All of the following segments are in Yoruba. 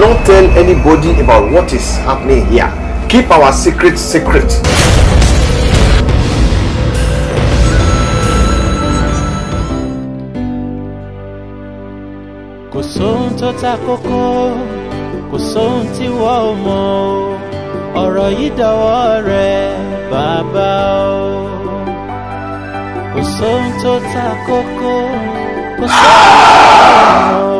not tell anybody about what is happening here. Keep our secret secret. Kò sóhun tí wọ́n ò mọ̀ o, ọ̀rọ̀ yìí dọ̀wọ́ rẹ̀ bàbá o. Kò sóhun tó ta kókó, kò sóhun tó ta kókó.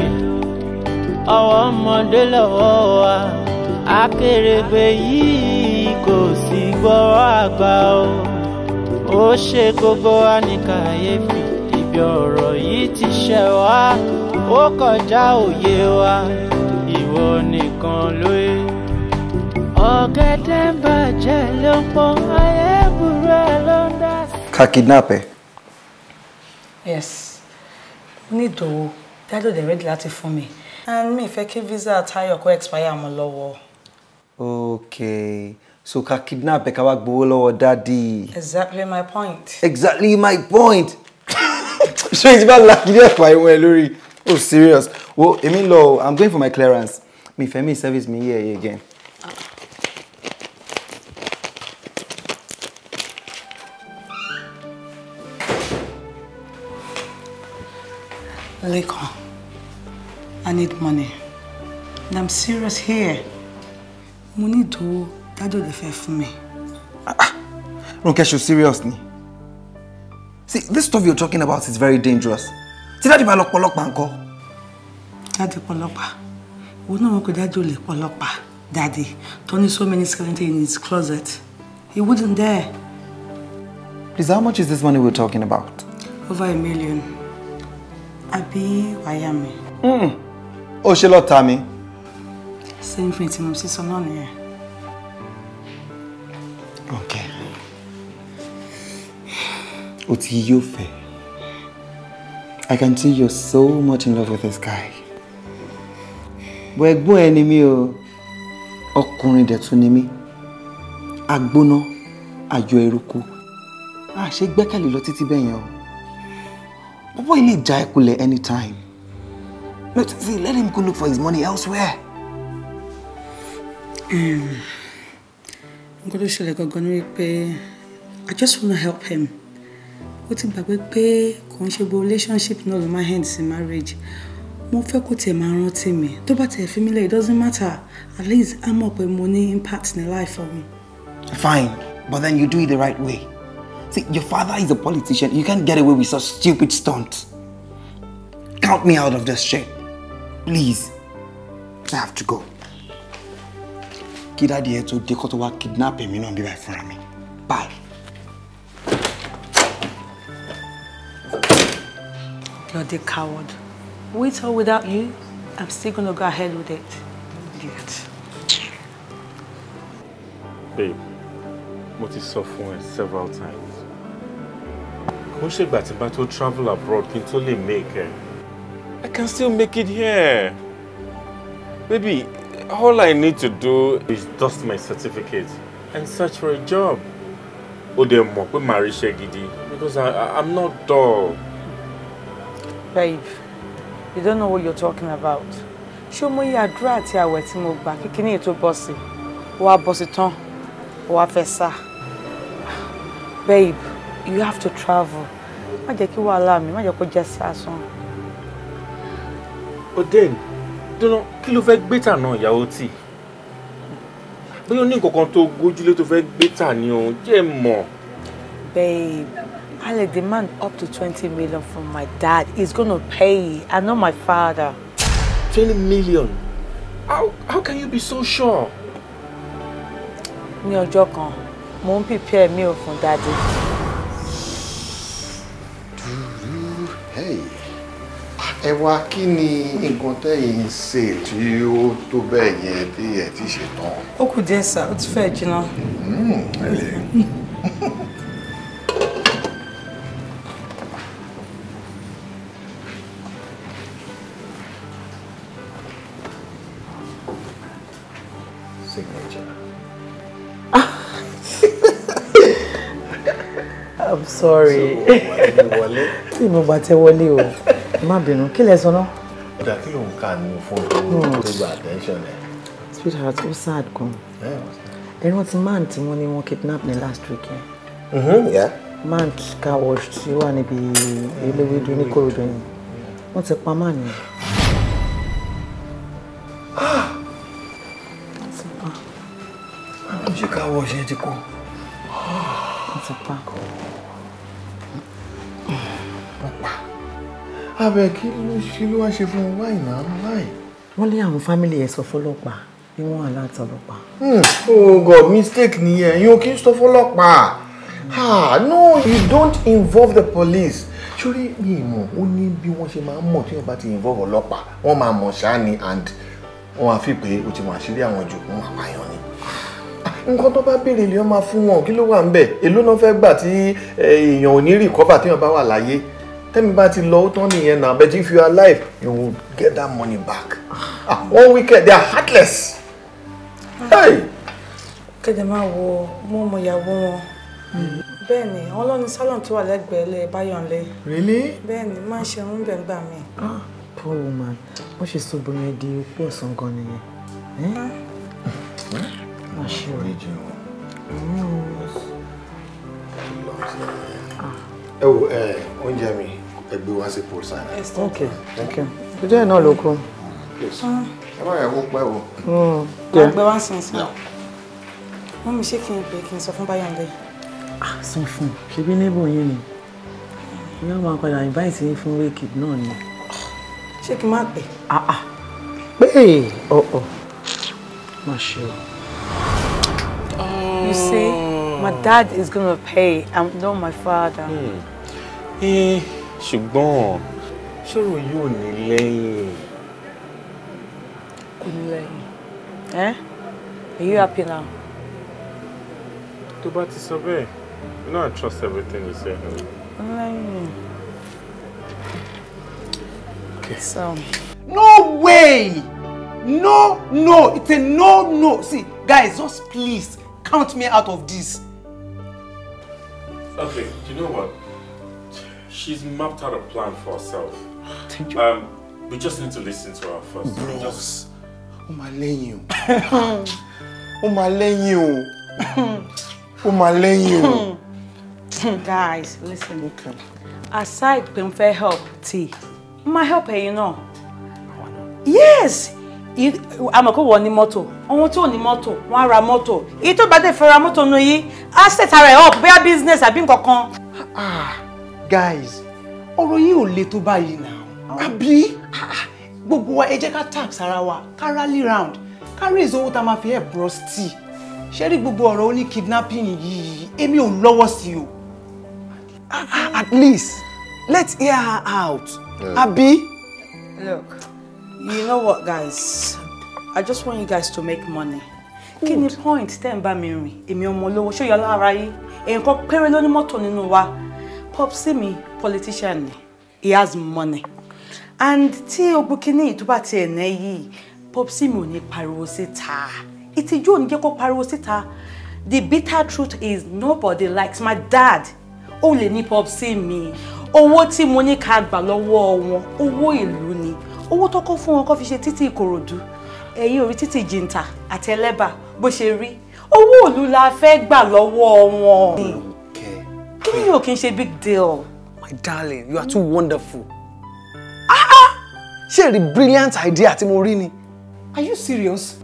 ọwọ́ ọmọdé lọ́wọ́ wa akérègbè yìí kò sí gbọ́rọ̀ àgbà o ó ṣe gbogbo wa ní kàyéfì ibi ọ̀rọ̀ yìí ti ṣẹ̀ wá ó kọjá òye wa ìwọ nìkan ló yẹ. ọ̀gẹ̀dẹ̀ ń bàjẹ́ ló ń pọ́n ayé burú ló ń dá. ká kidnap yes ó ní ìdòwò dájọ́ dẹ̀ rẹ́dí láti fún mi and me, if I keep visa at Táyọ̀ kó expire mọ́ lọ́wọ́. okay so ká kidnap ẹ ká wá gbowó lọ́wọ́ dádì. exactly my point. exactly my point. So, it's about lucky that ìwọ̀n ẹ lórí oh serious Well, I mean, lọ i'm going for my clearance Me fẹ́ mi service me here here again. Lẹ́kàn. I need money. And I'm serious here. Money to owó dájú òde fẹ́ fún mi. Ah, ah. Ronke, ṣe o serious me? See, this stuff you're talking about is very dangerous. Tí dájú bá lọ pọlọ́pàá ńkọ́? Dájú pọlọ́pàá. Òun náà wọn kò dájú olè pọlọ́pàá. Daddy, Tony so many skeletons in his closet. He wouldn't dare. Please, how much is this money we're talking about? Over a million. Abi Wayami. Mm ó ṣe lọ́ọ́ ta mi. same thing tí mo ṣe sọ náà nìyẹn. ok o ti yí òfẹ I can see you're so much in love with this guy. bọ ẹ̀gbọ́n ẹ ni mí o ọkùnrin dẹ̀tún ni mí agbóná àjọ eruku a ṣe gbẹ́kẹ̀lé lọ títí bẹ́yẹn o bọ́bọ́ ilé ìjà ẹkulẹ̀ anytime. Not see, let him go look for his money elsewhere. I'm going to show like I'm going to pay. I just want to help him. Ó ti gbàgbé pay, kò ń ṣe gbogbo relationship náà ló máa end sí marriage. Mo fẹ́ kó tiẹ̀ máa rántí mi. Tó bá tiẹ̀ it doesn't matter. At least I'm up with money ní impact ní life me. Fine, but then you do it the right way. See, your father is a politician. You can't get away with such stupid stunts. Count me out of this shit. Please, I have to go. Kí dáàdi ẹ tó dé kó tó wá kidnap èmi náà bí báyìí fúnra mi. Bye. You're the coward. With or without you, I'm still gonna go ahead with it. Idiot. Babe, mo ti sọ fún ẹ several times. Kò ń ṣègbà tí n bá tó travel abroad kí n tó lè make ẹ. Eh? I can still make it here. Baby, all I need to do is dust my certificate and search for a job. Ó dẹ̀ mọ̀ pé gidi because I, I, I'm not dull. Babe, you don't know what you're talking about. Ṣé ya mọ iye àdúrà àti mo gbà kíkí ní bossi. bọ́ọ̀sì? Ó wá bọ́ọ̀sì tán, ó wá fẹ́ Babe, you have to travel. Má jẹ́ kí wàhálà mi, má jẹ́ kó jẹ́ sí asán. Oden, dúró kí ló fẹ́ gbé tà náà ìyàwó tì? Bóyá ó ní nǹkan kan tó gójúlé tó fẹ́ gbé tà ni òun jẹ́ mọ̀. Babe, Alec demand up to twenty million from my dad. He's gonna pay I know my father. Twenty million? How, how can you be so sure? Ní ọjọ́ kan, mò ń prepare meal fún daddy. Hey ẹ wá kí ni nǹkan tẹ́yìn ń ṣe tí ó tó bẹ́ẹ̀ yẹn tí ẹ ti ṣe tán. ó kù díẹ̀ sá ó ti fẹ́ jiná. Hmm, I'm sorry. Tí mo bá tẹ wọlé o má bínú kí lẹ sọ náà. ọ̀dà kí ló ń kà nínú fóònù tó hmm. gba attention ẹ̀. sweetheart ó sad gan. ẹran ti man tí wọ́n ní wọ́n kidnap ní last week yẹn. Mm-hmm, man car wash tí ó wà níbi eléwédú ní korodo yẹn wọ́n ti pa man yẹn. Ah! ṣe car wash yẹn ti kú. wọ́n ti pa. abẹ kí ló ṣe ló wá ṣe fún un wáì náà wáì. wọ́n ní àwọn fámìlì ẹ̀ sọ fọlọ́pàá bí wọ́n aláàtọ̀ ọlọ́pàá. Hmm. oh god mistake nìyẹn yín ò kí ń sọ fọlọ́pàá ah no you don't involve the police sórí mi ìmọ̀ ó ní bí wọ́n ṣe máa ń mọ̀ tí wọ́n bá ti involve ọlọ́pàá wọ́n máa mọ̀ ṣáá ni and wọ́n á fi pé o ti mọ̀ àṣírí àwọn jù wọ́n máa pààyàn ni nǹkan tó bá béèrè lè máa fún wọn kí ló wà ń bẹ̀ èló náà fẹ́ gbà tí eh, èèyàn ò ní rìkọ́bà téèyàn bá wà láyé tẹ́mi bá ti lọ ó tán nìyẹn náà but if you are alive you will get that money back ah one wicked they are heartless. kẹ́dẹ̀ máa wo mú mo yàwó wọn bẹ́ẹ̀ ni wọ́n lọ ní salon tó wà lẹ́gbẹ̀ẹ́ lẹ́ báyọ̀nlé. really. bẹ́ẹ̀ ni máa ń ṣe irun bẹ́ẹ̀ gbà mí. Ah, poor woman wọ́n ṣe sobìnrin di opó ọ̀sán gan nìyẹn. máa ṣe o. Ah. ẹ wo oúnjẹ mi ẹgbẹ́ wá sí pool sign. ok ok ojú ẹ̀ náà ló kú. Ah. ẹ bá yẹ kó pẹ́ o. àgbẹ̀ hmm, wá sàn sí. wọ́n mi ṣé kí n pè kí n sọ fún Báyọ̀ndé. Ah, sọ fún un ṣebí níbo yín ni ìyá máa padà invite yín fún wake up náà ni. ṣé kí n máa pè. Ah, pé ọ̀ọ̀ oh, oh. má ṣe o. you see my dad is gonna pay i'm not my father. Mm. Eh ṣùgbọ́n ṣòro yóò ní lẹ́yìn. kò ní lẹ́yìn ẹ́ are you happy now. tó bá ti sọ bẹ́ẹ̀ you know I trust everything you say. lẹ́yìn. Okay. So. Um, no way! No, no, it's a no, no. See, guys, just please count me out of this. Okay, do you know what? She's mapped out a plan for herself. Thank you. Um, we just need to listen to her first. Bros, just... ó máa lẹ́yìn o. ó máa lẹ́yìn o. ó máa lẹ́yìn o. Guys, listen. Okay. Aside from n help T, my help ẹ̀ you know. Yes! àmọ̀kò wọ̀ ní mọ́tò ohun tó ní mọ́tò wọ́n á ra mọ́tò èyí tó bá dé fẹ́ ra mọ́tò nu yìí á set ara up bóyá business àbí nǹkan kan. Ah guys ọ̀rọ̀ yìí ò le tó báyìí náà àbí ah, ah. gbogbo wa ẹ jẹ́ ká tax ara wa ká rally round ká raise owó tá a máa fi help Rusty ṣé rí gbogbo ọ̀rọ̀ oní kidnapping yìí èmi ò lọ́wọ́ sí o. Ah, at least let's hear her out yeah. look you know what guys i just want you guys to make money. kí ni point tẹ́ ń bá mi rìn èmi ọmọ olówó ṣó yọ lára yín èèyàn kan péré ló ní mọ́tò nínú wa popsi me politician ni he has money and tí ogun kínní to bá tiẹ̀ ná yìí popsi mi ò ní pariwo síta ìtìjú ò ní jẹ́ kó pariwo síta the bitter truth is nobody likes my dad ó lè ní popsi mi owó tí mo ní ká gbà lọ́wọ́ wọn owó ìlú ni owó tó kọ́ fún wọn kó fi ṣe títí ìkòròdú ẹ̀yìn orí títí jìntà àti ẹlẹ́bà bó ṣe rí owó ìlú la fẹ́ gbà lọ́wọ́ wọn. Mm kí ni yóò kí n big deal. my darling you are too wonderful. Ah! ṣé èrè brilliant idea Timorini. are you serious.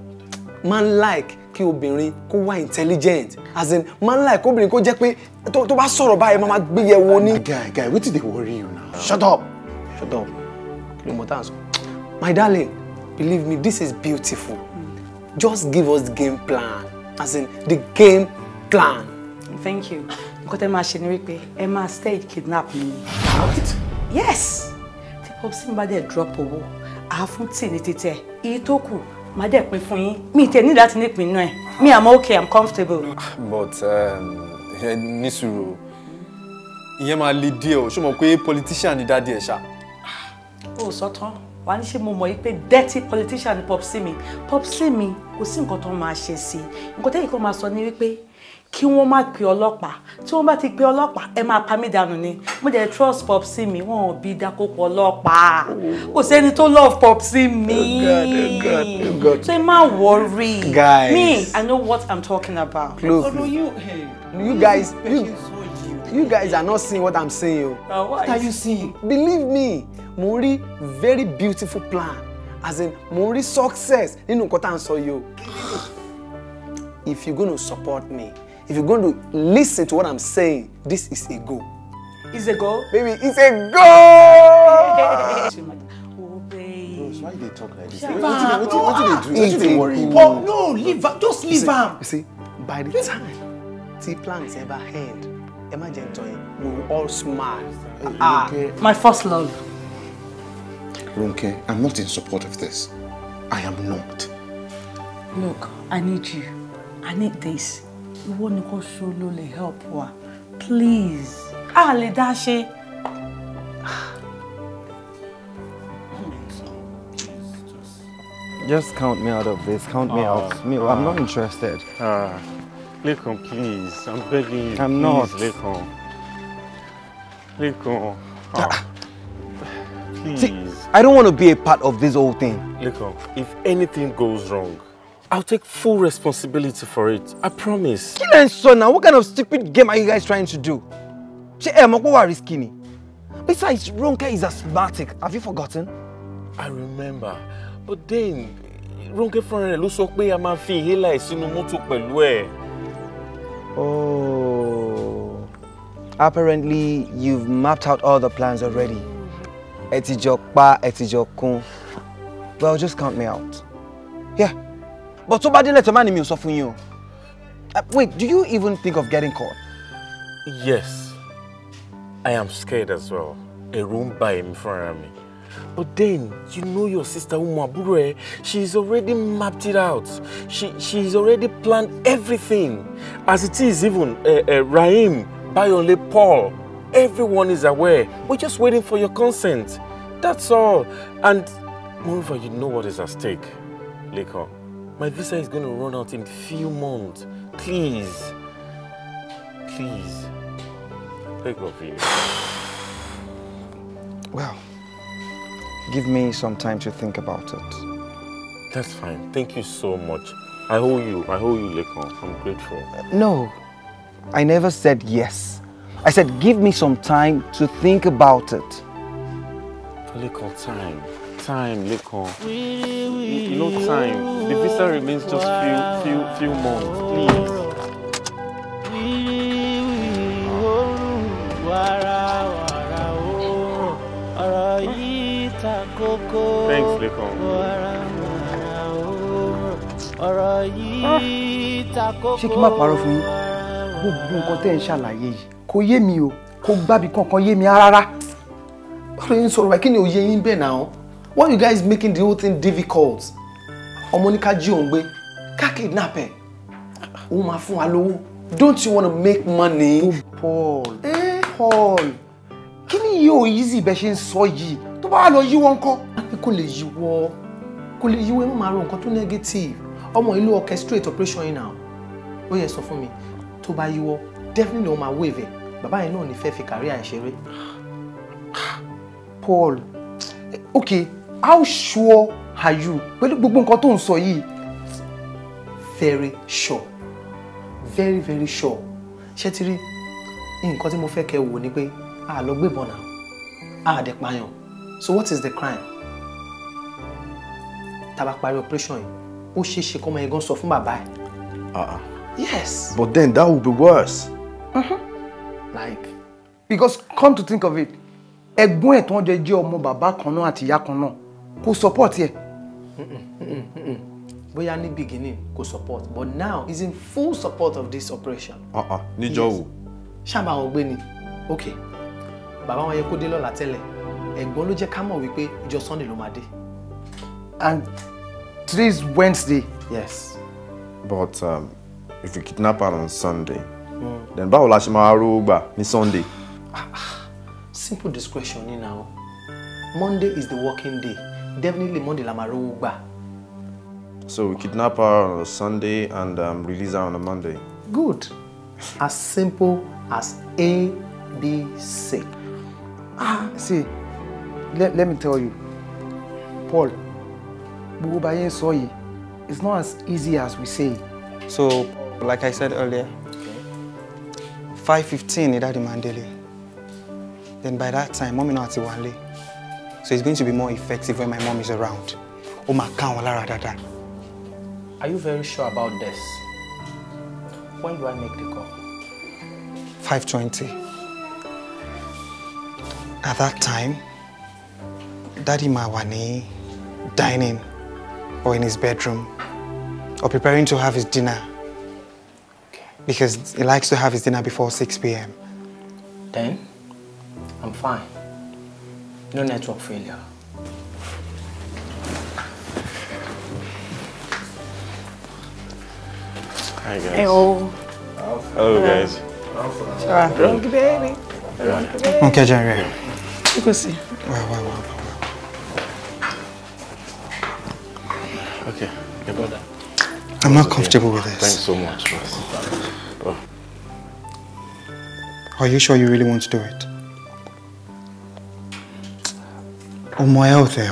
man like kí obìnrin kó wá intelligent as in man like obìnrin kó jẹ́ pé tó bá sọ̀rọ̀ báyìí máa gbé yẹ̀ wò ni. guy guy wetin they worry you now. shut up shut up kí ló mọ tá my darling believe me this is beautiful just give us the game plan as in the game plan. thank you nǹkan tẹ́ máa ṣe ni wípé ẹ máa stage kidnap me. what. yes tí pop mi bá dẹ̀ drop owó àá fún tì ní títẹ iye tó kù máa dẹ̀ pín fún yín mi ì tẹ̀ ní láti ní ìpín náà ẹ̀ me i'm okay i'm comfortable. but um, ní sùúrù ìyẹn máa le díẹ̀ o ṣó mọ̀ pé politician ni dáadé ẹ̀ ṣá. o sọ tán wà á ní ṣe mo mọ̀ yìí pé dirty politician ni popsi mi popsi mi kò sí nǹkan tó máa ṣe sí i nǹkan tẹ́yìn kan máa sọ ni wípé kí wọ́n má pe ọlọ́pàá tí wọ́n bá ti pe ọlọ́pàá ẹ máa pa mí dànù ni mo jẹ́ trust pop sí mi wọn ò bí dákópọ̀ ọlọ́pàá oh. kò sẹ́ni tó love Popsi sí mi oh oh so ẹ má worry me i know what i'm talking about. close eh, you, guys you, guys are not seeing what i'm saying o what are you seeing believe me mo rí very beautiful plan as in mo rí success nínú nǹkan tá à ń sọ yìí o if you gonna support me if you're going to listen to what I'm saying, this is a go. It's a go, Baby, it's a go. Why do they talk like this? What, do they do? What worry? Oh, no, leave her. Just leave her. You see, by the time tea plants ever end, Emma Gentoy, we will all smile. Ah, my first love. Runke, I'm not in support of this. I am not. Look, I need you. I need this. ìwọ nìkan ṣo ló lè help wa please a lè dá ṣe. Just count me out of this. Count me uh, out. Ah. Me, uh, I'm not interested. Uh, ah. Lekon, please. I'm begging you. I'm please, not. Lekon. Lekon. Uh, ah. please. See, I don't want to be a part of this whole thing. Lekon, if anything goes wrong, I'll take full responsibility for it. I promise. Kí lẹ ń sọ What kind of stupid game are you guys trying to do? Ṣé ẹ mọ̀ Besides, Ronke is asthmatic. Have you forgotten? I remember. But then, Ronke fúnra rẹ̀ ló sọ pé a máa fi ìhélà ẹ̀ sínú mọ́tò pẹ̀lú Oh. Apparently, you've mapped out all the plans already. Ẹ ti jọ pa, ẹ ti Well, just count me out. Yeah but tó bá délẹ̀ tó má ní mi ò sọ fún yín uh, wait do you even think of getting caught. yes i am scared as well ẹ̀rù ń bà èmi fúnra me. but then you know your sister umu she's already mapped it out she she's already planned everything as it is even uh, eh, uh, eh, rahim bayonle paul everyone is aware we're just waiting for your consent that's all and moreover you know what is at stake leko. My visa is going to run out in few months. Please. Please. take off you. Well, give me some time to think about it. That's fine. Thank you so much. I owe you. I owe you, Lekon. I'm grateful. No. I never said yes. I said give me some time to think about it. Lekon, time. time, Leko. No time. The visa remains just few few few months, please. Oh. Thanks, Lekan. Oh. Ah! ṣé kí n má parọ́ fún yín gbogbo nǹkan tẹ́ ń ṣàlàyé yìí kò yé mi o kò gbábi kankan yé mi rárá báwo ni sọ̀rọ̀ báyìí kí ni òye yín bẹ́ẹ̀ náà why are you guys making the whole thing difficult ọmọ ní ká jí òun gbé ká kidnap ẹ òun máa don't you want to make money. Oh, Paul eh? Paul Kini ni yìí ò easy bẹ́ẹ̀ ṣe ń sọ yìí tó bá lọ yíwọ́ ńkọ́. kò lè yíwọ́ kò lè yíwọ́ ẹ má máa ro nǹkan tó negative Omo ilu orchestrate operation yìí náà ó yẹ sọ fún mi tó bá yíwọ́ definitely wọ́n máa wave ẹ̀ bàbá yẹn náà ní fẹ́ fi kàrí àìṣeré. Paul eh, Okay how sure are you pẹ̀lú gbogbo nǹkan tó ń sọ yìí very sure very very sure ṣé ti rí nǹkan tí mo fẹ́ kẹ́ wò ni pé a lọ gbébọn náà a dẹ̀ pààyàn so what is the crime tá bá parí operation yìí ó ṣeé ṣe kọ́mọ yẹn gan sọ fún bàbá ẹ̀. Ah, ah. yes. but then that would be worse. Mm-hmm. like because come to think of it ẹ̀gbọ́n ẹ̀ tí wọ́n jẹ́ jẹ́ ọmọ bàbá kan náà àti ìyá kan náà kò support yẹ. bóyá ní beginning kò support but now he's in full support of this operation. níjọ́ wo. ṣáàbà àwọn ọgbẹ́ni ok bàbá wọn yẹ kó dé lọ́la tẹ́lẹ̀ ẹ̀gbọ́n ló jẹ́ ká mọ̀ wípé ìjọ Sunday ló máa dé. and today is Wednesday. yes. but um, if you kidnap her on Sunday. Mm. then báwo la ṣe máa rówó gbà ní Sunday. Ah, ah, simple discretion ni now Monday is the working day definitely Monday la máa So we kidnap her on a Sunday and um, release her on a Monday. Good. As simple as A, B, C. Ah, see, let, let me tell you, Paul, gbogbo bá yẹn sọ yìí, it's not as easy as we say. So, like I said earlier, okay. 5.15 ni the Mandele. Then by that time, Mommy náà ti wà nílé. So it's going to be more effective when my mom is around. Oma kan ká wọn Are you very sure about this? When do I make the call? 5.20. At that time, Daddy Mawani dining or in his bedroom or preparing to have his dinner because he likes to have his dinner before 6 p.m. Then I'm fine. No network failure. Hi guys. Hey, oh. Hello guys. Alpha. Drunk baby. Okay, Jerry. You can see. Wow, wow, wow, wow. Okay, your brother. I'm not comfortable with this. Thanks so much, bro. Oh. Are you sure you really want to do it? ọmọ health ẹ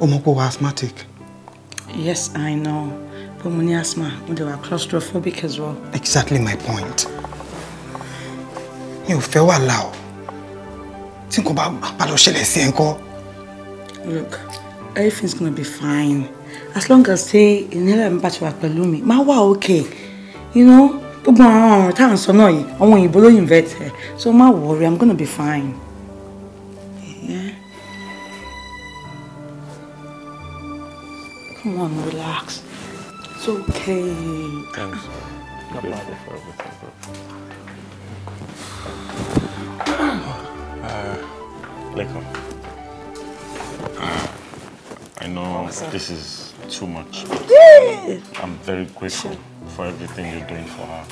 o ó asthmatic. yes i know pé mo asthma mo dẹ̀ claustrophobic as well. exactly my point You ò fẹ́ wàhálà o tí nǹkan bá bá lọ look everything's gonna be fine as long as say in mi bá ti wà pẹ̀lú mi máa wà okay you know gbogbo àwọn ọ̀ràn tá à ń sọ náà yìí àwọn so má worry i'm gonna be fine. Come on, relax. It's okay. Thanks. for everything, bro. Uh, I know this is too much. I'm very grateful for everything you're doing for her.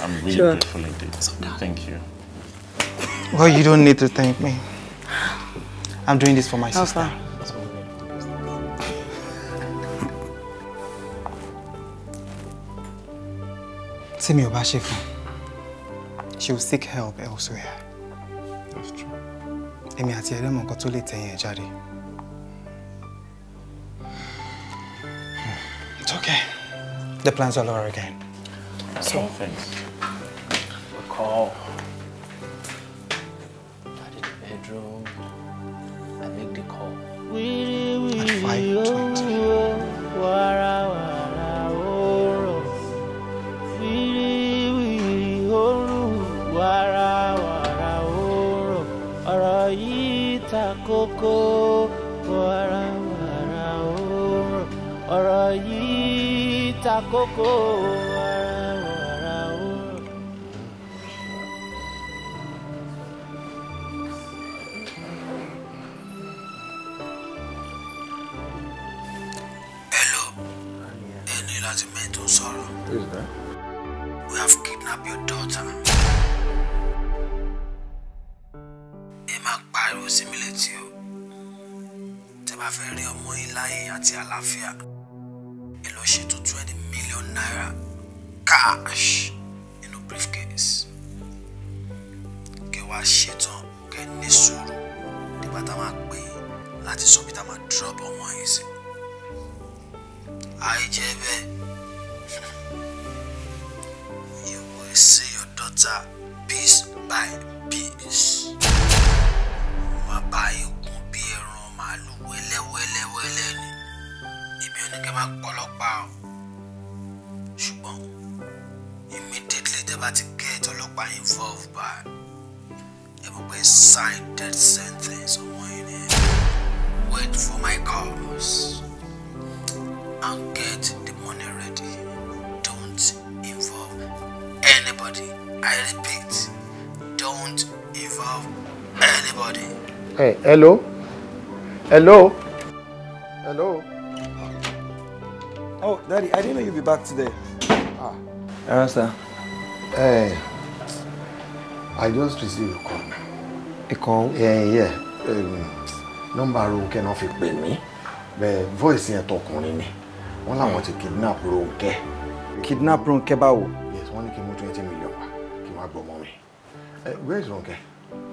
I'm really sure. grateful indeed. Thank you. Well, you don't need to thank me. I'm doing this for my sister. tí mi ò bá she will seek help elsewhere. that's true. èmi àti ẹ̀rẹ́ mọ̀ nǹkan tó lè tẹ̀yìn ẹ̀ jáde. Hmm, it's okay. the plans are over again. so thanks. we'll call. Hey, hello? Hello? Hello? Oh, Daddy, I didn't know you'd be back today. Ah. Hello, sir. Hey, eh, I just received a call. A call? Yeah, yeah. Um, number Ronke not fit pè me, Bẹ́ẹ̀ voice here talking yẹn tọkùnrin ni. Wọ́n láwọn to kidnap Ronke. Kidnap Ronke báwo? Yes, one ní kí n twenty million wá kí n eh, Where is Ronke?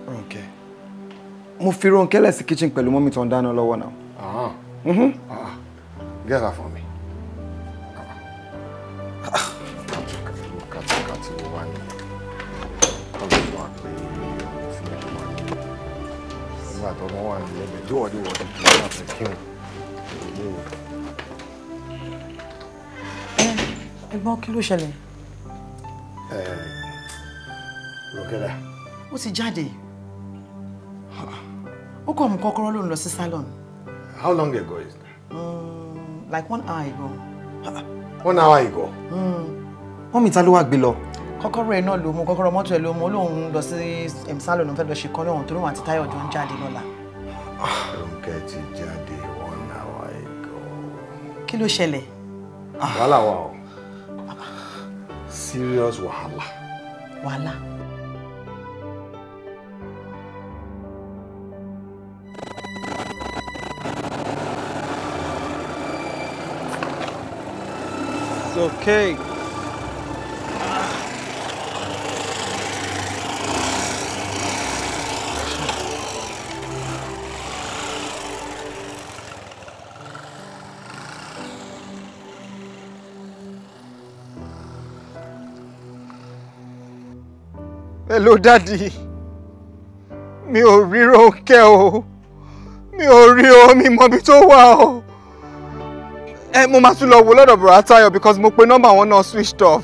Ronke. Okay mo fi Rónkẹ́ lẹ̀ sí kitchen pẹ̀lú mọ́mí tó ń dáná lọ́wọ́ ah mhm ah get that for me. nígbà tó wọ́n wà ní ẹgbẹ́ tó wọ́n dé wọ́n ti kí wọ́n láti kí wọ́n ilé wò. ẹ̀gbọ́n kí ló ṣẹlẹ̀. Eh, Rónkẹ́ dà. ó ti jáde ó kàn mú kọ́kọ́rọ́ lòun lọ salon. how long ago is that. Um, like one hour ago. one hour ago. wọ́n mm. mi ta ló wá gbé lọ. kọ́kọ́rọ́ ẹ̀ náà kokoro mú kọ́kọ́rọ́ mọ́tò ẹ̀ ló mú olóhùn lọ sí salon òun fe lọ ṣe kan lóhùn torí wọn àti Táyọ̀ jọ ń jáde lọ́la. Ronke ti jáde one hour ago. kí ló ṣẹlẹ̀. wàhálà wa o serious wahala. wàhálà. okay. Hello, Daddy. Mi ò rí Rónkẹ́ o. Mi ò rí o, mi mọ̀ bí tó o ẹ eh, mo máa tún lọ wo lọ́dọ̀ bùrọ̀ àtayọ̀ because mo pe nọ́mbà wọn náà switched off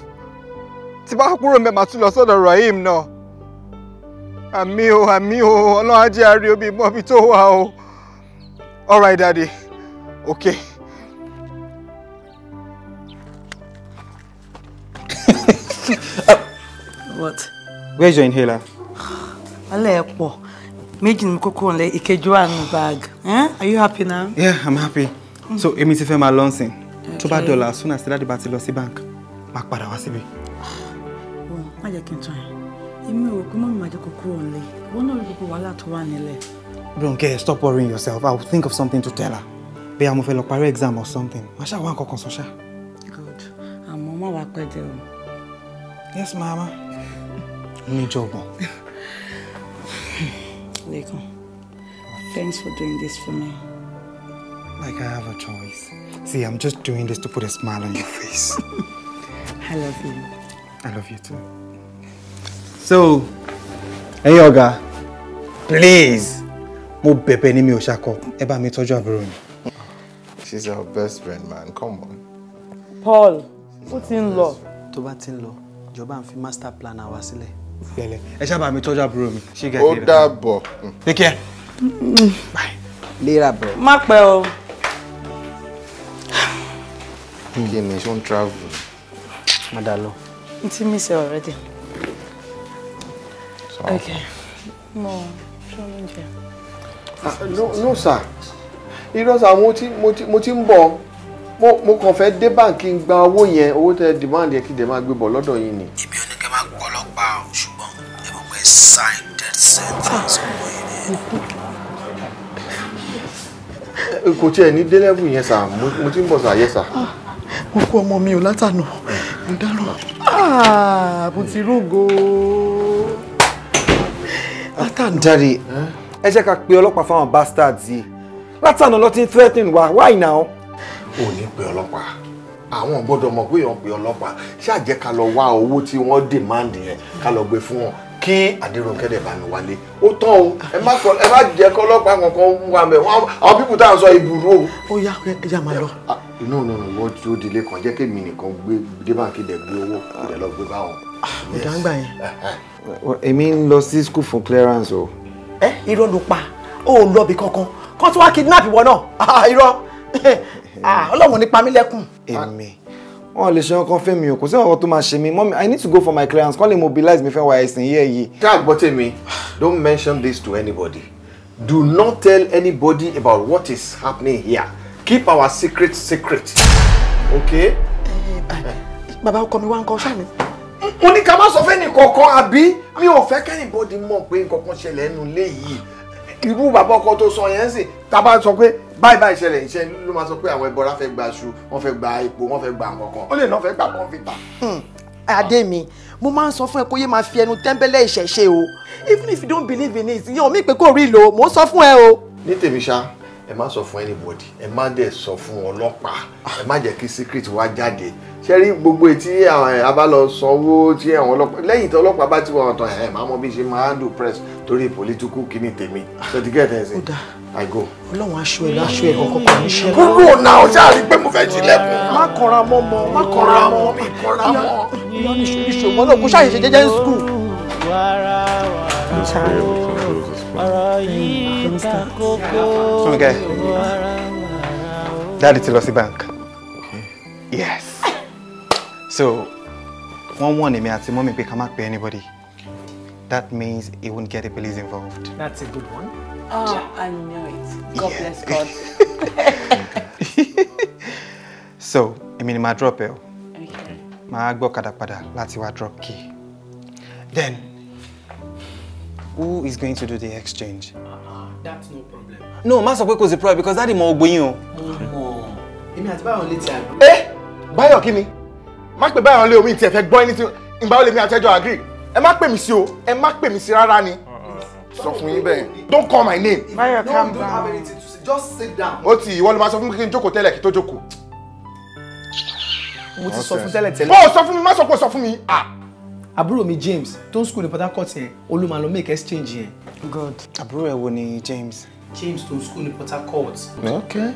tí bá kúrò mẹ́ẹ̀ máa tún lọ sọ́dọ̀ Rahim náà àmì o àmì o ọlọ́run ajé àárí omi mọ́bi tó wà o all right daddy okay. What? Where's your inhaler? Ọlẹ́ pọ̀, méjì ni kókó ọ̀lẹ́ ìkejì wà nínú bag. Eh? Are you happy now? Yeah, I'm happy so Emi, ti fẹ́ máa lọ nsìn tó bá dọ̀là as soon as dáàdì bá ti lọ sí bank máa padà wá síbi. wọ́n má jẹ́ kí n tán ẹ̀ èmi ò rò pé mọ́mí máa jẹ́ kó kúrò nílé wọ́n náà rí gbogbo wàhálà tó wà nílẹ̀. Ronke stop worrying yourself I will think of something to tell her bẹ́ẹ̀ mo fẹ́ lọ parí exam or something má ṣáà wá nǹkan kan sọ ṣá. good àmọ́ má wàá pẹ́ dé o. yes mama níjọ ọgbọ̀n. lẹ́kàn thanks for doing this for me like I have a choice. See, I'm just doing this to put a smile on your face. I love you. I love you too. So, hey Ọ̀gá, please, mo bẹ̀bẹ̀ ni mi oshako. ṣakọ, ẹ bá mi tọ́jú àbúrò She's our best friend, man. Come on. Paul, ó in law? To Tó in law. Joba lọ, ìjọba ń fi master plan àwa sílẹ̀. Bẹ̀lẹ̀, ẹ ṣábà mi tọ́jú àbúrò mi. Ṣé gẹ̀ẹ́sì rẹ̀? Ó Take care. Bye. Later, bro. Mark pẹ́ kí ni ṣó ń travel. madalo n ti miss you already. So. okay mo ṣọ́ Ah, no no sir You know, sir, mo ti ń bọ̀ mo mo, fẹ́ de banking ba wo yen owó tẹ demand yẹ kí dẹ̀ máa gbé bọ̀ lọ́dọ̀ ibi ò ní kẹ́ máa kọ́ ọlọ́pàá o ṣùgbọ́n ẹ mọ̀ pé sign death sentence ọmọ yìí ni. kò tiẹ̀ ní délẹ́bù yẹn sà mo ti ń bọ̀ sà yẹ sà mo kú ọmọ mi ò látànà mo dárò ah, mo ti rúgo látànà. ẹ jẹ́ ká pe ọlọ́pàá fáwọn bastards yìí látànà ló threatening wa why now. ò ní pe ọlọ́pàá àwọn gbọ́dọ̀ mọ̀ pé èèyàn pe ọlọ́pàá ṣáà jẹ́ ká lọ wá owó tí wọ́n demand yẹn ká lọ gbé fún wọn kí Adérónkẹ́ dẹ̀ bá mi wálé ó tán o ẹ má kọ ẹ má jẹ́ kọ́ ọlọ́pàá kankan wà mẹ́ wọn àwọn pípù tá à ń sọ ìbúrò o. ó yá ẹ yá máa lọ. inú ah, ọ̀nà ìwọ tí ó dilé kan jẹ́ kémi nìkan gbé débàǹkì dẹ̀ gbé owó ìdẹ̀ lọ gbé báwọn. Ah, ọ̀dà ń yẹn. Eh, èmi ń lọ sí school fún clearance o. ẹ eh, irọ́ ló pa ó lọ bí kankan kó tó wá kidnap ìwọ náà ah, irọ́ ọlọ́run ní pa èmi wọn lè ṣe ọkàn fẹ́ mi o kò sí ọkàn tó máa ṣe mi mọ́mi i need to go for my clients kọ́ lè mobilize mi fẹ́ wà ẹ̀sìn yẹ́ yìí. tá a gbọ́ tèmi don't mention this to anybody do not tell anybody about what is happening here keep our secret secret okay. Eh, eh, bàbá ọkọ mi wá ń kọ ṣáà mi. mo ní ká má sọ fẹ́ni kankan àbí mi ò fẹ́ kẹ́nìbọ́dì mọ̀ pé nǹkan kan ṣẹlẹ̀ ẹnu lé yìí irú bàbá ọkọ tó sọ yẹn sì tá a bá sọ pé báyìí báyìí ṣẹlẹ̀ iṣẹ́ ló máa sọ pé àwọn ẹbọra fẹ́ gba aṣọ wọ́n fẹ́ gba epo wọ́n fẹ́ gba nǹkan kan ó lè náà fẹ́ gba kọ́ńfìtà. Hmm. adé mi mo máa ń sọ fún ẹ kó yé máa fi ẹnu tẹ́ńbẹ́lẹ́ ìṣẹ̀ṣe o even if you don't believe in it yẹn ò mí pé kò rí lò mo sọ fún ẹ o. ní tèmi ṣá ẹ má sọ fún anybody ẹ má dẹ̀ sọ fún ọlọ́pàá ẹ má jẹ́ kí secret wá jáde ṣé rí gbogbo etí a bá lọ sanwó tí àwọn ọlọ́pàá lẹ́yìn tí ọlọ́pàá bá ti wà ọ̀tàn ẹ̀ máa mọ bí ṣe máa handle press torí political kíní tèmi so ti get ẹ̀sìn i go. ọlọ́run aṣọ ẹ̀ láṣọ ẹ̀ kọ̀ọ̀kan kò ní ṣe. kúrò náà ó ṣáà rí pé mo fẹ́ ṣílẹ̀kùn. má kọra mọ́ mọ́ má kọra mọ́ mi kọra mọ́. ìyá ìṣòwò náà kò ṣàyẹ̀ṣẹ̀ jẹ́jẹ́ ní school. ọ̀rọ̀ yìí Fúnkẹ́ dáàdi ti lọ sí bank yes so one wọ́n wọ̀n èmi àti mọ́mí pé ká má pe anybody that means he won't get the police involved. that's a good one. oh i know it god yeah. bless God. so I mean, màá drop it. Okay. màá go kada padà lati wa drop key then who is going to do the exchange. Uh that's no problem. no má sọ pé kò sí problem because dáàdì mo ogbe yín o. èmi àti báyọ̀ létí àgbẹ̀. ẹ eh, báyọ̀ kí ni má pè báyọ̀ lé omi tí ẹ fẹ́ gbọ́ ẹni tí ìgbà ó lè mi àtẹ́jọ́ agree ẹ má pè mí sí o ẹ má pè mí sí rárá ni sọ fún yín bẹ́ẹ̀ don't call my name. báyọ̀ calm down just sit down. ó ti ìwọ ló máa sọ fún mi kí n jókòó tẹ́lẹ̀ kí tó jókòó. mo ti sọ fún tẹ́lẹ̀ tẹ́lẹ̀. bó sọ fún mi má sọ pé sọ fún mi. Ah àbúrò mi James tó ń school ní Port Harcourt yẹn olúmọ make exchange yẹn. God àbúrò ẹ wo ni James. James tó ń school ní Port Harcourt. okay.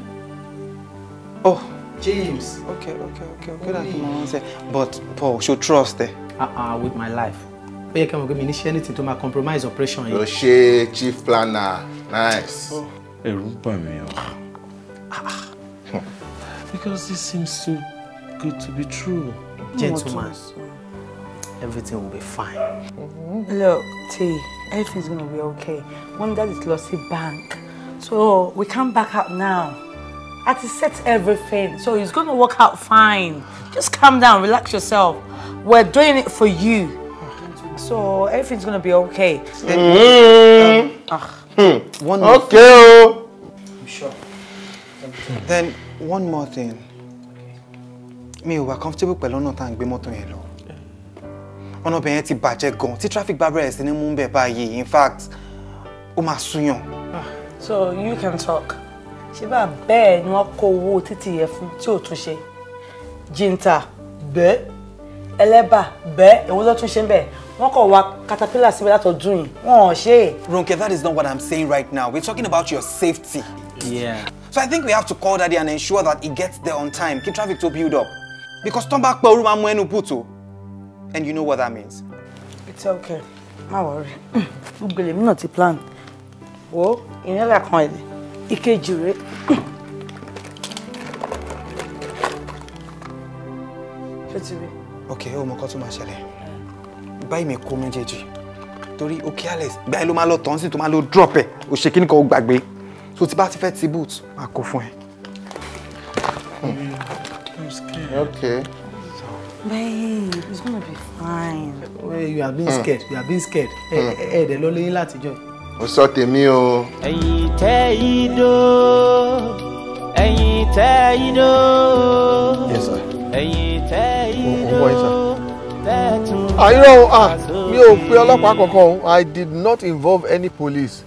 oh James. okay okay okay okay that's my answer but Paul ṣo trust ẹ. ah ah with my life ó yẹ kí wọn gbé mi anything to my compromise operation yìí. lọ ṣe chief planner nice. Oh. ẹ̀rù ń bà mí o ah, ah. because this seems too good to be true. gentleman. Oh, everything will be fine. Mm-hmm. Look, T, everything's gonna be okay. Mom, dad is lost bank. So we come back out now. I to set everything. So it's gonna work out fine. Just calm down, relax yourself. We're doing it for you. So everything's gonna be okay. Mm-hmm. Um, ah. mm. One more okay. Thing. Oh. I'm sure. Then one more thing. Me, we're comfortable pẹ̀lú ọ̀nà tá à ń gbé mọ́tò yẹn ọ̀nà ọbẹ̀ yẹn ti bàjẹ́ gan tí traffic bá bẹ̀rẹ̀ sí ní mú bẹ̀ báyìí in fact ó máa súyàn. Ah, so you can talk ṣé bá bẹ́ẹ̀ ni wọ́n kó owó títì yẹn fún tí ò tún ṣe jìntà bẹ́ẹ̀ ẹlẹ́bà bẹ́ẹ̀ èwo ló tún ṣe ń bẹ̀ wọ́n kọ̀ wá caterpillar síbi látọ̀dún yìí wọ́n ò ṣe Ronke that is not what i'm saying right now we're talking about your safety. Yeah. so i think we have to call daddy and ensure that he gets there on time Keep traffic to build up because tó bá pẹ́ orú máa mú ẹnu bùtò. And you know what that means. It's okay. No worry. Gbogbo èmi náà ti plan. Wo ìrẹ́lẹ̀ kan ẹ̀dẹ̀. Ìkejì rèé. Ṣé ti rí? Okay, ó mọ kọ́ tó máa ṣẹlẹ̀. Báyìí mi kó méjèèjì. Torí o careless. Báyìí a máa lọ tán sí tó máa lọ drop ẹ̀. O ṣe kíní kan So it's bá ti fẹ́ ti boot, máa kó fún ẹ. Okay. Babe, it's gonna be fine. Well, you are being mm. scared. You are being scared. Ẹ hey, hmm. lọ lẹ́yìn láti jọ. Mo sọ tèmi o. Ẹ̀yin tẹ́ idó, ẹ̀yin tẹ́ idó. Yes sir. Ẹ̀yin tẹ́ ah, ah mi ò pe ọlọ́pàá kankan o I did not involve any police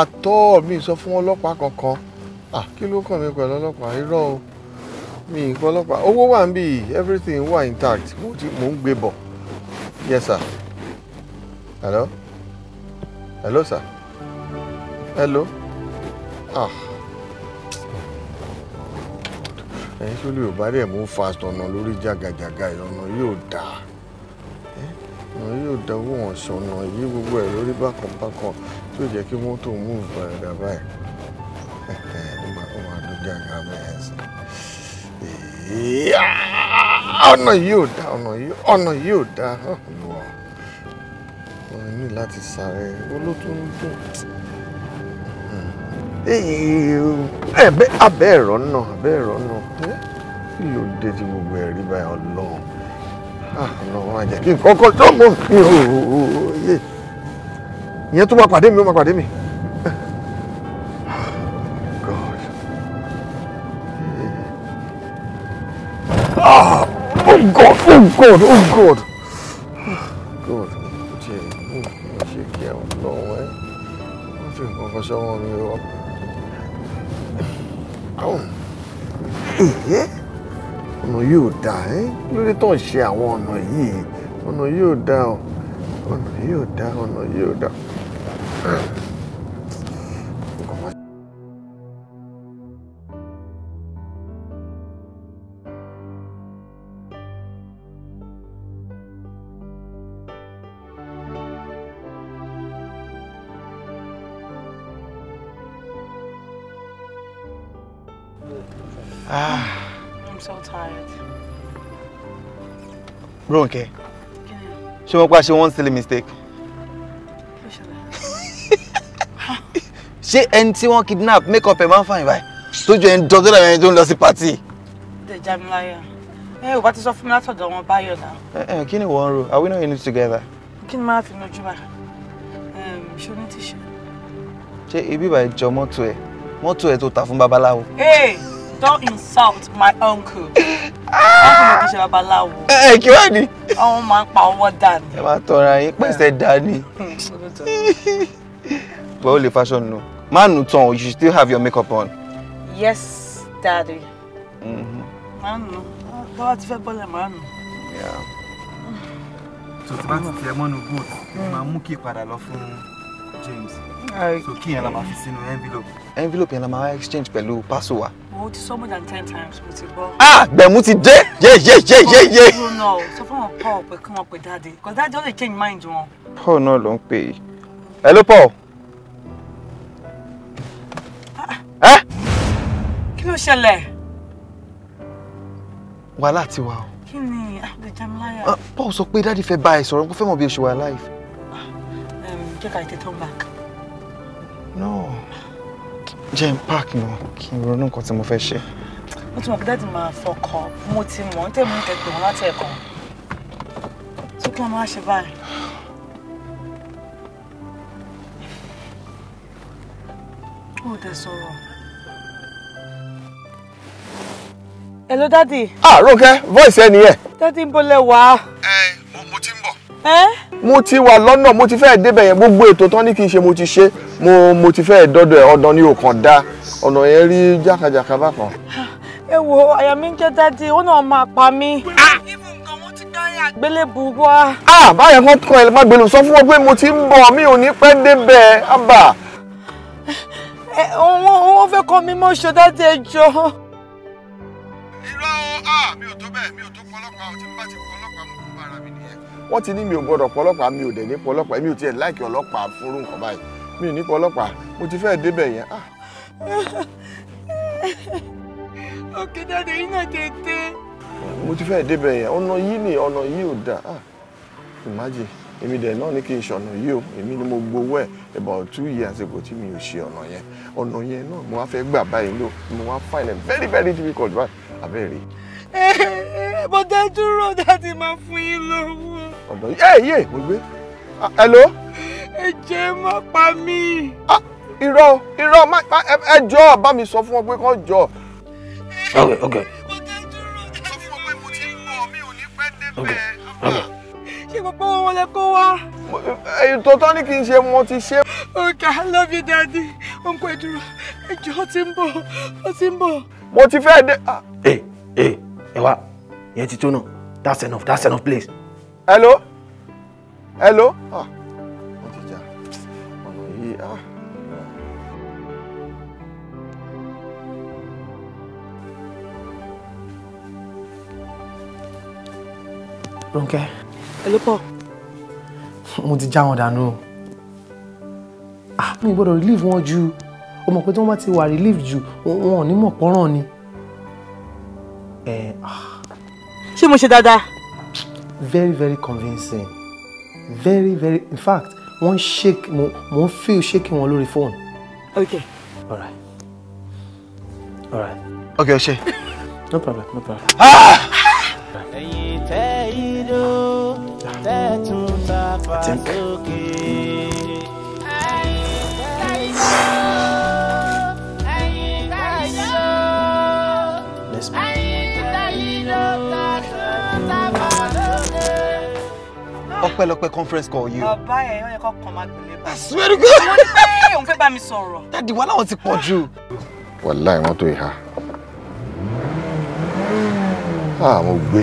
at all mi sọ fún ọlọ́pàá kankan ah kí ló kàn mí pẹ̀lú ọlọ́pàá irọ́ o mi ìkọ́ ọlọ́pàá owó wà ń everything wà intact mo ti mò ń gbé bọ̀ yes sir hello hello sir hello ah ẹ̀yin tó lè bá dẹ̀ mú fast ọ̀nà lórí jàgàjàgà ìrọ̀nà yóò dáa ọ̀nà yóò da owó wọn sọ̀nà èyí gbogbo ẹ̀ lórí bákan bákan jẹ́ kí mọ́tò mú ìbàdàn báyìí ó máa dún jàgà bẹ́ẹ̀ sí ọ̀nà yìí ò dá ọ̀nà yìí ọ̀nà yìí ò dá ah, olùwà mo ní láti sáré olótún dùn abẹ́ hmm. ẹ̀rọ náà abẹ́ ẹ̀rọ náà eh? kí ló dé tí gbogbo ẹ̀ rí báyìí ọlọ́run ah, ọlọ́run á jẹ́ kí n kọ́kọ́ tó mọ̀ mi ò yé ìyẹn tó máa pàdé mi ó máa pàdé mi. Ah! Oh God! Oh God! Oh God! God! Ṣé mo ṣe kí ẹ lọ wẹ́? Wọ́n fi nǹkan fọṣọ wọn mi rọ. Ìyẹ́ ọ̀nà yóò dá ẹ́ lórí tó ń ṣe àwọn No, you down. yóò dá ọ̀. Ọ̀nà yóò dá ọ̀nà yóò Ah. I'm so tired. Ronke. Ṣé She won't ṣe one silly mistake? She ẹni tí wọ́n kidnap make up ẹ̀ man fine fàyìn So you ẹni dọ́dọ́ làwọn ẹni tó ń The sí pàtì. Dè Jamiláyà, ẹ ò bá ti sọ fún mi látọ̀dọ̀ wọn báyọ̀ náà. Ẹ ẹ kí ni wọ́n ń Are we not in it together? Kí ni máa fi nojú wa? Ṣé o ní tíṣe? Ṣé ibi ìbàjọ́ mọ́tò ẹ̀ mọ́tò ẹ̀ tó ta fún babaláwo? Ee! don't insult my uncle. uncle mi kì í ṣe babaláwo. ẹ eh, ẹ eh, kí wàá ní. àwọn máa ń pa ọwọ́ dànù. ẹ máa tọra yín pẹ̀sẹ̀ dání. but o lè fashion nu má nu tán o you still have your makeup on. yes daddy. Mm-hmm. má nu bọ́lá ti fẹ́ bọ́lẹ̀ má nu. tó ti bá ti tiẹ̀ mọ́nu goat máa mú kí padà lọ fún James so kí yẹn la máa fi sínú envelope. envelope yẹn la máa exchange pẹ̀lú parcel wa mo ti sọ more than ten times mo ti gbọ́. ah gbẹ̀mú ti dé yé yé yé yé yé. paul náà sọ fún wọn paul pé kí wọn pè dáadé because dáadé ó lè change mind wọn. paul náà ló ń pè é hello paul. Ah, ah. kí ló ṣẹlẹ̀. wàhálà ti wà o. kí ni abdulhamid. Ah, paul sọ pé dáadé fẹ́ bá ẹ sọ̀rọ̀ kó fẹ́ mọ̀ bí o ṣe wà láìf. Um, jẹ́ ká tètè turn back. no jẹ́ ń park náà kí n ronú nǹkan tí mo fẹ́ ṣe. mo ti mọ̀ pé dáàdì máa fọkàn mo ti mọ̀ nítorí mo ń tẹ̀ pé láti ẹ̀kọ́ tó kí wọ́n máa ṣe báyìí. ó dẹ̀ sọ̀rọ̀. hello dáàdì. ah Ronke voice ẹ nìyẹn. dáàdì ń bolẹ̀ wá. ẹ mo ti ń Eh? mo ti wà lọ́nà mo ti fẹ́ẹ́ débẹ̀ yẹn gbogbo ètò tán ní kí n ṣe mo ti ṣe mo mo ti fẹ́ẹ́ dọ́dọ̀ ẹ̀ ọ̀nà ni ò kàn dá ọ̀nà yẹn rí jákàjàkà bákan. ẹ wo àyà mi ń jẹ́ dájú ó náà máa pa mí. Ah! àgbélébù wá. a ah! báyọ̀ kan kan ẹ̀ má gbèlú sọ fún wọn pé mo ti ń bọ̀ mi ò ní pẹ́ débẹ̀ ábà. Eh, wọ́n fẹ́ kọ́ mi mọ́ ṣe dájú jọ. irọ́ o ah! mi ò tó bẹ́ẹ̀ mi ò tó pọlọ́pàá ò ti bá ti pọlọ́pàá mo kó ara mi ní wọ́n ti ní mi ò gbọ́dọ̀ pọlọ́pàá mi ò dẹ̀ ní pọlọ́pàá mi ò tiẹ̀ láìkí ọlọ́pàá fúrú nǹkan báyìí mi ò ní pọlọ́pàá mo ti fẹ́ẹ̀ débẹ̀ yẹn. ọ̀kẹ́dọ̀dọ̀ yìí náà tètè. mo ti fẹ́ẹ̀ débẹ̀ yẹn ọ̀nà yìí ni ọ̀nà yìí ò dáa ah. imagine èmi dẹ̀ náà ní kí n ṣọ̀nà yìí o èmi ni mo gbowó ẹ̀ about two years ago tí mi ò ṣe ọ̀nà yẹn ọ̀nà yẹn náà mo wá fẹ́ gbà báyìí lò mo wá find very very difficult báyìí abẹ́rẹ́ bó tẹ́ dúró dáàdì máa fún yín lówó. ọ̀dọ̀ yẹ́ yé mo gbé ah, hello. ẹ jẹ́ má pa mí. Ah, irọ́ irọ́ ẹ jọ̀ọ́ bá mi sọ fún wọn pé kán jọ̀ọ́. okay okay. bó tẹ́ dúró dáàdì fún wọn pé mo ti ń bọ̀ mi ò ní pẹ́ débẹ̀. ṣé gbogbo wọn lè kó wá. èyí tó tọ́ ní kí n ṣe mo ti ṣe. okay i love you daddy òǹkọ̀ ìdúró ẹjọ́ ti ń bọ̀ ó ti ń bọ̀. mo ti fẹ́ dé. ẹ ah. ẹ. Eh, eh ẹ wá yẹn ti tó náà that's enough that's enough please. hello hello. Ah yìí ah. Rónkẹ́. Hello Paul. Mo ti já wọn dànù o. Ah mi gbọ́dọ̀ relieve wọn ju o mọ̀ pé tí wọ́n bá ti wà relieve jù wọn ò ní mọ̀ pọ́nrán ni. Eh, ah. ṣé mo ṣe dáadáa. very very convincing very very in fact wọ́n shake mo mo ń feel shaking wọn lórí phone. okay. All right. All right. okay ṣe. no problem no problem. Ah! ẹ̀yin tẹ́ ìdó tẹ́ tún ta sókè. ọpẹ́lọpẹ́ conference call yìí o. ẹ ọyẹ kọ kàn máa gbìlẹ bá. àṣìwé gbé. wọ́n ní pé òun fẹ́ bá mi sọ̀rọ̀. dáàdi wàhálà wọn ti pọ̀ jù. wàláì wọn tó ìhà àwọn ah, gbé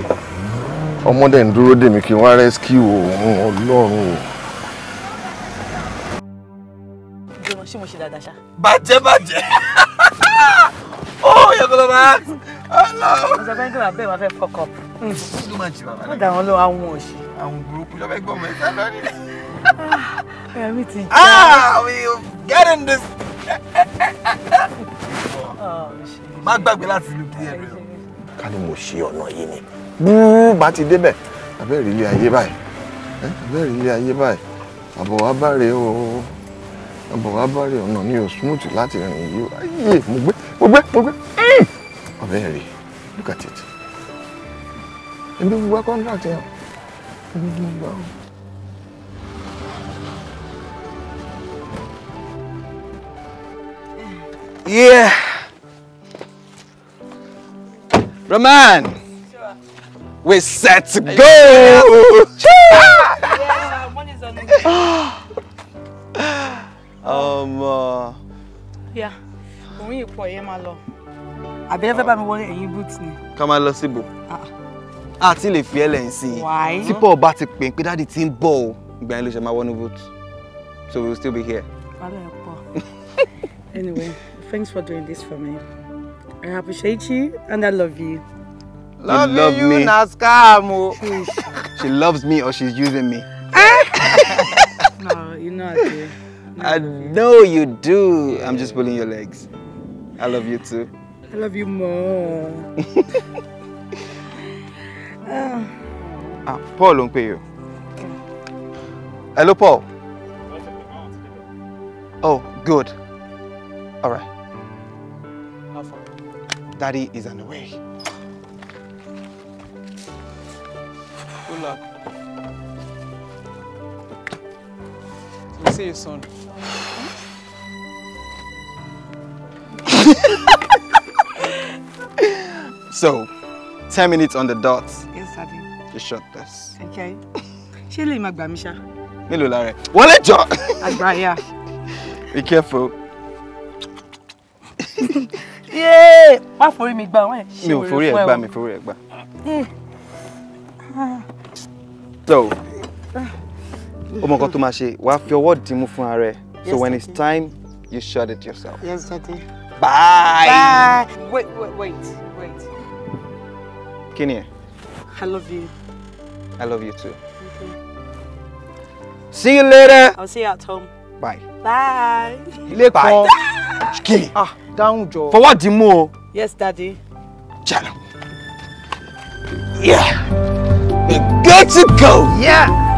ọmọdé ń dúró dè mí kí n wá òun ọlọ́run o. ṣé mo ṣe dáadáa ṣá. bàjẹ́ bàjẹ́ ó yẹ kó lọ máa ọlọ́run. ọ̀sẹ̀ pẹ́ńkì bàbá ẹ̀ hmm. máa fẹ́ fọkọ̀. ó máa jì bàbá rẹ̀. wọ́n dà wọ́n lọ àwọn òṣì. àwọn burúkú ló fẹ́ gbọ́ mọ́ ah, ẹ̀ta lọ́rí. ẹ̀rọ mi ti jẹ́. ah we get in this. Ah, má gbàgbé láti lu kí ẹ̀rọ. ká ní mo ṣe ọ̀nà yìí ni búú bá ti débẹ̀ abẹ́rẹ́ ilé ayé báyìí abẹ́rẹ́ ilé ayé báyìí àbọ̀ wá bá rè o àbọ̀ wá bá rè ọ̀nà ni o smooth láti rìn yìí ayé mo gbé mo gbé mo gbé very. Look at it. Ebi gbogbo wa contract yẹn. Ebi gbogbo wa. Yeah. Roman. Sure. We're set to go. yeah, money's on the Um. Uh... Yeah. Òun yìí pọ̀ yẹn máa àbí ẹ fẹ́ bá mi wọlé ẹ̀yìn boots ni. ká máa lọ síbò àti ah. lè fi ẹlẹ̀ ń sìn yín tí paul bá ti pè é pé dáàdi ti ń bọ̀ o ìgbà yẹn ló ṣe máa wọnú boots so we will still be here. wàhálà ẹ pọ anyway thanks for doing this for me i appreciate you and i love you. love you, love you me. na scam o. she loves me or she's using me. no you know i do. I know you do. I'm just pulling your legs. I love you too. I love you more. ah. ah, Paul ló ń pè Hello, Paul. Oh, good. All right. Daddy is on the way. Good luck. We'll see you soon. so, 10 minutes on the dot. Yes, Daddy. You shot this. Okay. Ṣé lè máa gbà mí ṣá? Mélòó lára ẹ̀? Wọlé Be careful. Yéé! Má forí mi gbà wọ́n ẹ̀. Mi ò forí ẹ̀ gbà, mi forí ẹ̀ gbà. So, o mọ nǹkan tó máa ṣe, wàá fi ọwọ́ dìímú fún ara So when it's time, you shot it yourself. Yes, Daddy. Bye. Bye. Wait, wait, wait, wait. Kenya. I love you. I love you too. Okay. See you later. I'll see you at home. Bye. Bye. Bye. kan. Kini. Ah, down, Joe. For what mú o. Yes, daddy. Jalo. Yeah. We got to go. Yeah.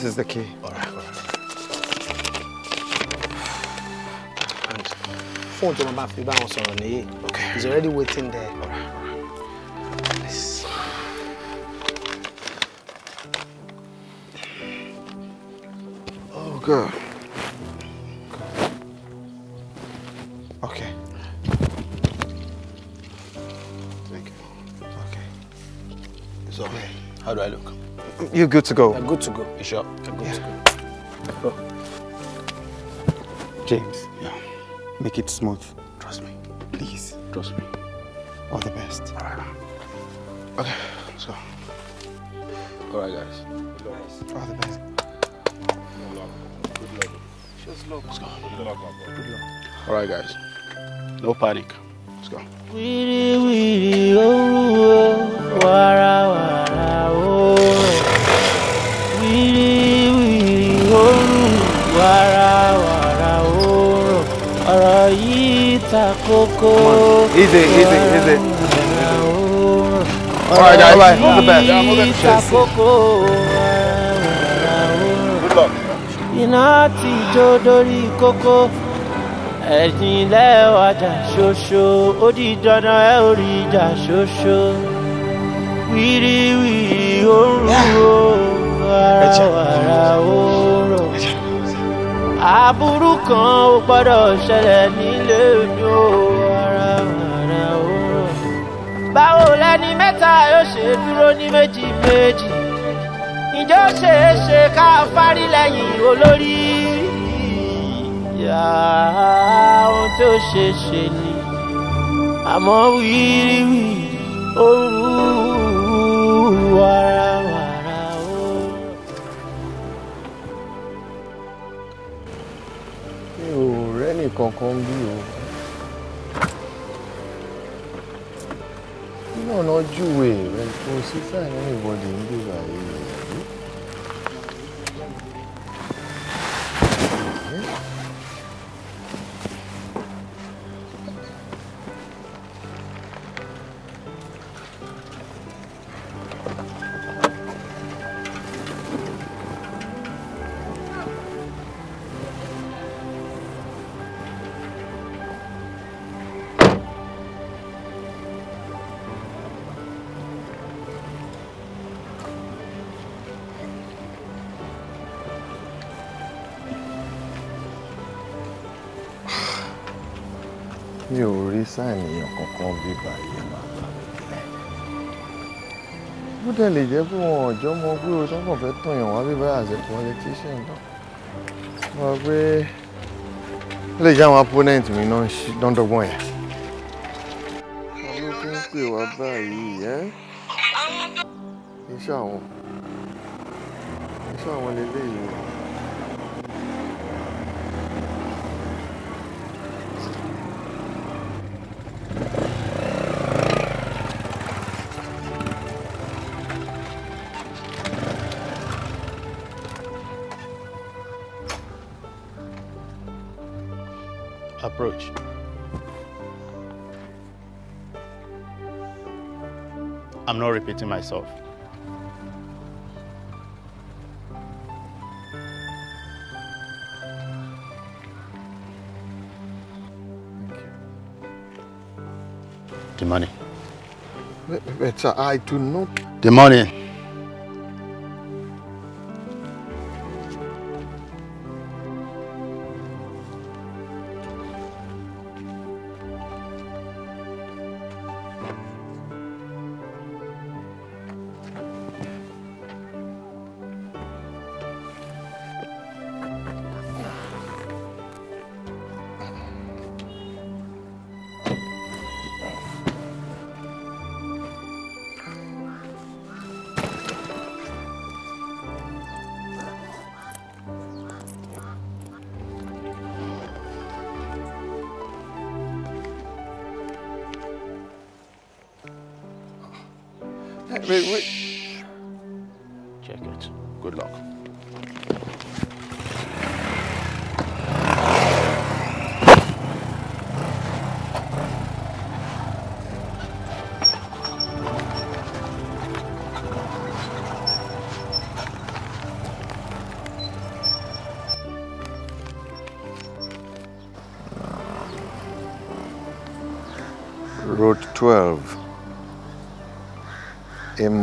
This is the key. All right, all right. And phone to my back for bounce on the Okay. He's already waiting there. All right, all right. Oh, God. You're good to go. I'm good to go. You sure? I'm good yeah. to go. James. Yeah. Make it smooth. Trust me. Please. Trust me. All the best. All right. Okay, let's go. All right, guys. All the best. Good luck. Good luck. Just Let's go. Good luck, my Good luck. All right, guys. No panic. Let's go. Oh, oh, oh, ta kókó. easy easy All right, guys bye all the best. ta kókó. iná ti jó dórí kókó ẹ̀sìn lẹ́wà jà ṣoṣo ó di dandan ẹ ò rí jà ṣoṣo wíríwíri o ara wàrà ó rọ̀ kan ó gbọ́dọ̀ ṣẹlẹ̀ ní lè dó ara ara òrò. báwo lẹni mẹ́ta yóò ṣe dúró ní méjì méjì ìjọ ṣe é ṣe ká fárí lẹ́yìn olórí ìyá ohun tí ó ṣe ṣe ni àmọ́ wíríwí ó rú ara. kankan bí you. nínú ọ̀nà júwe rẹ̀ kò sí sáà ní ìbọdè ń bèbà yìí. mi ò rí sáànìyàn kankan bí báyìí máa bá mi kílẹ̀. bó dẹ̀ lè jẹ́ pé wọn ọ̀jọ́ mọ pé o sọ́kàn fẹ́ tàn yàn wá bí báyìí àṣepọ̀ electrician náà. wọ́n pé ó lè jẹ́ àwọn opponent mi náà dọ́gbọ́n yẹn. wọn ló fi ń pè wá báyìí ẹ́ iṣẹ́ àwọn iṣẹ́ àwọn lélẹ́yìí. I'm not repeating myself. The money. But, but sir, I do not. The money.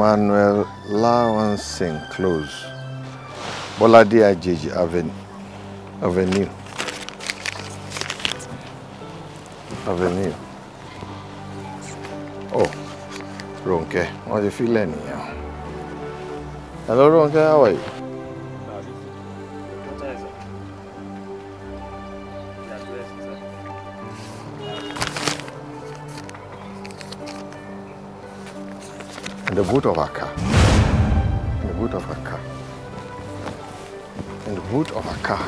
Emmanuel Lawanson Close, Bolade Ajeji Avenue. Avenue. Avenue. Oh, Ronke, wọ́n you fi lẹ́nìyàn. Hello Ronke, how are you? in the boot of our car. In the boot of our car. In the boot of our car.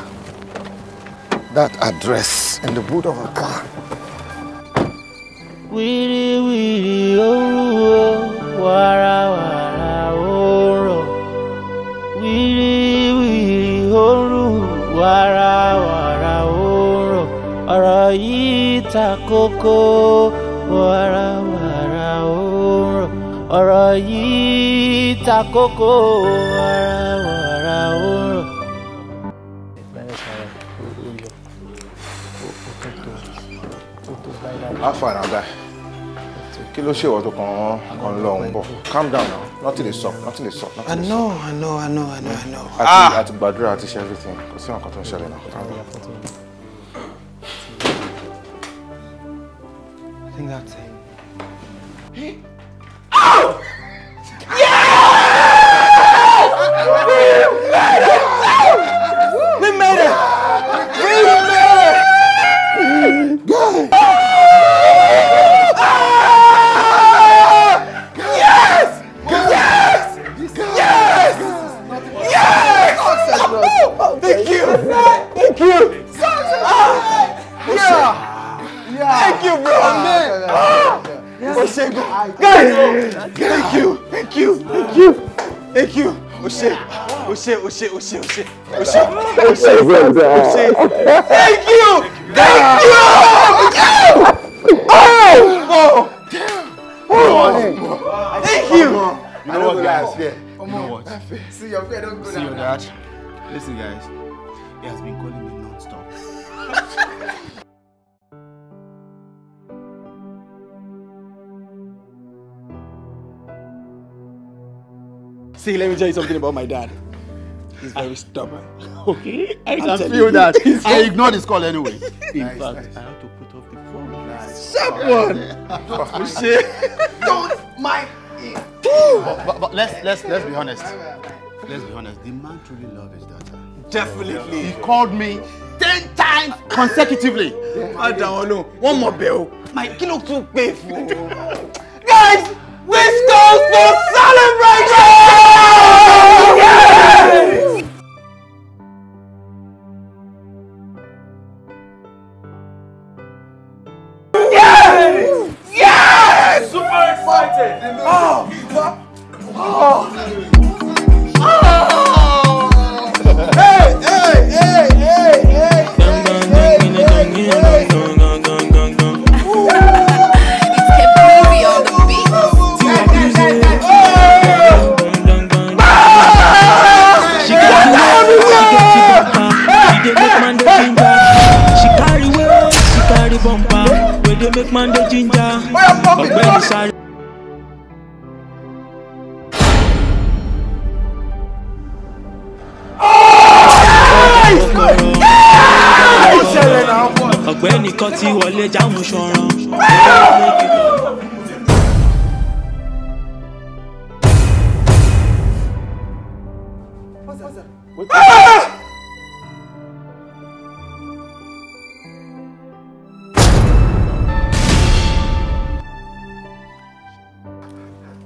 That address in the boot of our car. Wiri oh oh, wara wara oh oh. oro. Wiri oh oh, wara wara oh Ọ̀rọ̀ yìí ta kókó. ọ̀rọ̀ yìí ta kókó ara ara ó rọ̀. afara guy kí ló ṣèwọ tó kàn kàn lọ ń bọ̀ calm down now nothing dey sup nothing dey sup nothing dey sup. i know i know i know i know i know. àti ah! àti gbàdúrà àti ṣe everything kò sí nǹkan tó ń ṣẹlẹ̀ náà. i think that's it. shit, oh shit, oh shit, oh shit, oh shit, oh shit, oh shit. Thank you! Thank you! Oh! Oh! Damn! Oh! Thank you! You know what, guys? Yeah. You know what? See your dad, don't go See your dad. Listen, guys. He has been calling me non-stop. See, let me tell you something about my dad. He's very ah. stubborn. Okay, I can feel that. I ignored his call anyway. In nice, fact, nice. I had to put off the phone. Nice. Someone, don't mind. But, but, let's let's let's be honest. Let's be honest. The man truly loves his daughter. Definitely. He called me ten times consecutively. Adáwọn náà wọ́n mọ̀ bẹ́ẹ̀ o. My kilo too painful. Guys, this goes for celebration! Listen. ṣọ̀ràn.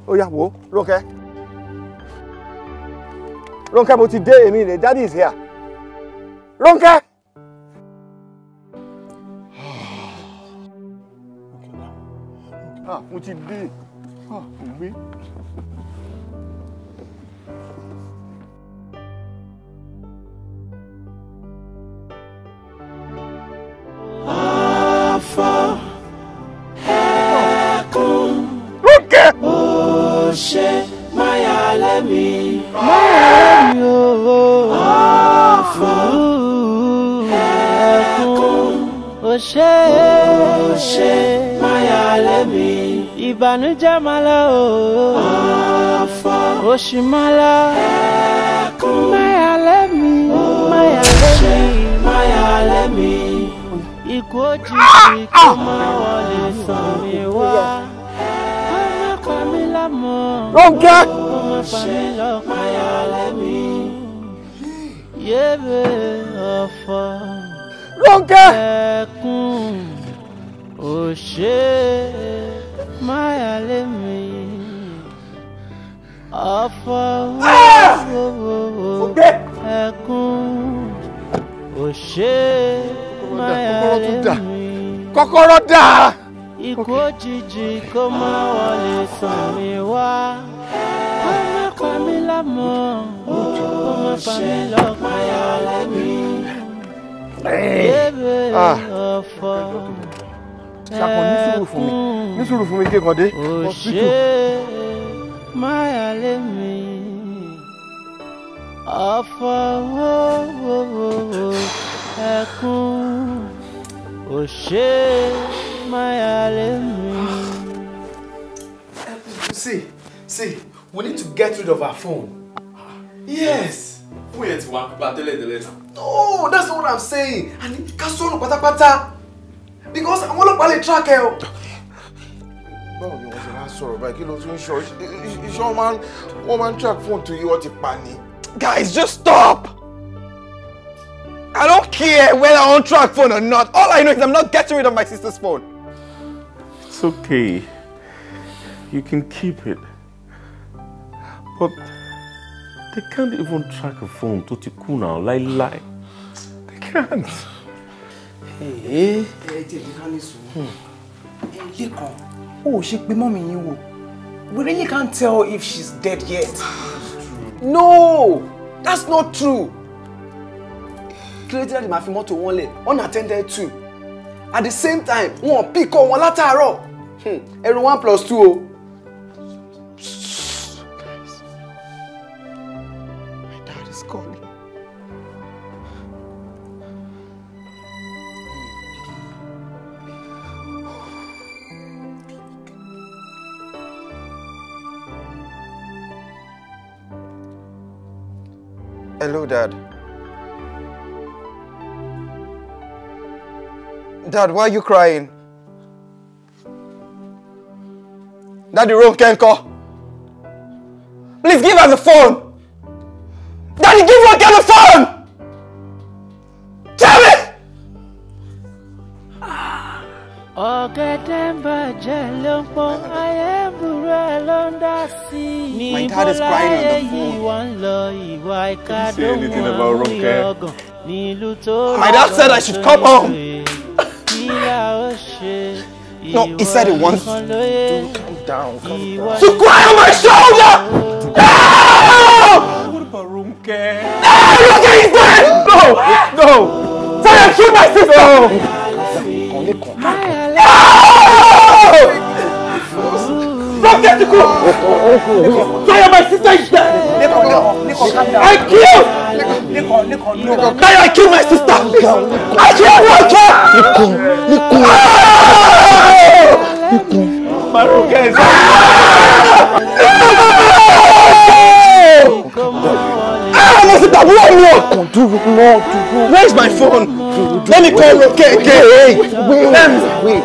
ó yá wò Rónkẹ́ Rónkẹ́ mo ti dé èmi rẹ̀ daddy is here Rónkẹ́. ah mo ti dé ah kò gbé. Share. ìbànújẹ́ máa lọ o. àfọ oṣù máa lọ. ẹkún máyà lẹ́mí. máyà lẹ́mí. máyà lẹ́mí. ikú òjijì ah, ah. kó máa wọlé sàn mí wá. ọmọ kan mi lámọ. ọmọ kan mi lọ́kàn. máyà lẹ́mí. yébè ọ̀fọ̀. ẹkún òṣèré. ọ̀fọwọ́sowọ́ ah! ẹkún òṣè máa rẹ̀ mi. kọ́kọ́rọ́ dà. ikú òjijì kó má wọlé tàn mí wá kó má pa mí lámọ̀ kó má pa bébè eh. ah. ọ̀fọ̀ ẹkún òṣè. My lé mi ọ̀fọ̀wọ́wọ́wọ́ ẹkún ò ṣe máyà see see we need to get rid of our phone. yes. fún yẹn ti wà pípa tẹ́lẹ̀tẹ́lẹ̀ náà. no that's not what i'm saying i need ká sọ̀rọ̀ pátápátá because àwọn ọlọ́pàá lè track ẹ o. báwo ni wọ́n ṣe máa but you know, ló tún is your man, woman, track phone tó you wọ́n ti pa guys just stop i don't care whether i on track phone or not all i know is i'm not getting rid of my sister's phone. it's okay you can keep it but they can't even track a phone tó Tikuna kú Lai láíláí they can't. ẹ ẹ jẹ́ ìdíkánì sùn ẹ lẹ́kọ̀ọ́. Oh, she be mọ́mì you. wò we really can't tell if she's dead yet. no that's not true. Clearly, ló dé láti máa fi mọ́tò unattended too. at the same time wọn ò pìkọ́ wọn látàárọ̀ hmm, ẹ̀rù one plus two Oh. Hello, Dad. Dad, why are you crying? Daddy call. Please give her the phone. Daddy, give Ronke the phone. Tell me. My dad is crying on the phone. Can you say anything about Ronke. My dad said I should come home. no, he said it once. Dude, calm down, calm down. To cry on my shoulder! No! What about Ronke? No! Ronke is dead! No! No! Sorry, I killed my sister! No! No! wanted to go. Taya, my sister is there. I killed. Taya, I killed my sister. I killed Walker. Nikon, Nikon. Nikon. Maruka is Where is my phone? Let me call Roque again. Wait, wait,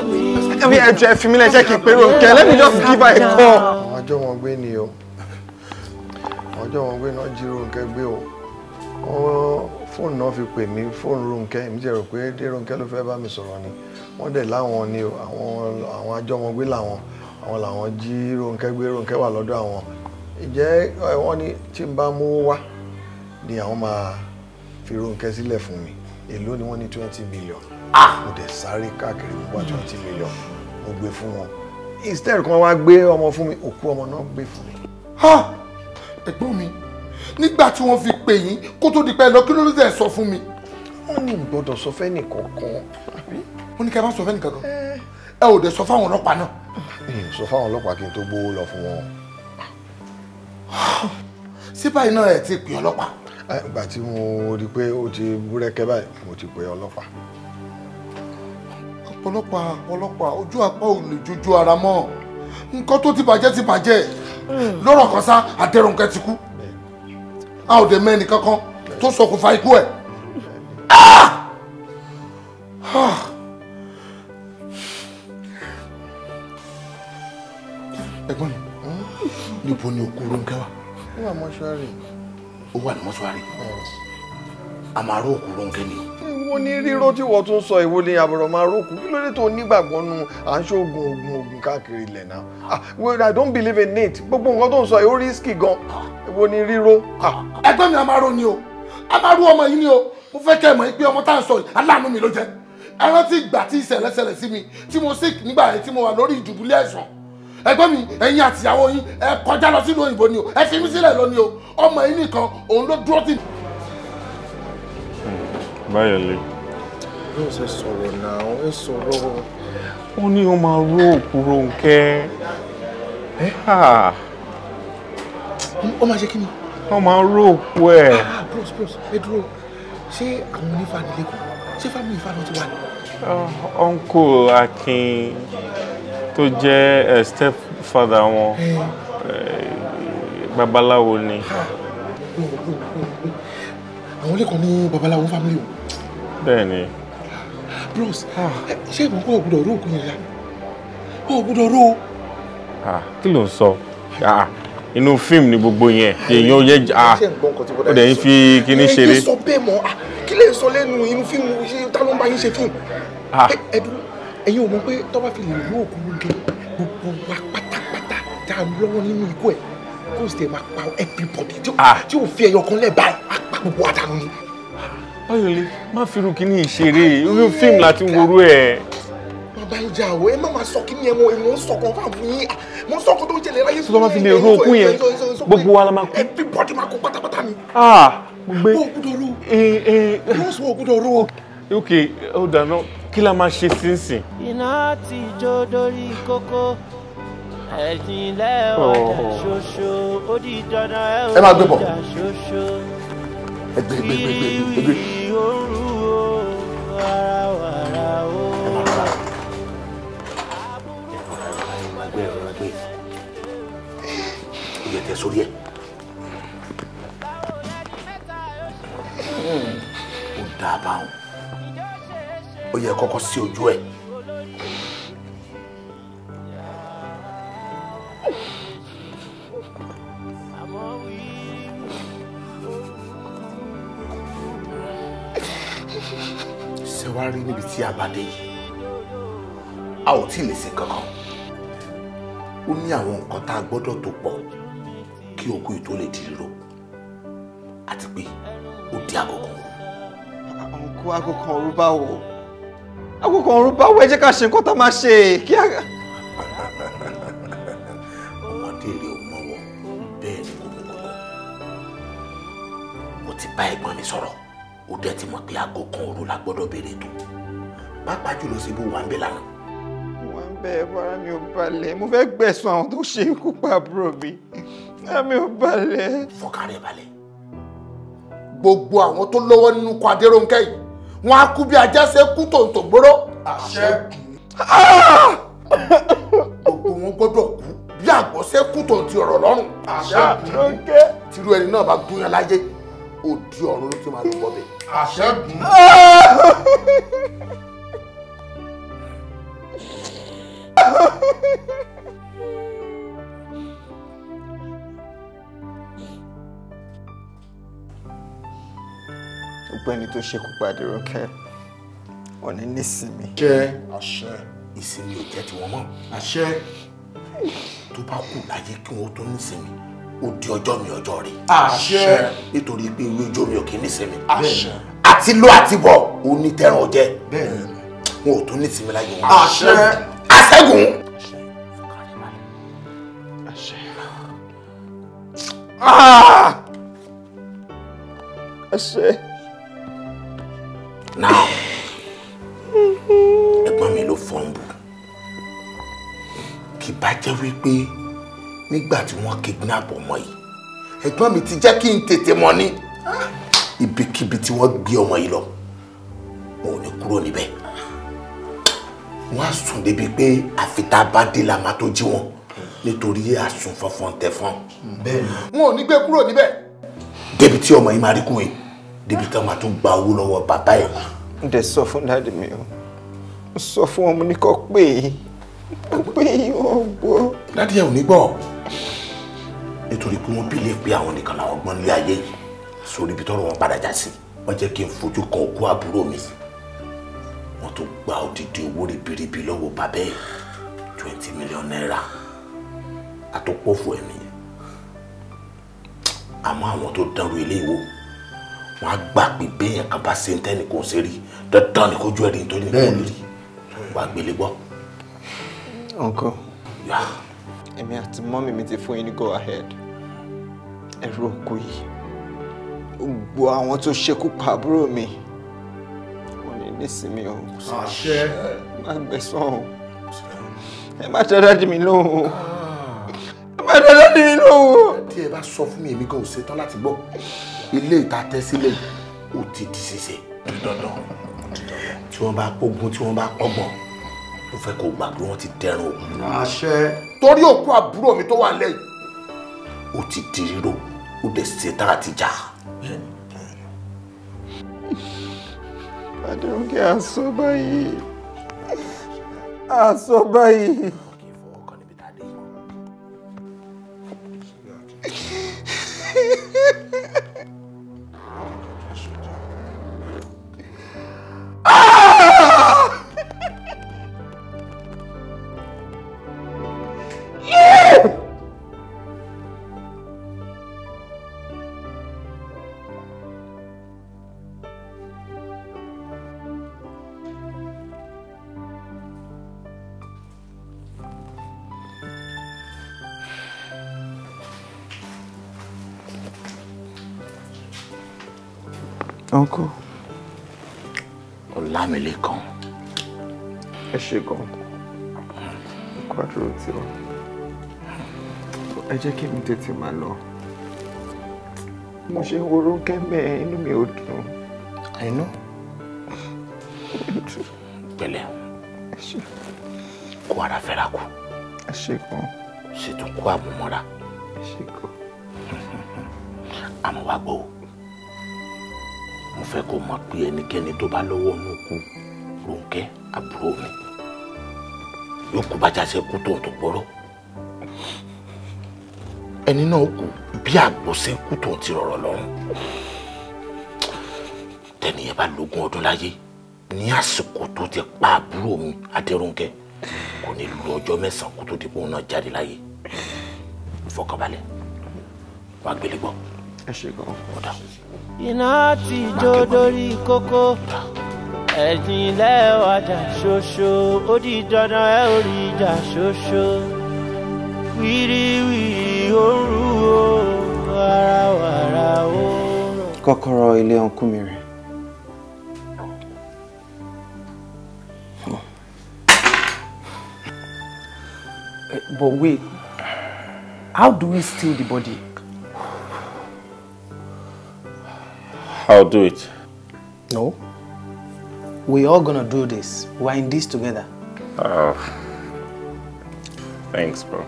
wait mi ẹ jẹ́ fi mi lẹ́sẹ̀ kí n pé Rónkẹ́ let me just give her a call. àwọn ọjọ́ wọn gbé ni o àwọn ọjọ́ wọn gbé náà jí Rónkẹ́ gbé o fóònù náà fi pè mí fóònù Rónkẹ́ èmi ti rò pé dé Rónkẹ́ ló fẹ́ bá mi sọ̀rọ̀ ni wọ́n dẹ̀ láwọn ni o àwọn àjọ wọn gbé làwọn àwọn làwọn jí Rónkẹ́ gbé Rónkẹ́ wà lọ́dọ̀ àwọn ìjẹ́ wọ́n ní tí n bá mówó wá ni àwọn máa fi Rónkẹ́ sílẹ̀ fún mi èló ni wọ́n ní twenty billion mo dẹ̀ sáré káàkiri mo wá twenty million mo gbé fún wọn instead kan wá gbé ọmọ fún mi òkú ọmọ náà gbé fún mi. ẹ̀gbọ́n mi nígbà tí wọ́n fi pè yín kó tó di pẹ́ lọ kí ló ló dẹ̀ sọ fún mi. wọ́n ní gbọ́dọ̀ sọ fẹ́nì kankan. wọ́n ní ká má sọ fẹ́nì kankan eh. ẹ ò dẹ̀ sọ fáwọn ọlọ́pàá náà. sọ fáwọn ọlọ́pàá kí n tó gbówó lọ fún wọn. ṣé báyìí náà ẹ ti pè ọlọ́pàá. Eh, ìgbà tí mo rí i pé ó ti búrẹ́kẹ́ báyìí mo ti pè ọlọ́pàá ọlọ́pàá ọlọ́pàá ojú apá ò lè jojú ara mọ́ nǹkan tó ti bàjẹ́ ti bàjẹ́ hmm. lọ́rọ̀ kan sá àtẹrùnkẹ́ ti kú a ò dẹ̀ mẹ́ni kankan tó ṣokùnfà ikú ẹ̀. Ah! Ah! ẹ̀gbọ́n mi hmm. níbo ni òkú Rónkẹ́ wà. ó wà mọ́ṣúárì. ó wà ní mọ́ṣúárì a máa ró òkú ronke ni. ìwọ ni ríró tí wọ́n tún sọ ìwọ ni àbúrò máa ró kí ló dé tó nígbàgbọ́ nu à ń ṣoògùn oògùn oògùn káàkiri ilẹ̀ náà ah well i don't believe in it gbogbo nǹkan tó ń sọ yìí ó risky gan ìwọ ni ríró. ẹgbẹ́ mi a máa ró ni o a máa rú ọmọ yìí ni o mo fẹ́ kẹ́ ẹ mọ̀ pé ọmọ tá à ń sọ yìí aláàánú mi ló jẹ́ ẹ rántí ìgbà tí ìṣẹ̀lẹ̀ sí mi tí mo sick nígbà yẹn tí mo wà lórí ìdùbúlẹ̀ àìsàn ẹgbẹ́ mi ẹ̀yin àtìyàwó yín ẹ kọjá lọ sílùú òyìnbó ni o ẹ fi mí sílẹ̀ lọ ni o ọmọ yín nìkan òun ló dúró tì mí báyọ̀ lé. yóò ṣe sọ̀rọ̀ náà ẹ sọ̀rọ̀. ó ní ó máa ró òkú Rónkẹ́. ó máa ṣe kí ni. wọ́n máa ró òkú ẹ̀. Ah, ah, bros bros ẹ dúró ṣé àwọn onífà nílé kù ṣé fámìlì Ifá náà ti wà ní. ọ̀nkò ah, Akin tó jẹ́ eh, step father wọn eh, babaláwo ni. àwọn ilé kan ní babaláwo fámìlì o bẹ́ẹ̀ni. bros ṣé ìwọ kọ́ ògbúdọ̀ ró òkú yẹn ya ògbúdọ̀ ró. kí ló ń sọ inú fíìmù ni gbogbo yẹn èèyàn ó yẹ ó dẹ̀ ń fi kíní ṣeré. ẹ ẹ sọ bẹ́ẹ̀ mọ́ kí lè sọ lẹ́nu inú fíìmù ta ló ń bá yín ṣe fíìmù. ẹ̀yin ò mọ̀ pé tó bá fi lè ró òkú lóge gbogbo wa pátápátá tá a lọ́wọ́ nínú ikú ẹ̀ kó o sì tẹ̀ máa pa everybody tí o fi ẹyọ kan lẹ́ẹ̀ báyìí á pa gbogbo àdánù ni. Báyọ̀lé má firu kí ní ìṣeré irú fíìmù láti worú ẹ̀. Bàbáyọjà àwọ̀ ẹ má máa sọ kí ni ẹ mọ èèmọ̀ ń sọkàn fún àbúrò yín mo ń sọkàn tó ń jẹlẹ̀ láyé. Sọlá máa fi lè ro okun yẹn gbogbo wa la máa kú. Everybody máa kú pátápátá ni. Gbogbo ògùdọ̀ ro. Wọ́n sọ ògùdọ̀ ro. Ok, ó dáná kí la máa ṣe sínsìn. Iná ti jó dórí kókó ẹ̀jìn lẹ́wọ̀n ṣoṣo ó di dandan ẹ̀ ó di dandan ṣoṣo ẹgbẹ ẹgbẹ ẹgbẹ ẹgbẹ. ìyẹ̀tẹ̀ ojú ẹ̀. ṣe wá rí níbi tí a bá dé yìí a ò tí ì lè ṣe kankan ó ní àwọn nǹkan tá a gbọ́dọ̀ tó pọ̀ kí òkú yìí tó lè di ríro àti pé ó di àkókò. àǹkó àkókò ọ̀rú bá wò àkókò ọ̀rú bá wò ẹ jẹ́ ká ṣe nǹkan tá a máa ṣe kí a. ọmọdé rẹ ò mọwọ bẹ́ẹ̀ ni kò mú kọkọ mo ti bá ẹ̀gbọ́n mi sọ̀rọ̀ ó dẹ̀ ti mọ̀ pé aago kan òru la gbọ́dọ̀ béèrè tó pàápàá jùlọ síbú wà ń bẹ lánàá. wà ń bẹ ara mi ò balẹ̀ mo fẹ́ gbẹ̀sùn àwọn tó ṣe ikú pa àbúrò mi ara ah, mi ò balẹ̀. fọkàrẹ̀ balẹ̀ gbogbo àwọn tó lọ́wọ́ nínú ikú Adérónkẹ́ yìí wọ́n á kú bí ajá ṣe kú tòǹtò gbóró. àṣẹ́gun. Ah! gbogbo wọn gbọ́dọ̀ kú bí àgbọ̀ ṣe kú tòǹtì ọ̀rọ̀ lọ́rùn. àṣẹ́gun. tìrú ẹni náà bá gúnyan láyé òdi ọ̀run ló ti máa lọ bọ́ bẹ́ẹ̀ àṣẹ́gun. gbogbo ẹni tó ṣekú pa Adérónkẹ́ ọ̀ní nísìmí. jẹ́ àṣẹ ìsinmi ò jẹ́ tiwọn mọ́ àṣẹ tó bá kù láyé kí wọ́n tó nísìmí ó di ọjọ́ mi ọjọ́ rẹ̀. àṣẹ. nítorí pé ìwé ijó mi ò kì í nísinmi. àṣẹ. àti lọ àti bọ̀ ó ní tẹran jẹ. bẹ́ẹ̀ wọn ò tún nísinmi láyé wọn. àṣẹ. àṣẹgùn. àṣẹ. náà ẹ̀gbọ́n mi ló fọ́n kì bá jẹ́ wípé nígbà tí wọ́n kidnap ọmọ yìí ẹ̀gbọ́n mi ti jẹ́ kí n tètè mọ̀ ní ibikíbi tí wọ́n gbé ọmọ yìí lọ mo ò ní kúrò níbẹ̀ wọ́n á sùn débi pé àfitá bá dé la máa tó jí wọn nítorí àsùn fọnfọn tẹfọn wọn ò ní gbé kúrò níbẹ̀ débi tí ọmọ yìí máa rí kúwe débi tí wọ́n máa tún gba owó lọ́wọ́ bàbá ẹ̀. n dẹ̀ sọ fún dáàdì mi o sọ fún ọmọ ní kò pé kò pé ìwọ dáàdì ẹ ò ní gbọ́ nítorí pé wọ́n bìlẹ̀ pé àwọn nìkan làwọn gbọ́n lé ayé yìí sórí ibi tọ́rọ̀ wọn padà já sí wọ́n jẹ́ kí n fojú kan òkú àbúrò mi wọ́n tó gba odidi owó ribiribi lọ́wọ́ bàbá ẹ̀ twenty million naira àtòpọ̀fọ̀ ẹ̀mí àmọ́ àwọn tó dánrú ilé ìwò wọ́n á gbà pé béèyàn kan bá ṣe ń tẹ́nì kò ṣe rí dandan ni kójú ẹ̀rí nítorí nìkan lórí wàá gbélé gbọ́. uncle. Yeah èmi àti mọ́mì mi ti fún yín ní go ahead ẹ̀rù òkú yìí gbogbo àwọn tó ṣekú pa àbúrò mi wọn ní nísìmí o àṣẹ má gbẹ̀sán o ẹ má dáadáa dì mí lóhùn o ẹ má dáadáa dì mí lóhùn o. tí ẹ bá sọ fún mi èmi gan ò ṣetán láti gbọ́ ilé ìta tẹ́ sílẹ̀ yìí ó ti di ṣíṣe dandan tí wọ́n bá pógun tí wọ́n bá pọ́gbọ́n mo fẹ́ kó gbà pé wọ́n ti dẹrùn òkú. àṣẹ. torí òkú àbúrò mi tó wà lẹ́yìn. ó ti di ríro ó dẹ̀ ṣe tán àti jà. Adérónkẹ́ àsọ báyìí àsọ báyìí. tètè máa lọ mo ṣe woro kẹ́mẹ́ inú mi ò dùn. àìnú pẹ̀lẹ́ kó ara fẹ́ra kù ṣètò kó àmúmọ́ra àmọ́ wá gbọ́ mo fẹ́ kó mọ̀ pé ẹnikẹ́ni tó bá lọ́wọ́ nù kú Rónkẹ́ àbúrò mi yóò kú bá jáde kú tóun tó gbọ́rọ̀ ẹni náà kù bí àgbò ṣe kú tó ti rọ̀rọ̀ lọ́rùn tẹnìyẹn bá lógún ọdún láyé ní àsìkò tó ti pa àbúrò mi adẹrùnkẹ kò ní lu ọjọ́ mẹ́sàn kó tó di pé òun náà jáde láyé fọkànbalẹ̀ wàá gbélé gbọ́. ẹ ṣe gan. ọ̀dà. iná ti jó dórí kókó ẹ̀jìn lẹ́wàá jà ṣoṣo ó di dandan ẹ ò rí jà ṣoṣo. kọ́kọ́rọ́ ilé ọkú mi But wait, how do we steal the body? I'll do it. No. We all gonna do this. We're in this together. Oh. Thanks, bro.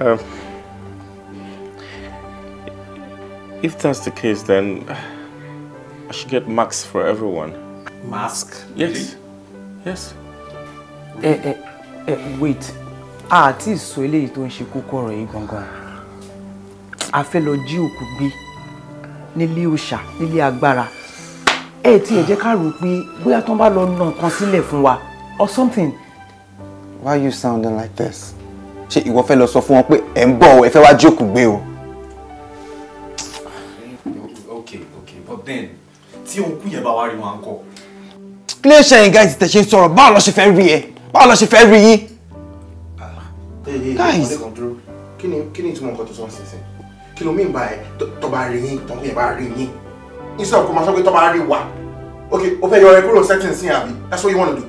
Um, if that's the case, then I should get masks for everyone. Mask? Yes. Yes. Eh, eh, eh, wait. Ah, ti sọ eléyìí tó ń ṣe i ọ̀rọ̀ yìí gangan. A fẹ́ lọ jí òkú gbé nílé òòṣà nílé agbára. Ẹ ti ẹ̀ jẹ́ ká rò pé bóyá tó or something. Why are you sounding like this? ṣé ìwọ fẹ́ lọ sọ fún wọn pé ẹ̀ ń bọ̀ ẹ fẹ́ wá jókòó gbé o. okay okay but then tí òkú yẹn bá wá rí wọn à ń kọ. kí ló ṣe ẹ̀yìn guys tẹ̀sẹ̀ sọ̀rọ̀ báwo lọ ṣe fẹ́ rí ẹ báwo lọ ṣe fẹ́ rí yín. Ah, eh, eh, guys eh, kí ni kí ni ìtumọ̀ nǹkan tó sọ sísìn kí ló mìíràn bá ẹ tó bá rí yín tọ́kùn yẹn bá rí yín instead of kó máa sọ pé tó bá rí wa ok o fẹ́ yọ ẹ kúrò setting sí àbí that's what you wanna do.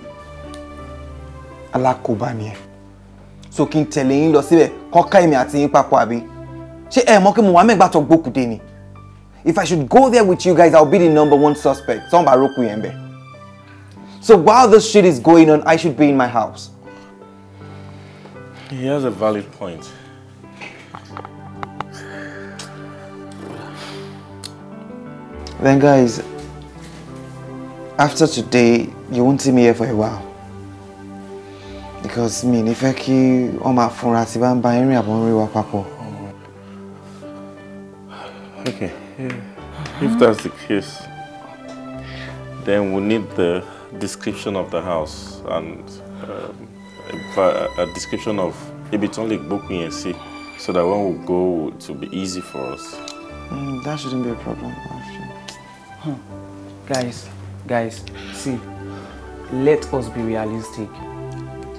alákòóbá ni ẹ so kí n tẹ̀lé yín lọ síbẹ̀ kọ́ èmi àti yín papọ̀ àbí ṣé ẹ mọ̀ kí Muhammed gbàtọ̀ gbókùdé ni if I should go there with you guys I will be the number one suspect sanba roku yẹn bẹ́ẹ̀ so while this shit is going on I should be in my house. He has a valid point. Then guys, after today, you won't see me here for a while because me, ní fẹ́ kí wọ́n máa fúnra tí bá ń ba irin àbọ̀ ń wa papọ̀. okay yeah. if that's the case then we need the description of the house and um, a, a description of ibi tí wọ́n lè gbókun yẹn sí so that when we go it will be easy for us. Mm, that shouldn't be a problem hmm. guys guys see let us be realistic.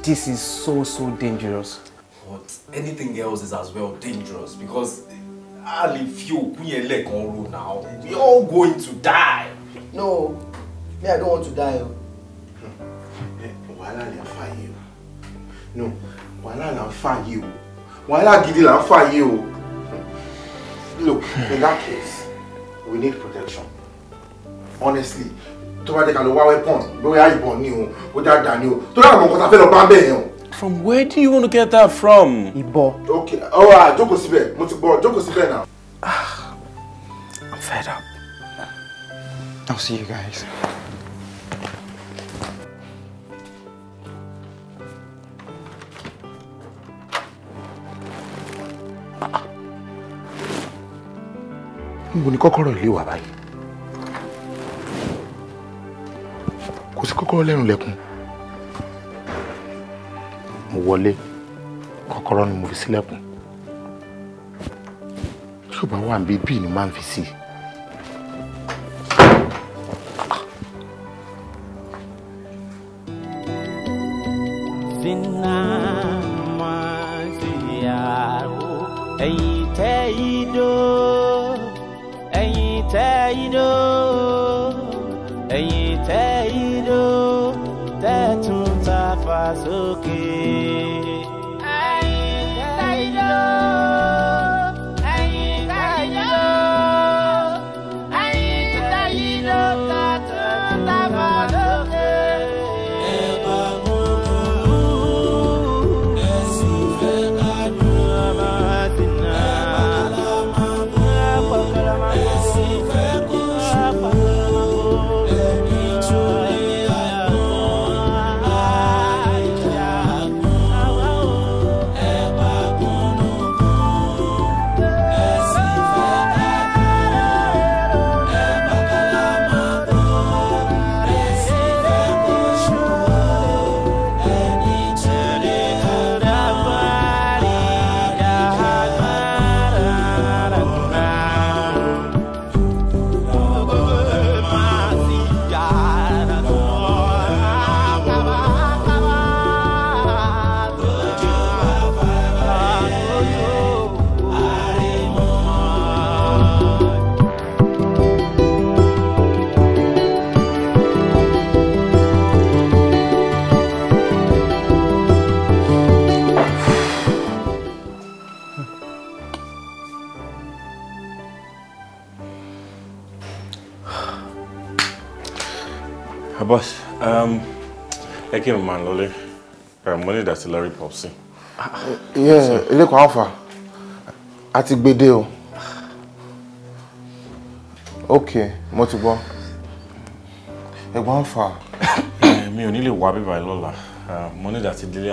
This is so, so dangerous. But anything else is as well dangerous because Ali few now. We all going to die. No, me, I don't want to die. Oh. Wàhálà la ń fà yìí No, wàhálà la ń you. yìí o. Wàhálà gidi la ń you. Look, in that case, we need protection. Honestly, tó bá jẹ́ ká lọ wá weapon bóyá ìbọn ni o ó dáadáa ni o tó dáa nǹkan tá lọ bá bẹ́ẹ̀ yẹn o. From where do you want to get that from? Ìbọ. Okay, ọ̀rọ̀ àjókòó síbẹ̀, mo ti gbọ́, jókòó síbẹ̀ náà. Ah, I'm fed up. I'll see you guys. Mo ní kọ́kọ́rọ́ ilé wa báyìí. sí kọ́kọ́rọ́ lẹ́nu lẹ́kùn mo wọlé kọ́kọ́rọ́ ni mo fi sílẹ̀kùn ṣùgbọ́n wà níbi bíi ni máa fi sí i. ẹ̀yin tẹ́ idó ẹ̀yin tẹ́ idó tẹ ìdó tẹ tún ta fà sókè. ẹ kí man, lolly. lọlé mo ní ìdásí lọ rí pọ̀ sí. ilé kan àfà a ti gbede o ok mo ti gbọ́ ẹ̀gbọ́n àfà. mi ò ní lè wá bíbá lọ́la mo ní ìdásí délé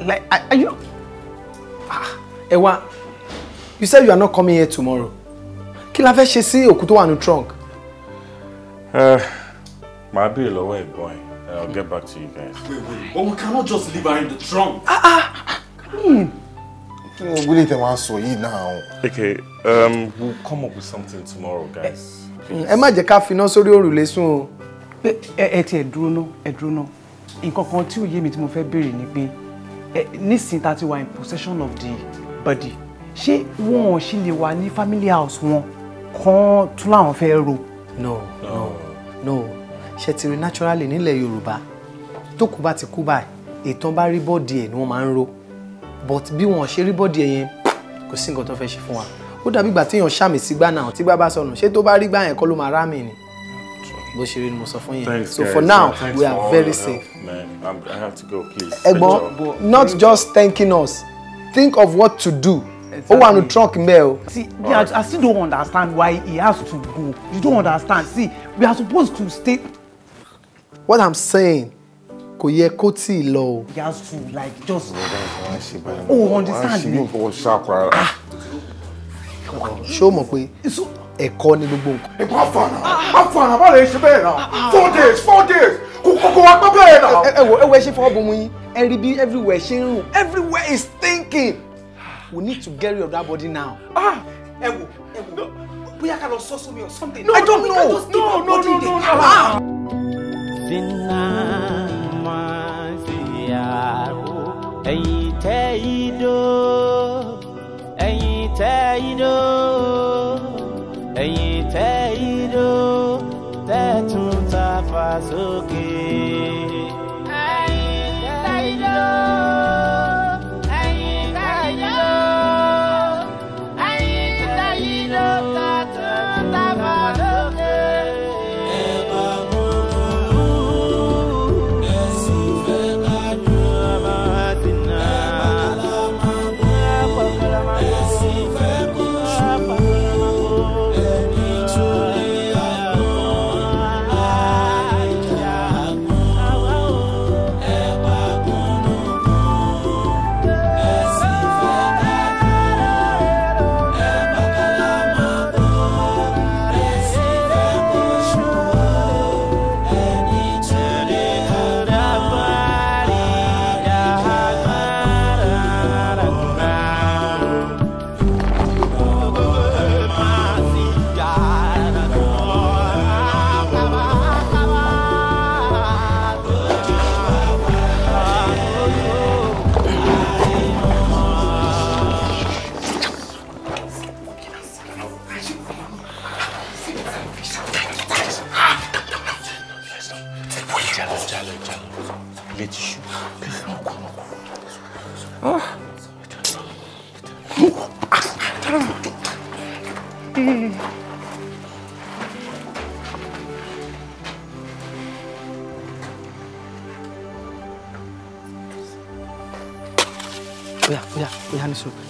like are you ah, Ewa you said you are not coming here tomorrow kí la fẹ́ ṣe sí òkú tó wà trunk. Uh, My bill away, boy. I'll get back to you guys. Wait, wait. But we cannot just leave her in the trunk. Ah, ah, ah. Come on. Will it answer you now? Okay, um, we'll come up with something tomorrow, guys. Eh, ẹ má jẹ́ ká finá sórí òrùlé sùn o. Ẹ ti ẹ̀ dúró ná, ẹ mi tí mo fẹ́ béèrè ni pé nísìnyí tá ti wà in possession of the body. She won. She ṣì wa ni family house wọn kan tún láwọn fẹ́ ro? no, no. no ṣe ti rí naturally nílẹ̀ yorùbá tó kú bá ti kú báyìí ètò bá rí bọ́ọ̀dì ẹ̀ ni wọ́n máa ń ro but bí wọ́n ṣe rí bọ́ọ̀dì ẹ̀ yẹn kò sí nǹkan tó fẹ́ ṣe fún wa ó dàbí ìgbà téèyàn ṣàmì sí gbà náà tí gbà bá sọnù ṣé tó bá rí gbà yẹn kọ́ ló máa rámì ni bó ṣe rí ni mo sọ fún yín so for now we are very safe. ẹ̀gbọ́n not just thanking us think of what to do Exactly. Oh, and trunk mail. See, yeah, I still don't understand why he has to go. You don't understand. See, we are supposed to stay what i'm saying kò yẹ kó tì í he has to like just oh understand me. Ah. ṣé o mọ̀ pé ẹ̀kọ́ ni gbogbo nǹkan. ẹ̀kọ́ àfàànà àfàànà bá lè ṣe bẹ́ẹ̀ náà four days four days kò kò wá pẹ́ bẹ́ẹ̀ náà. ẹ wo ẹ wo ẹ ṣe fọwọ́ bomu yín ẹ rí bí everywhere ṣe ń everywhere is thinking we need to get rid of that body now. Ah, ẹ wo ẹ wo bóyá ká lọ sọ́sọ́ mi or something. no I don't know no no no no ah. no. binna mafiyaro ẹ̀yin tẹ́ idó ẹ̀yin tẹ́ ta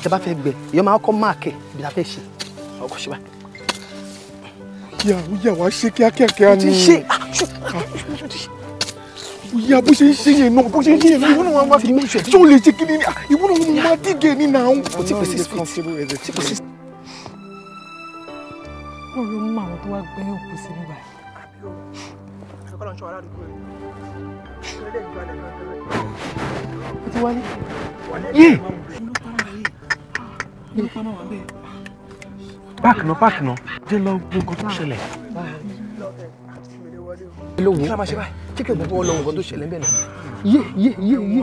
tẹ bá fẹ́ gbẹ ìyọ́ máa kọ́ máàkì ibi tá a fẹ́ ṣe ọkọ̀ ṣe báyìí. yà ó yà wá ṣe kíákíákíá ni. o ti ṣe ah, ìyá bó ṣe ń ṣe yẹn náà bó ṣe ń ṣe yẹn náà ìwọ wọn máa fi ṣé o lè ṣe kí ni ah, ìwọ náà wọn máa dìgẹ̀ ní náà. o ti pèsè sí pèsè sí. mú àwọn tó wá gbé òkú sí nígbà yìí. ó ti wálé. yé báàkì náà báàkì náà jẹ́ lọ gbọ́ nǹkan tó ṣẹlẹ̀. lóhùn kíkẹ́ gbogbo ọlọ́run nǹkan tó ṣẹlẹ̀ bẹ́ẹ̀ náà yé yé yé yé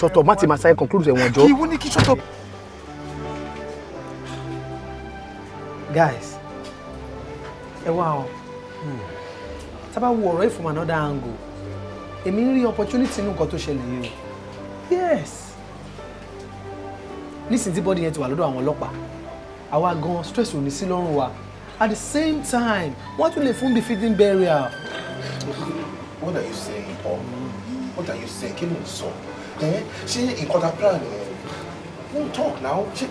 sọ̀tọ̀ má ti máa sáyé conclude ẹ̀wọ̀n jọ. kí wọ́n ní kí sọ̀tọ̀. guys ẹ wá About hmm. tábà wo from another angle A ń opportunity nínú nǹkan tó ṣẹlẹ̀ yes nísìnyí tí bọ́dì yẹn ti wà lọ́dọ̀ àwọn ọlọ́pàá àwa gan stress ò ní sí lọ́rùn wa at the same time wọ́n tún lè fún befitting burial. what are you saying paul what are you saying kí ló ń sọ ṣé nǹkan plan yẹn no talk now ṣe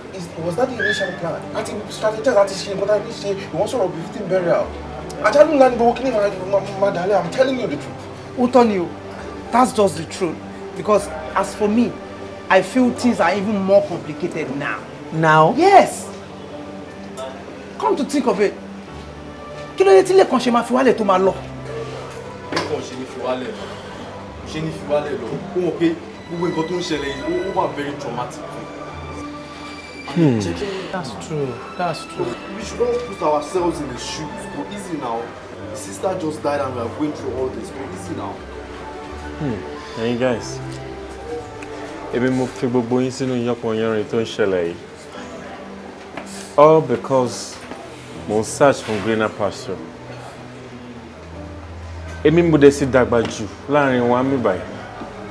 was that the initial plan àti strategize àti ṣe nǹkan ta ní ṣe ìwọ́n sọ̀rọ̀ befitting burial àjálù ńlá ni gbogbo kí ni màá dalẹ̀ i'm telling you the truth. ó tọ́ ni o that's just the truth because as for me I feel things are even more complicated now. Now? Yes. Come to think of it. Kí ló dé tí Lẹ́kan ṣe máa fi wálẹ̀ tó máa lọ? Lẹ́kan ṣe ní fi wálẹ̀ lọ. Ṣé ní fi wálẹ̀ lọ? Ó mọ̀ pé gbogbo nǹkan tó ń ṣẹlẹ̀ yìí ó wà very traumatic. Hmm. That's true. That's true. We should all put ourselves in the shoes. Go easy now. The sister just died and we are going through all this. Go easy now. Hmm. Hey guys èmi mo fi gbogbo yín sínú yánpọnyánrin tó ń ṣẹlẹ̀ yìí all because mo ń search for greener pasture èmi mo dẹ̀ sì dàgbà jù láàrin wa mi báyìí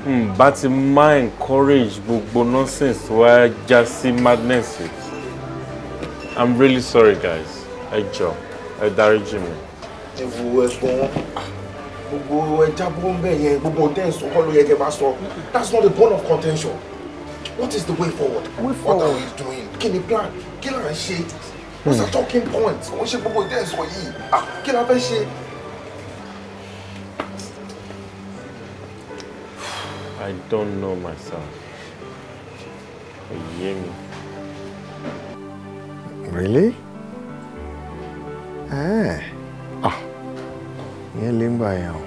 n bá ti máa encourage gbogbo nonsense wá já sí madness yìí i'm really sorry guys ẹ jọ ẹ dáríjì mi. ẹ wo ẹ̀gbọ́n wọn gbogbo ẹja bó ń yẹn gbogbo ọ̀tẹ́ ìsọ̀kọ́ ló yẹ kẹ́ máa sọ that's not the bone of contention what is the way forward way forward what are we doing kí ni plan kí là ń ṣe hmm. what's the talking point wọ́n ṣe gbogbo ọ̀tẹ́ ìsọ̀ yìí kí la fẹ́ ṣe. I don't know myself. Oyemi. Really? Hmm. Ah. Ah ìyẹn lè ń gbà yẹn o.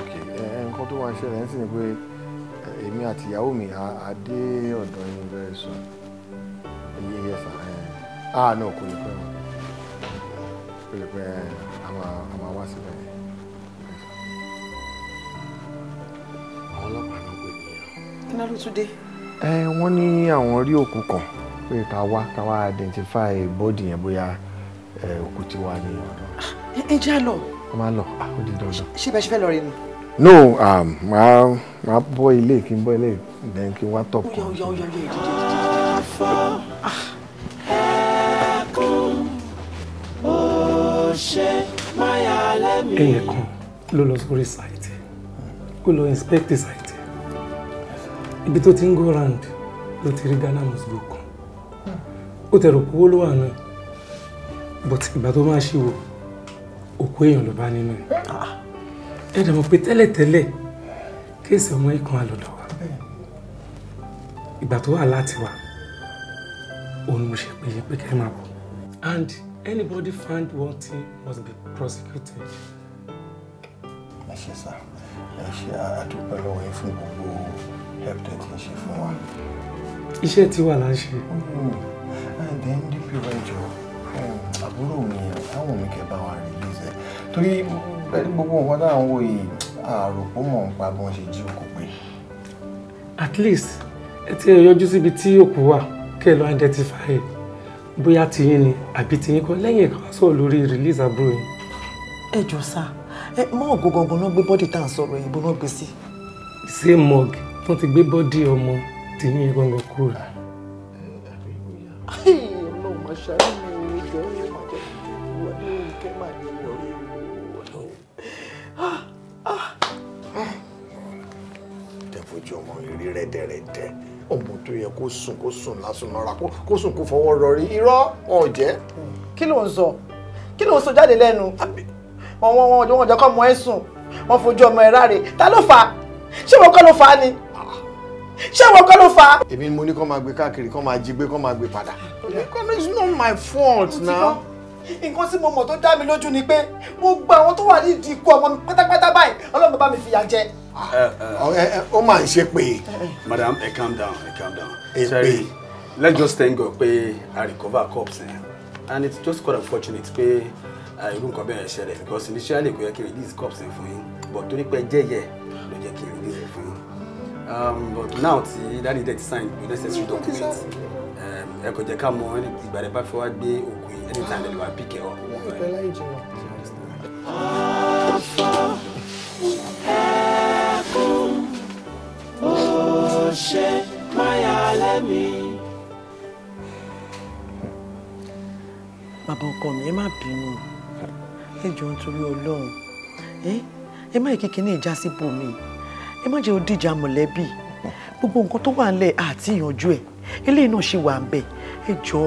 ok ok nǹkan tó wá ń ṣẹlẹ̀ ń sìn ni pé èmi àti ìyàwó mi á dé yín very soon iye yẹ ah no kò lè pẹ́ wọn kò lè pẹ́ a máa wá síbẹ̀ yẹn. àwọn ọlọ́pàá ló gbé mi yàn. kí ló tún dé. wọ́n ní àwọn rí òkú kan pé ká wá ká wá identify body yẹn bóyá òkú ti wà ní ọ̀dọ̀. Ah, ẹ jẹ́ àlọ́. ó máa lọ ah, ó di dandan. ṣé bẹ́ẹ̀ ṣe fẹ́ lọ rí ni. no um, màá màá bọ́ ilé kí n bọ́ ilé then kí n wá tọ̀ kọ́. ọyọ ọyọ ọyọ ìdíje ẹyẹ kan ló lọ sórí site kó lọ inspect site ibi tó ti ń go round ló ti rí ghana news book ó tẹ̀rọ pé ló wà náà but ìgbà tó máa ṣe wo òkú èèyàn ló bá nínú ẹ̀ ah. ẹ dẹ̀ mọ̀ pé tẹ́lẹ̀tẹ́lẹ̀ kéèsì ọmọ ikùn àlọ́dọ̀ wa ìgbà tó wà láti wà òun mo ṣe pé pé kẹ́ máa bọ̀ and anybody find one thing must be prosecuted. ẹ ṣe sá ẹ ṣe àdúpẹ́ lọ́wọ́ yín fún gbogbo help that ń ṣe fún wa. iṣẹ́ tiwa là ń ṣe. Mm-hmm. and then dp rẹ̀ jọ àbúrò mi táwọn mi kẹ́ bá wa release torí pẹ̀lú gbogbo nǹkan tá ń wo yìí àròpọ̀ mọ̀ ń pa bọ́n ṣe jí òkú pé. at least ẹ ti yọjú síbi tí òkú wà kẹ́ ẹ lọ identify bóyá tiyín ni àbí tiyín kọ́ lẹ́yìn ìkan sọ̀rọ̀ lórí release àbúrò yìí. ẹ jọ sá ẹ mọ ògógógó náà gbé bọ́dì tá à ń sọ̀rọ̀ yìí bó náà gbé sí. same mug tó ti gbé bọ́dì ọmọ tiyín gangan kúrò. ọlọ́run máa ṣàlùyẹ. ìrírí rẹ̀dẹ̀rẹ̀dẹ̀ ọmọ tó yẹ kó sùn kó sùn lásùn náà ra kó sùn kó fọwọ́ rọrí irọ́ wọn ò jẹ́. kí ló ń sọ kí ló ń sọ jáde lẹ́nu wọn wọn wọn jọ kọ́ ọmọ ẹ sùn wọn fojú ọmọ ẹ ráre ta ló fà á ṣé wọn kọ́ ló fà á ni ah. ṣé wọn kọ́ ló fà á. èmi ni mo ní kó máa gbé káàkiri kó máa jí gbé kó máa gbé padà. it's not my fault now nǹkan tí mo mọ̀ tó dá mi lójú ni pé mo gba àwọn tó wà ní ìdí ikú ọmọ mi pátápátá báyìí ọlọ́run bá mi fìyà jẹ Eh, eh. Eh, ó máa ń ṣe pé. madam ẹ calm down ẹ calm down. Sorry, let's just thank God pé i recover cups eh? and it's just quite unfortunate pé irú nǹkan bẹ́ẹ̀ ṣẹlẹ̀ because initially kò yẹ kí n release cups fún yín but torí pé jẹ́yẹ ló jẹ́ kí n release fún yín um, but now ti dadi de ti sign the necessary document um, ẹ kò jẹ́ ká mọ ìgbà rẹ bá fẹ́ wá gbé òkú yìí anytime lẹ́nu wa pick ẹ ọ. ọ̀fọ̀ ẹ̀. Oh ṣe máyà lẹ́mí. bàbá ọkọ mi ẹ má bínú ẹ jọ ń torí Ọlọ́run ẹ má kíkí ní ìjà síbò mi ẹ má jẹ́ ó dìjà mọ̀lẹ́bí gbogbo nǹkan tó wà nílẹ̀ àti ìyànjú ẹ̀ eléyìí náà ṣì wà ń bẹ̀ ẹ jọ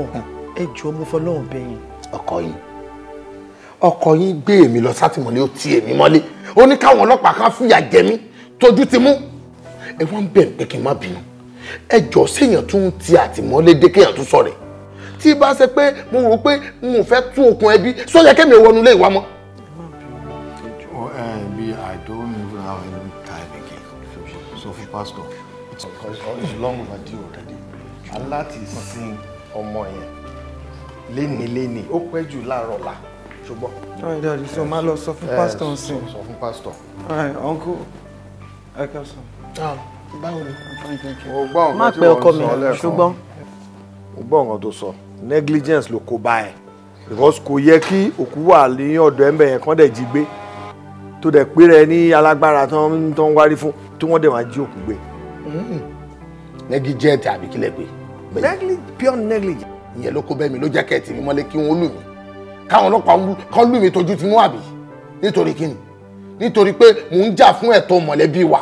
ẹ jọ mo fọlọ́run bẹ̀ yín. ọkọ yín ọkọ yín gbé èmi lọ sátìmọ́lé ó ti èmi mọ́lé ó ní káwọn ọlọ́pàá kan fìyà jẹ mí tójú ti mú ẹ wọ́n ń bẹ̀ pé kí n má bínú ẹ jọ séèyàn tún ti àtìmọ́lé dé kéèyàn tún sọ̀rẹ̀ tí bá ṣe pé mo rò pé n ò fẹ́ tú okùn ẹbí sọ́jà kẹ́mi ò wọnú ilé ìwà mọ́. I don't even have any time again. So for pastor, it's, it's long overdue already. And láti sin ọmọ yẹn léni léni ó pẹ́ jù láàárọ̀ la ṣùgbọ́n. ọ̀rẹ́ dàdí sọ ma lọ sọ fún pásítọ̀ nsìn. sọ fún pásítọ̀. ọ̀rẹ́ ọ̀nkú ẹ̀ka sọ. Ah. báwo ni o gbọ́ nǹkan tí wọ́n sọ lẹ́ẹ̀kan o gbọ́ nǹkan tó sọ negligence ló kó bá ẹ because kò yẹ kí òkú wà ní ọ̀dọ̀ ẹ̀ńbẹ̀ yẹn kán dẹ̀ jí gbé tó dẹ̀ pé rẹ ní alágbára tó ń tó ń wárí fún tí wọ́n dẹ̀ máa jí òkú gbé. Hmm. negligent àbí kílẹ̀ pé. pure negligent. ìyẹn ló kó bẹ́ẹ̀ mi ló jẹ́ kẹ́ẹ̀tì mi mọ́lé kí wọ́n lù mí káwọn ọlọ́pàá kán lù mí tójú tinú àbí nítorí kíni nítorí pé mò ń jà fún ẹ̀tọ́ wa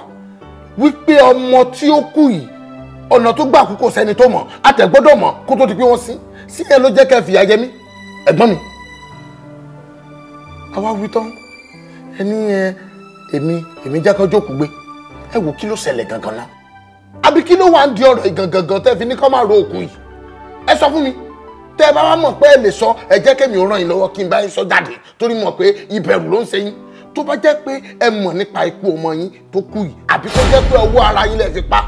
wípé ọmọ tí ó kú yìí ọ̀nà tó gbà kú kò sẹ́ni tó mọ̀ àtẹ̀gbọ́dọ̀ mọ̀ kó tó ti pé wọ́n sí sí ẹ ló jẹ́ kẹ́ fìyà jẹ mí ẹ̀gbọ́n mi. àwa wí tán ẹni ẹ èmi èmi jẹ́ kọ́jọ́ kú gbé ẹ wò kí ló ṣẹlẹ̀ gangan náà àbí kí ló wà ń di ọ̀rọ̀ ìgangangan tẹ́ fi ní kọ́ máa ro òkú yìí ẹ sọ fún mi tẹ́ ẹ bá wá mọ̀ pé ẹ lè sọ ẹ jẹ́ kẹ́mi ò ràn yín lọ́wọ́ kí n bá yín sọ jáde torí mọ̀ pé ìbẹ̀rù ló ń ṣe yín tó bá jẹ́ pé ẹ mọ̀ nípa ikú ọmọ yín tó kú yìí àbí tó jẹ́ pé ọwọ́ ara yín lẹ fi pa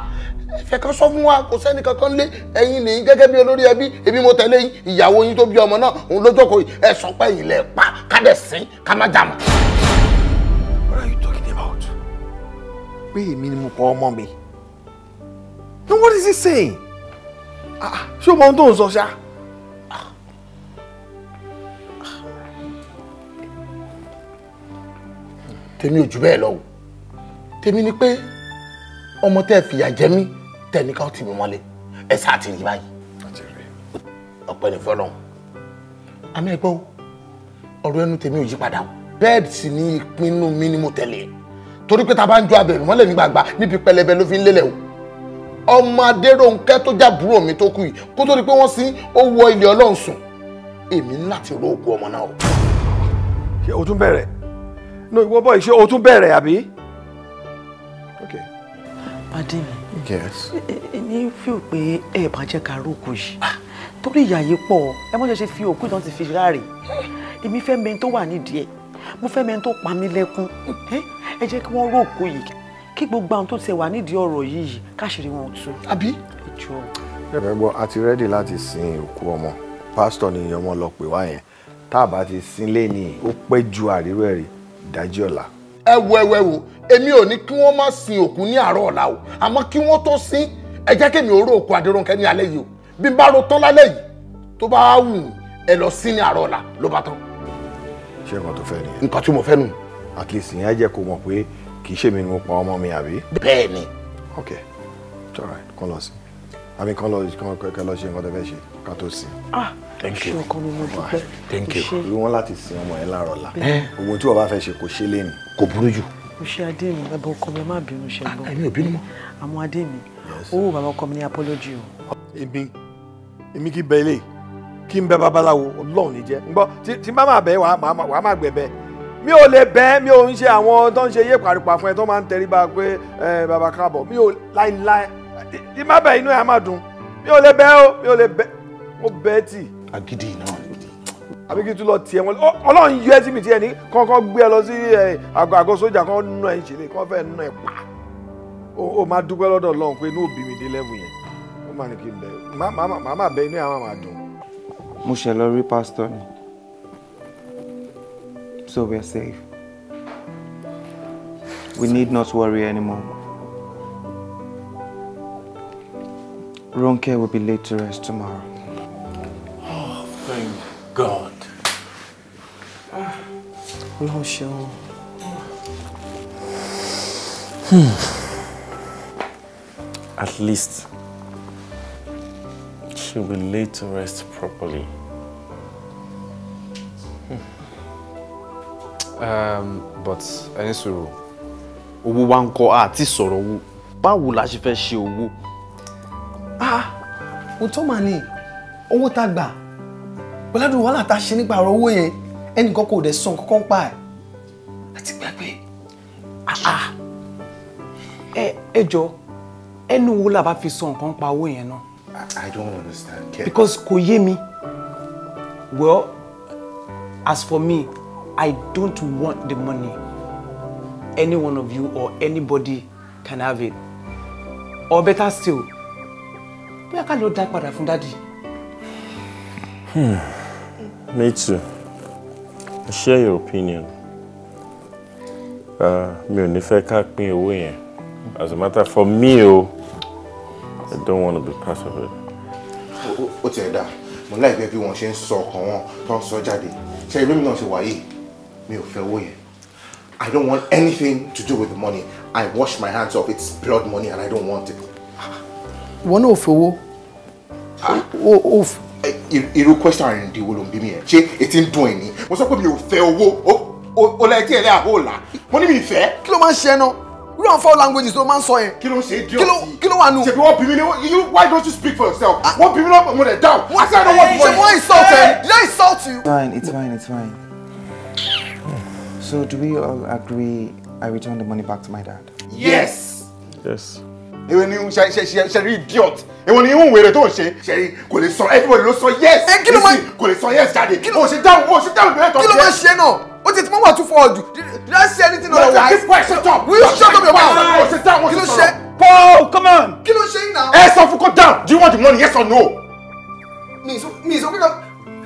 ẹfẹ kan sọ fún wa kò sẹ́ni kankan lé ẹ̀yin nìyí gẹ́gẹ́ bí olórí ẹbí ẹbí mo tẹ̀lé yín ìyàwó yín tó bí ọmọ náà òun ló jókòó yìí ẹ sọ pé ẹ̀yin pa ká dẹ̀ ká má jà mọ́. What are you talking about? pé èmi ni mo kọ ọmọ mi. No, what is he saying? Ah, ah, ṣé o mọ ohun tó ń sọ ṣáá. tèmi ò jù bẹ́ẹ̀ lọ o tèmi ni pé ọmọ tẹ́ ẹ fìyà jẹ mí tẹnìkan ó tì mí mọ́lé ẹ sáà ti rí báyìí ọpẹ́ ní fọlọ́hún àmì ẹ̀gbọ́n o ọ̀rọ̀ ẹnu tèmi ò yí padà o bẹ́ẹ̀ sì ni ìpinnu mi ni mo tẹ̀lé torí pé ta bá ń ju abẹ̀rù mọ́lẹ̀ ní gbàgbà níbi pẹlẹbẹ ló fi ń lélẹ̀ o ọmọ adéròǹkẹ́ tó jábùrò mi tó kù yìí kó tó di pé wọ́n sin ó wọ ilé ọlọ́run sùn èmi ní láti ro òkú ọmọ náà o. ṣé o tún bẹ̀rẹ̀ no ìwọ bọ̀ ìṣe o tún bẹ̀rẹ̀ àbí. okay. pàdé mi. yes. èmi fi ò pé ẹ bá jẹ́ ká rókò yìí torí ìyà yìí pọ̀ ẹ mọ̀ ṣe fi òkú ìtàn ti fi ráre èmi fẹ́ mẹ́ni tó wà nídìí ẹ̀ mo fẹ́ mẹ́ni tó pa mí lẹ́kún ẹ jẹ́ kí wọ́n rókò yìí kí gbogbo àwọn tó ti wà nídìí ọ̀rọ̀ yìí káṣírí wọn tú. àbí. ẹ gbọ́ a ti rẹ́dì láti sin òkú ọmọ pásítọ̀ ni ọmọ lọ pè wá yẹn tá a bá ti sin lé ní ó pẹ́ ju àríró ẹ̀rí dájí ọ̀la. ẹ wo ẹ wo ẹ wo èmi ò ní kí wọ́n má sin òkú ní àárọ̀ ọ̀la o àmọ́ kí wọ́n tó sin ẹ jẹ́ kémi ò ró òkú Adérónkẹ́ ní alẹ́ yìí o bí n bá ro tán lálẹ́ yìí tó bá wù ẹ lọ sin ní àárọ̀ ọ̀la ló bá tán. ṣé nǹkan tó fẹ́ nìyẹn. nǹkan tí mo fẹ́ nù. at least ìyẹn á jẹ́ kó mọ̀ pé kì í ṣèmi ni mo pa ọmọ mi àbí. bẹ́ẹ̀ ni. ok it's all right kàn lọ sí i àmì kàn lọ kàn lọ ṣe nǹkan tó fẹ́ ṣe ká tó sí ah thank you ọkọ mo dúpẹ́ thank you rí wọn láti sin ọmọ yẹn láàárọ̀ la ogun tí wọn bá fẹ́ ṣe kò ṣe é lẹ́nu kò burú jù. o ṣe adé mi bàbá ọkọ mi má bínú ṣe ah, gbọ́ èmi ò bínú mọ́ àmọ́ adé mi owó bàbá ọkọ mi ní apology o. èmi èmi kì í bẹ ilé kí n bẹ babaláwo Ọlọ́run ní jẹ ngbọ tí n bá máa bẹ wàá máa gbẹ bẹ́ẹ̀ mi ò lè bẹ́ẹ̀ mi ò ń ṣe àwọn tó ń ṣe yé pàrípà fún ẹ tó máa ń tẹríba pé bàbá káàbọ̀ mi ò láéláé ìmábẹ̀ inú ẹ̀ á máa dùn mi ò lè bẹ́ẹ̀ o mi ò lè bẹ́ẹ̀ mo bẹ́ẹ̀ tì agídí náà ni. àbí kí n tún lọ tiẹ̀ wọn ọlọ́run yọ ẹ́ síbi tiẹ̀ ní kọ́kọ́ gbé ẹ lọ sí àgọ́ sójà kan nù ẹ̀ ń ṣẹlẹ̀ kọ́ fẹ́ nù ẹ̀ pa ó máa dúpẹ́ lọ́dọ̀ ọlọ́run pé inú òbí mi dé lẹ́bù yẹn ó máa ní kí n bẹ̀ màá máa bẹ inú ẹ̀ máa máa dùn. mo ṣe lọ rí pásítọ̀ ni so we are safe we need not worry anymore. Ronke will be late to rest tomorrow. God. Ọlọ́run ṣeun. Hmm. At least she will lay to rest properly. Hmm. Um, but ẹni sọ̀rọ̀ owó wa ń kọ́ àti sọ̀rọ̀ owó báwo la ṣe fẹ́ ṣe ah utomani, tó máa ní pẹ̀lẹ́dùn wàhálà tá a ṣe nípa ọ̀rọ̀ owó yẹn ẹnìkan kò dẹ̀ sọ nǹkan pa ẹ̀ àti gbàgbé ah, ah. ẹ ẹ jọ ẹnu wo la bá fi sọ nǹkan pa owó yẹn náà. I don't understand. Yeah. because kò yé mi well as for me I don't want the money any one of you or anybody can have it or better still bóyá ká lọ dá padà fún dádì. Hmm. Me too. I share your opinion. Uh, me ò ní fẹ́ ká pín owó As a matter for me oh, I don't want to be part of it. What's ti ẹ̀ dá, mo láìpẹ́ bí wọ́n ṣe ń sọ ọkàn wọn tó ń sọ why? Me ìlú mi away. I don't want anything to do with the money. I wash my hands off. It's blood money and I don't want it. One Wọ́n náà ò fowó. Ah. Eh, irú question àrìndí wo ló ń bí mi yẹn ṣé etí ń dùn ẹ̀ ni mo sọ pé mi ò fẹ́ owó ó lẹ́ẹ̀tì ẹ̀lẹ́ àbó ọ̀la mo ní mi fẹ́. kí ló máa ń ṣe ẹ náà irú àwọn four languages ló máa ń sọ yẹn. kí ló ń ṣe é díọ̀ sí kí ló wà nù. ṣèbí wọ́n bí mi ní you why don't you speak for yourself. Ah. wọ́n bí mi lọ́pọ̀ mo lè down. wọ́n ṣe àdánwò bí wọ́n. ṣe wọ́n insult ẹ did eh. I insult you. fine it's fine it's fine. So do we all agree I return the money back to my dad? Yes. Yes èwo ni ṣe ṣe ṣe ṣe rí idiot èwo ni ihun wèrè tó ń ṣe ṣe kò lè sọ everybody ló sọ yes èsì eh, kò lè sọ yes jáde o ṣe dáhùn o ṣe dáhùn ìbéèrè tó ń jẹ. kí ló máa ṣe náà o ti ti mọ́ wà tún fọ́ ọ̀dù did I say anything otherwise. keep quiet shut up. will you shut up your mouth. o ṣe dáhùn o ṣe sọ̀rọ̀. Paul come on. kí ló ṣe yín náà. ẹ sọ fún kó down do you want the money yes or no. mi ìsọ mi ìsọ kíkà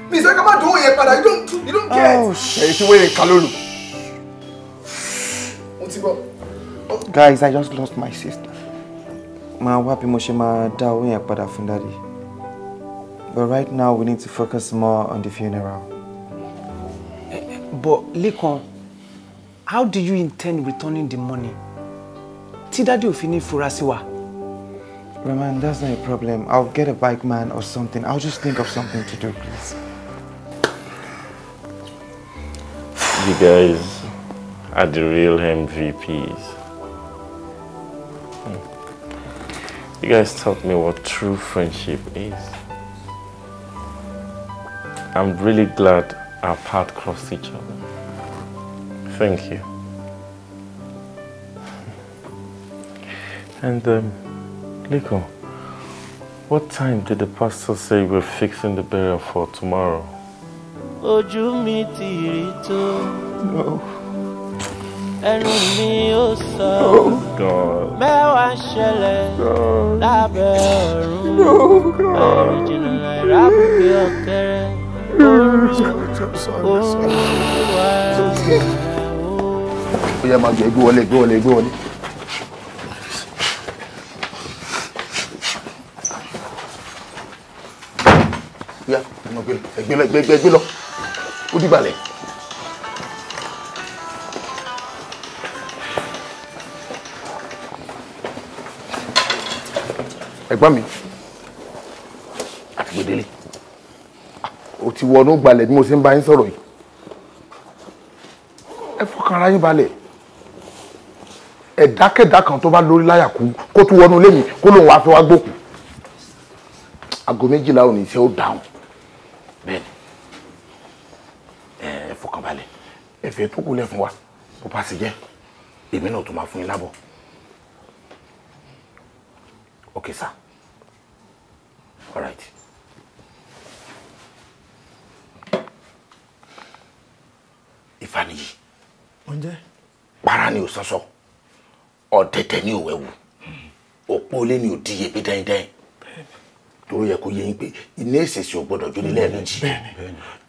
mi ìsọ kíkà you don't you don't get. Oh, èyí ti wéyìn kalólu. mo ti gbọ́. guys I just lost my sister máa wá bí mo ṣe máa dá owó but right now we need to focus more on the funeral. but Lekan how do you intend returning the money tí dáàdì ò fi ní fura sí wa. that's not a problem. I'll get a bike man or something. I'll just think of something to do, please. You guys are the real MVPs. You guys taught me what true friendship is. I'm really glad our paths crossed each other. Thank you. And, um, what time did the pastor say we're fixing the burial for tomorrow? Oju mi tirito. Oh. No. ẹnu mi ó sọ oh, mẹ́wàá ṣẹlẹ̀ lábẹ́ ọ̀run àìrìnjìnà oh, náírà bùkẹ́ ọ̀kẹ́rẹ́ ooru wà rẹ̀ ó yẹ máa gbé gbé wọlé gbé wọlé gbé wọlé. ya ẹgbẹ́ lọ ó dìgbà lẹ̀. ẹ̀gbọ́n mi àti gbèdélé O ti wọnú gbalẹ̀ bí mo ṣe ń bá yín sọ̀rọ̀ yìí ẹ fọkàn ara yín balẹ̀ ẹ̀dákẹ́dá kan tó bá lórí láyà kú kó tún wọnú lémi kó lóun wàá fẹ́ wá gbòkú aago méjìlá òní iṣẹ́ ó dáhùn bẹ́ẹ̀ ni ẹ fọkàn balẹ̀ ẹ fẹ́ tó kú lẹ̀ fún wa bó bá sì jẹ́ èmi náà tó máa fún yín lábọ̀ okay sir. All right. Ìfàníyì. Oúnjẹ. Para ni ò sọ́sọ́, ọ̀dẹ̀dẹ̀ ni ò wẹ̀wù, òpó ilé ni ò díye bí dáindáin. Tó yẹ kó yẹ yín pé iná èsèsì ò gbọ́dọ̀ jó ní lẹ́ẹ̀mejì.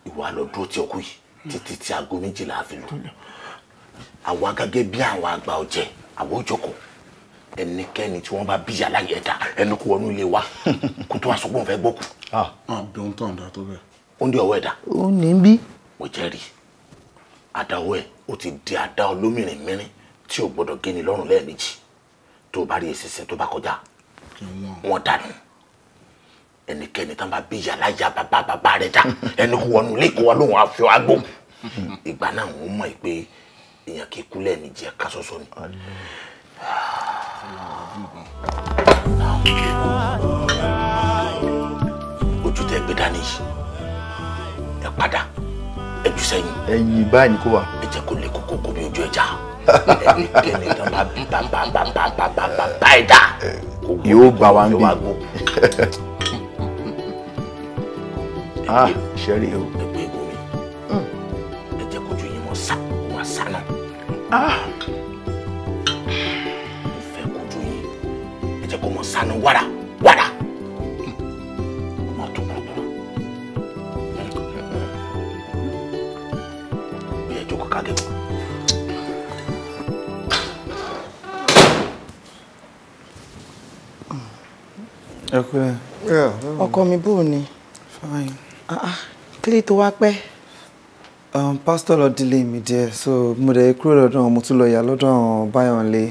Ìwà lọ dúró tí ọkú yìí títí tí aago méjìlá fi lù. Àwa gẹ́gẹ́ bí àwọn àgbà ọ̀jẹ̀, àwọn ò ẹnikẹ́ni tí wọ́n bá bí yàrá yẹn dá ẹnu kó wọnú ilé wa kó tó wá sọ pé òun fẹ́ gbọ́ kù. àbí ah, òun tàn dá tó bẹ́ẹ̀. ó ń di ọwọ́ ẹ̀ dá. ó ní bí. mo jẹ́rìí àdáwọ̀ ẹ̀ ó ti di àdá olómìnirin mìíràn tí ò gbọ́dọ̀ gé ni lọ́rùn lẹ́ẹ̀mejì tó o bá rí eṣinṣin tó bá kọjá wọn dànù ẹnikẹ́ni tán bá bí yàrá ya bàbá bàbá rẹ̀ dá ẹnu kó wọnú ilé kó wá lóun àfi ojú tẹ gbé dání yìí ẹ padà ẹ jù sẹ́yìn. ẹ̀yìn báyìí ni kò wà. ẹ jẹ́ kó lè kókó kó bí ojú ẹja ẹni kẹni tán bá bàbàbàbàbàbà ẹ dá. yóò bá wa ń bí. ah sẹ́rí o. ẹ gbé egbò mi ẹ jẹ́ kójú yìí mọ́ sá wá sá náà jẹ́ kó mọ̀ sanu wàrà wàrà. ẹ kú ẹ. ọkọ mi bò ní. fine. Ah, ah, kílí tó wá pẹ́. Um, pásítọ̀ lọ dílé mi díẹ̀ so mo dẹ̀ kúrò lọ́dọ̀ mo tún lọ yà lọ́dọ̀ Báyọ̀nlé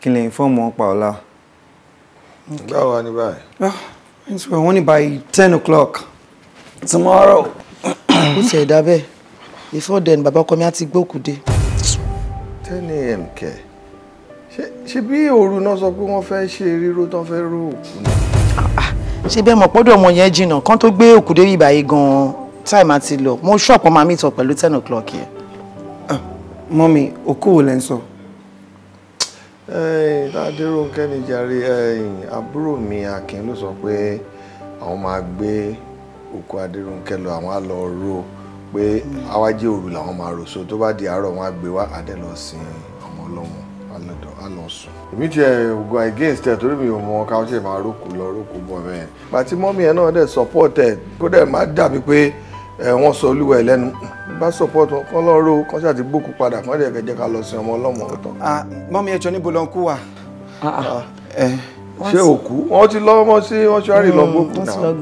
kí n lè fọ́ọ̀mù ọ̀pá ọ̀la báwo wá ní báyìí. Ah, wọ́n ní by ten o'clock tomorrow. ó ti ẹ̀dá bẹ́ẹ̀ before then bàbá ọkọ mi á ti gbókùdé. ten a.m. kẹ ṣe bí òru náà sọ pé wọ́n fẹ́ ṣe ríro tán fẹ́ ró òkú náà. ṣe bẹ́ẹ̀ mọ̀ pọ́dọ̀ ọmọ yẹn jìnnà kán tó gbé òkúdé yìí gan-an time àti lọ mo ṣọ̀pọ̀ máa mìtọ̀ pẹ̀lú ten o'clock yẹn. Ah, mọ́mi òkú wo lẹ́ ń sọ. Adérónkẹ́ ni jàre àbúrò mi Akin ló sọ pé àwọn máa gbé òkú Adérónkẹ́ lọ àwọn á lọ ro pé àwájẹ òru làwọn máa rò so tó bá di àárọ̀ wọn á gbé wá adé lọ sin ọmọ ọlọ́run alọ́dọ̀ alọ́sùn. èmi ti ẹ̀ ogun against ẹ̀ torí mi ò mọ ká ṣe máa rókù lọ rókù bọ̀ bẹ́ẹ̀. pàtí mọ́mí ẹ̀ náà dẹ̀ support ẹ̀ kó dẹ̀ má dàbí pé wọ́n sọ olúwa ẹ̀ lẹ́nu bá support wọn kán lọ́ọ́ ro kán ṣàti búùkù padà kán dẹ̀ kẹjẹ ká lọ sin ọmọ ọlọ́mọ ọ̀tọ̀. Ah, mọ́mí ẹjọ́ níbo ló ń kú wa. Ah, ah. Eh, eh. ṣé òkú wọ́n ti lọ ọmọ sí mọ́ṣúárì lọ hmm, gbókù náà.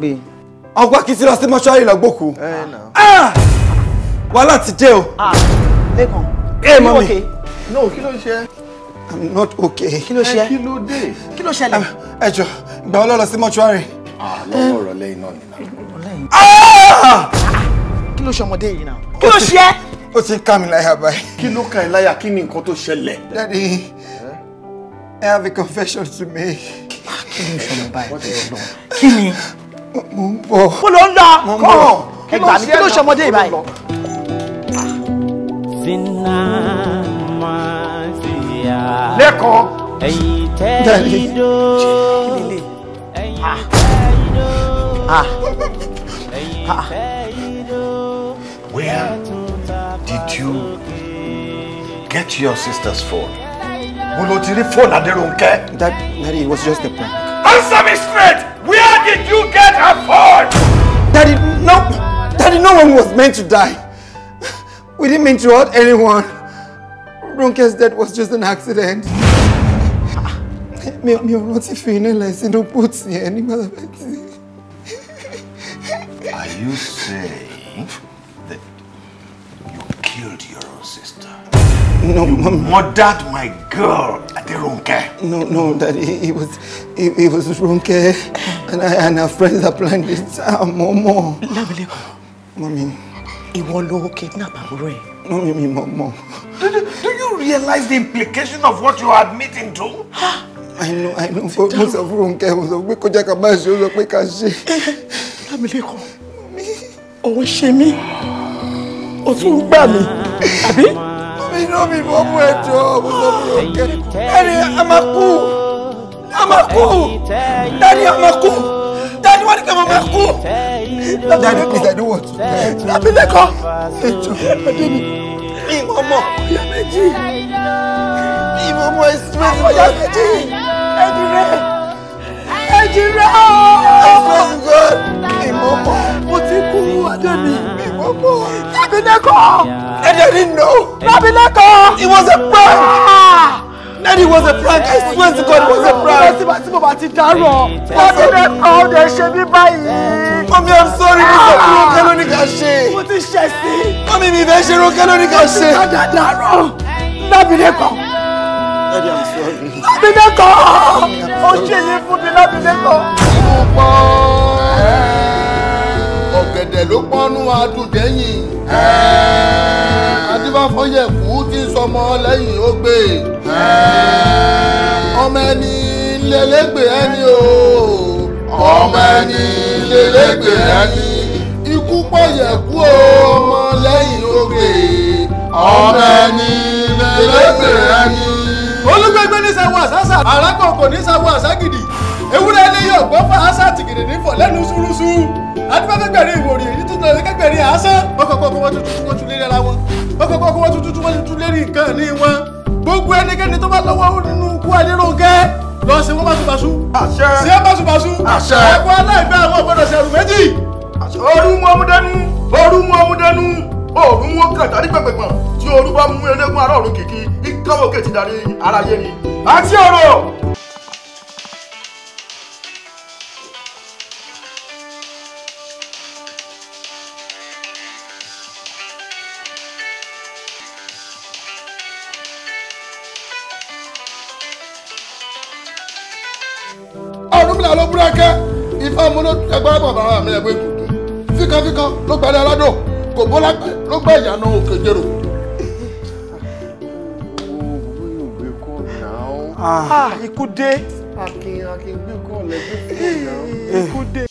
ọgbà kìí ti lọ sí mọ́ṣúárì lọ gbókù. Eh, wàhálà ti dé o. lẹ́kàn ẹ mọ́mí. no kí ló ń ṣe i'm not okay. kí ló ṣe é kí ló dé. kí ló ṣẹlẹ̀. ẹ jọ gbà ọ lọ lọ sí mọ́ṣúárì. lọ́wọ́ ọ̀rọ̀ lẹ́yìn náà ló ṣọmọdé yìí náà. kí ló ṣe é. ó ti ń ká mi láyà báyìí. kí ló ká ẹ láyà kí ni nǹkan tó ṣẹlẹ̀. Daddy, I have a confession to make. kí ni ìṣòro báyìí kí ni. mo ń bọ̀. kó ló ń lọ kọ́ ẹgbà mi kí ló ṣọmọdé yìí báyìí. lẹ́kọ̀ọ́. ẹ̀yìn tẹ́ ìdó. ẹ̀yìn tẹ́ ìdó. Where did you get your sister's phone? Olotiri phone Aderonke. That, Daddy, it was just a prank. Answer me straight! Where did you get her phone? Daddy, no, Daddy, no one was meant to die. We didn't mean to hurt anyone. Ronke's death was just an accident. i mi ò rántí fi iná lẹ́sìn ló pò tì tó Are you saying? No, you mommy. murdered my girl, at the Aderunke. No, no, Daddy, it was, it, it was Runke, and I and our friends are planning. planned it. Momo. Lovely. Mommy. Ìwọ ló kidnap kidnapped. ẹ̀. No, mommy, momo. Do, do, you realize the implication of what you are admitting to? I know, I know. Mo sọ fún Runke, mo sọ pé kó jẹ́ ká má ṣe, ó sọ pé ká ṣe. Lámilékan, òun ṣe mí, ó bínú mi mo mú ẹjọ́ mo sọ a máa kú a máa kú dani a máa kú dani wọn ni kí a máa kú. dani please I don't want abilékọ ẹjọ́ adémi ìmọ̀ mọ̀ ọ̀yà méjì ìmọ̀ mọ̀ ẹ̀sìmẹ́sì ọ̀yà méjì ẹ̀dùnrẹ́ ẹ̀dùnrẹ́ ọ̀ọ́ ẹ̀sìmẹ́sì gan ìmọ̀ mọ̀ mo ti kú adémi ìmọ̀ mọ̀. Nabineko, Yeah. And I didn't know. Nabineko, It was a prank! Ah. it was a prank. I swear to God, it was a prank. Tí mo tí mo bá ti dárọ̀, Nabileko ò dẹ̀ ṣe mí báyìí. Mami, I'm sorry, mo sọ fún Ronke ló ní ká ṣe. Mo ti ṣẹ̀ sí. Mami mi fẹ́ ṣe Ronke ló ní ká ṣe. Mo ti ká dárọ̀. Nabileko. Daddy, I'm sorry. Nabileko! Ó ṣe yé fún mi, Nabileko. Mo pọ̀ ọ̀gẹ̀dẹ̀ ló pọ́nú adùn dẹ́yìn adébáfọ́yẹ̀kú tí ń sọmọ lẹ́yìn ó gbé ọmọ ẹni lélẹ́gbẹ̀ ẹni o ọmọ ẹni lélẹ́gbẹ̀ ẹni ikú pọ̀yẹ̀kú o ọmọ lẹ́yìn ó gbé ọmọ ẹni lélẹ́gbẹ̀ ẹni. olùgbẹ́gbẹ́ ní sẹ́wọ̀n àṣàṣà arákùn ní sẹ́wọ̀n àṣàgìdì ewúrẹ́ ilé yóò gbọ́ fún àṣà àti gèdè nífọ̀ lẹ́nu ṣúrúṣú adúgbàgbẹ̀rẹ̀ ìwòrì èyí tó tọ̀lé kẹgbẹ̀rẹ̀ àṣà ọkọ̀kọ̀kọ̀ wọ́n tuntun wọ́n tún lé lára wọn ọkọ̀kọ̀kọ̀ wọ́n tuntun wọ́n tún lé nǹkan ní wọn gbogbo ẹnikẹ́ni tó bá lọ́wọ́ nínú ikú adéròǹkẹ́ lọ sí wọn báṣubàṣu sí ẹ báṣubàṣu ẹkọ aláìbẹ àwọn ọgbọ́dọ̀ sí ẹrù méjì. ooru mú ọmú dẹnu ooru mú ọmú dẹnu ooru mú kàtàrí pẹpẹpọn tí ooru bá mú eléegun aráàlú kìkì ìkọwọkẹ ti darí aráyé ni àti ọ̀rọ̀. mo ló ẹgbẹ́ bọ̀ bàbá mi ẹgbẹ́ kùtù fíkanfíkan ló gbẹ́lẹ́ aládùn kò bó lápẹ́ ló gbẹ́ ìyànà òkè jèrò. Ah, ikú dé. akin akin gbé kọ́ lẹ́gbẹ́ fún ìyàwó. Eh. ikú dé.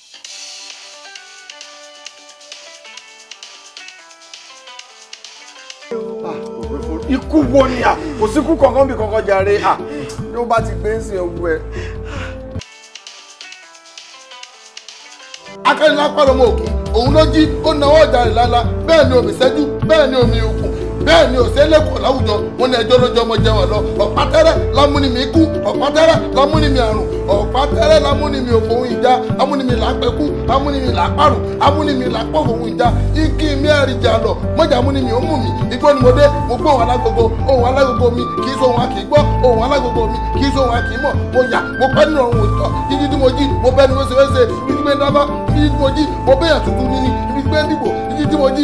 ikú wo ni à ah? kò síkú kankan bí kankan jàre à ah? ló bá ti gbé ń sìn ewu ẹ. akẹ́rìnlá pàrọ̀ mọ́ òkè òun ló jí ó náwó ọ̀daràn lálá bẹ́ẹ̀ ni omi sẹ́jú bẹ́ẹ̀ ni omi òkun bẹ́ẹ̀ ni òsè lẹ́kọ̀ọ́ láwùjọ wọn ni ẹjọ́ lójọ́ ọmọ jẹun lọ ọ̀pátẹ́rẹ́ lọ́múnimí ikú ọ̀pátẹ́rẹ́ lọ́múnimí àrùn ọ̀pá tẹ́rẹ́ lámúnimì òfò ohun ìjà amúnimì làápẹ́kú amúnimì làápàrùn amúnimì làápọ̀fò ohun ìjà igi mi ẹ̀rìjà lọ mọ́jà amúnimì ó mi igbó ni mo dé mo gbọ́ ohun alágogo ohun mi kì í so ohun gbọ́ ohun alágogo mi kì í so ohun mọ̀ mo yà mo pẹ́ nínú ìtọ́ tí mo jí mo bẹ́ ni tí mo jí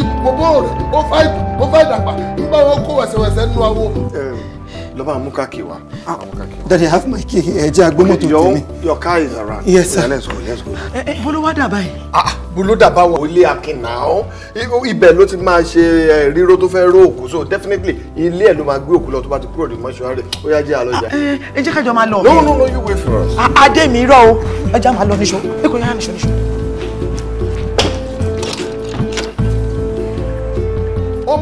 mo tuntun lọ́ba mú káàkiri wa. Ah. Daddy, have my key here. Ẹ̀jẹ̀ agbómọ̀tò tèmi. Your car is around. Yes, sir. Let's go, let's go. Eh, eh, bolo wá dàbá yìí. Ah, Bolo dàbá wà ilé Akin náà. Ibẹ̀ ló ti máa ṣe eh, ríro tó fẹ́ ró òkú. So definitely ilé ẹ̀ ló máa gbé òkú lọ tó bá ti kúrò ní mọ́ṣúárì. Ó yá jẹ́ àlọ́jà. Ah, ẹ jẹ́ kájọ máa lọ. No, no, no, you wait for us. Ah, Adé mi rọ o. Ẹ jẹ́ máa lọ níṣó. Ẹ kò yára níṣó níṣó.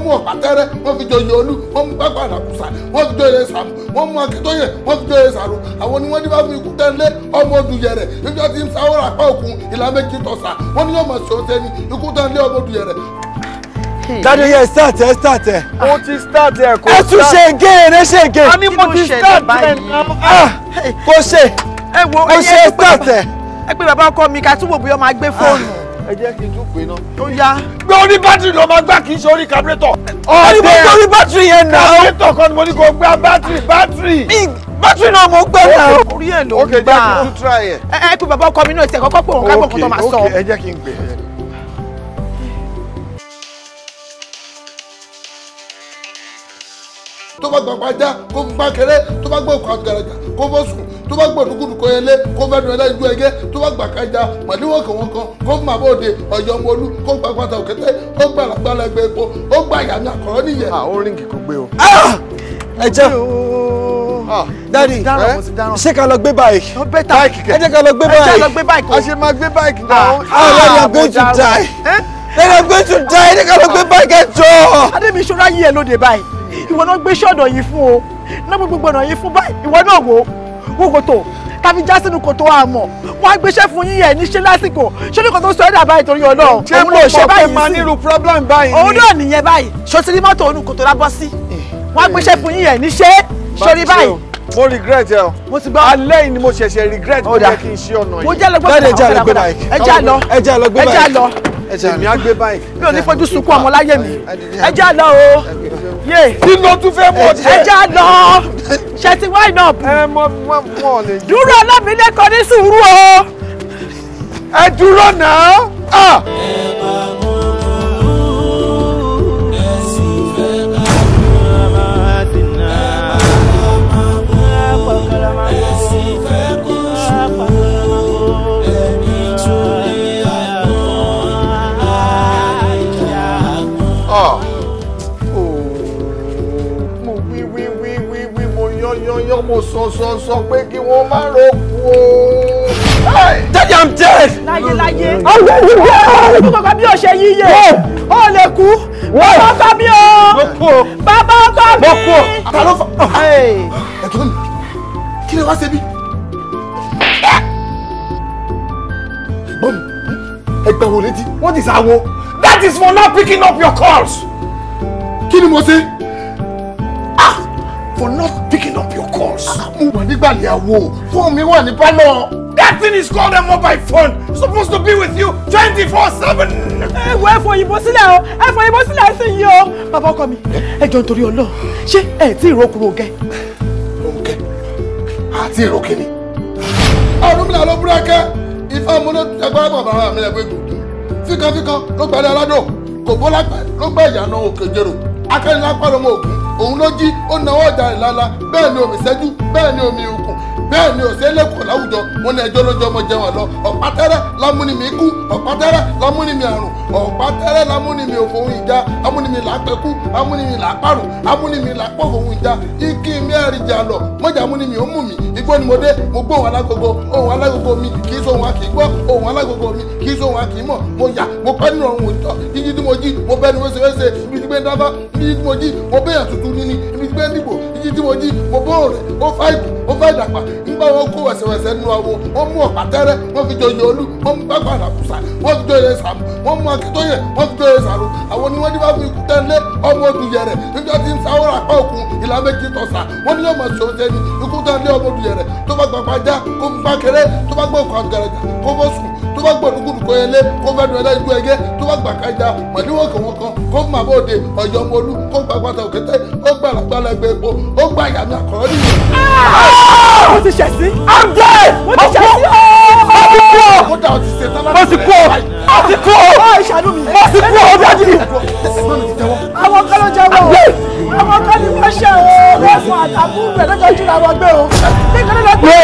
mú ọ̀pá wọ́n fi joyè olú wọ́n mú pápá àdàkùsà wọ́n fi joyè sàmù wọ́n mú akíntóyè wọ́n fi joyè sàrò àwọn ni wọ́n ní bá fi ikú tẹ́lẹ̀ ọmọ odùyẹrẹ níjọ́ tí ń sáwọ́rọ̀ apá òkun ìlà méjì tọ̀sà wọ́n ní ọmọ ṣòṣe ni ikú tẹ́lẹ̀ ọmọ odùyẹrẹ. Dade yẹ start ẹ start ẹ. Mo ti start ẹ kò start. Ẹ tún ṣe again ẹ ṣe again. ní start ẹ. Ah, ah, kò ṣe. Ẹ wo ẹyẹ ẹ pé bàbá ọkọ mi ká túbọ̀ bóyá ẹ jẹ́ kí n tún pè náà. tó yá. gbé orí bátìrì ló máa gbá kì í ṣe orí kábírẹ́tọ̀. ọ̀dẹ́ ẹ̀ orí bátìrì yẹn náà. kábírẹ́tọ̀ kan ni mo ní kó gbá bátìrì bátìrì. bátìrì náà mo gbẹ́ náà. orí ẹ̀ ló ń gbà. ok jẹ́ kí n tún try ẹ̀. ẹ ẹ pé bàbá ọkọ mi náà ti ẹ̀ kọ́kọ́ pé òun ká gbọ́ nǹkan tó máa sọ. ok ẹ jẹ́ kí n gbé. tó bá gbàgbà já kó fún pákẹrẹ tó bá gbọ́ òkú àgàràgà kó fọ́ sùn tó bá gbọ́ òdúkúdù kọ́ ẹlẹ́ kó fẹ́ dùn ẹlẹ́yìn ẹgẹ́ tó bá gbà kájà pẹ̀lú wọ̀kànwọ̀kàn kó má bò ọ̀yọ́ mọ́lú kó gba pátá òkété ó gba àgbàlẹ̀ gbẹ epo ó gba àyàmì àkọ́rọ́ nìyẹn. àwọn orin kìkọ́ gbé o. Ah! ẹ jẹun ah. dadi ṣé ká lọ gbé báyìí báyìí kẹ ẹ jẹ́ ká lọ gbé báyìí a ṣe máa gbé báyìí náà. àwọn èèyàn gbé jù dáì èèyàn gbé jù dáì ẹ jẹ́ ká lọ gbé ah. báyìí kẹjọ. adébísọ́ra yí ẹ lóde báyìí ìwọ náà gbé ṣọ́ọ̀dọ̀ yìí fún o náà gbogbo ọ̀nà yìí fún báyìí ìwọ náà wò wò kòtò tàbí já sínú kòtò àmọ́ wọ́n á gbéṣẹ́ fún yín yẹn níṣẹ́ lásìkò ṣé ní kò tó sọ ẹ́ dà báyìí torí ọlọ́run òun ló ṣe báyìí sí máa nírú problem báyìí òun náà nìyẹn báyìí ṣọtí ní mọ́tò òun kòtò lábọ́ sí eh. wọ́n á gbéṣẹ́ fún yín yẹn níṣẹ́ sórí báyìí. mo regret ẹ o mo ti gbọ́ alẹ́ yìí ni mo ṣẹ̀ṣẹ̀ regret mo jẹ́ kí n ṣe ọ̀nà yìí. mo jẹ́ lọ gbọ́dọ̀ ẹ jẹ́ lọ gbé báyìí ẹ jẹ́ lọ gbé báyìí èmi á gbé báyìí mi ò ní fojú sunkún ọmọ láyé mi ẹ já lọ o yé kí ló tún fẹ́ mọ̀ jẹ́ ẹ já lọ ṣe ti wáìn náà bù ẹ mọ mọ lè jẹ dúró ọlọ́mi lẹ́kọ̀ọ́ ní sùúrù o ẹ dúró náà. Ah! ẹ máa mú mo sọ sọ sọ pé kí wọ́n má rògbò o. Daddy, I'm dead. Láyé láyé. Àwọn ẹni wọ́n. Kókò kan bí o ṣe yíyẹ. O lè kú. Bàbá ọkọ mi o. Mo kú o. Bàbá ọkọ mi. Mo kú o. Àtàló fà. Ẹ̀gbọ́n mi, kí ni wá ṣe bí? Ẹ̀gbọ́n mi, ẹgbẹ́ wo létí? What is awo? That is for not picking up your calls. Kí ni mo ṣe? Ah! for not picking up your calls. Ah, mo wà nígbàlẹ̀ àwo fóònù mi wà ní pálọ̀. that thing is called a mobile phone it's supposed to be with you twenty four seven. ẹ wo ẹ fọ òyìnbó sílẹ̀ o ẹ fọ òyìnbó sílẹ̀ ẹ sì yí o. bàbá ọkọ mi ẹ jọ nítorí Ọlọ́run ṣé ẹ tí ì rókun ògẹ. ògẹ àti ìrókè ni. ọdún mi là ló búrẹ́kẹ́ ifá múlò ẹgbẹ́ bàbá mi lẹ́gbẹ́ gbòdì fíkanfíkan ló gbẹ́lẹ́ aládùn kò bó lápẹ́ ló gbẹ́ ìyànà òkè jèrò akẹ́ni lápá ló ògùn òun ló jí ó nawọ́ ọ̀daràn lálá bẹ́ẹ̀ ni omi ìṣẹ́jú bẹ́ẹ̀ ni omi ìkùn bẹ́ẹ̀ ni òsè lẹ́kọ̀ọ́ láwùjọ wọn ní ẹjọ́ lójú ọmọ jẹun àlọ́ ọ̀pátẹ́rẹ́ lámúnimí ikú ọ̀pátẹ́rẹ́ lámúnimí àrùn ọ̀pátẹ́rẹ́ lámúnimí òfò ohun ìjà amúnimí làápẹ́kú amúnimí làápàrùn amúnimí làápọ̀fò ohun ìjà ikí mi àrìjà lọ mọ́jà amúnimí ó mú mi igbó ni mo dé mo gbó ohun alágogo ohun alágogo mi kì í so ohun àkì gbọ́ ohun alágogo mi kì í so ohun àkì mọ̀ mo yà mo pẹ́ nínú ọ̀run òjò ibi tí mo jí mo bẹ́ni wéṣewéṣe ibi tí gbé ń dáfá ibi tí mo jí mo bẹ́yàn tuntun níní ibi tí gbé ń dìbò ibi tí mo jí mo bọ́ ọ̀rẹ́ ó fáìlì ó fáìlì àpà nígbà wọn kó wẹ̀sẹ̀wẹ̀sẹ̀ nínú awo wọ́n mú ọ̀pátẹ́rẹ́ wọ́n fi joyè olú wọ́n mú pápá àràbùsà wọ́n fi joyè sàmù wọ́n mú akíntóyè wọ́n fi joyè sàrò àwọn ni wọ́n ní bá fi ikú tẹ́lẹ̀ ọmọ odùyẹrẹ níjọ́ ti ń sáwọ́rọ̀ apá òkun ìlà méjì tọ̀sà ni. ní ọmọ ṣòro sẹ́ni ikú tẹ́lẹ̀ ọmọ odùyẹrẹ tó bá gbàgbà já kó ń bá kéré tó bá gbọ́ tó bá gbọ̀dún kùdùkọ yẹn lé kó fẹ́ nu ẹlẹ́gbẹ́ ẹgẹ́ tó bá gbà kájà màdíwọ̀ kàn wọ́n kan kó mà bó de ọ̀yọ́ ọmọ olú kó gba pátá òkété ó gbà lágbálẹ̀ gbé epo ó gbà yàmi àkọ́rọ́ nìyẹn. mo ti ṣẹ̀ sí. i'm dead. mo ti ṣẹ̀ sí ooo. mo ti kú o. mo ti kú o. mo ti kú o. mo ti kú o. dájú mi. àwọn kan ló jẹ́wọ́ àwọn kan ní wọ́n ṣe o lẹ́sùn àtàkùn rẹ̀ lọ́jọ́ jùlọ àwọn gbé o. nígbà tó lọ gbé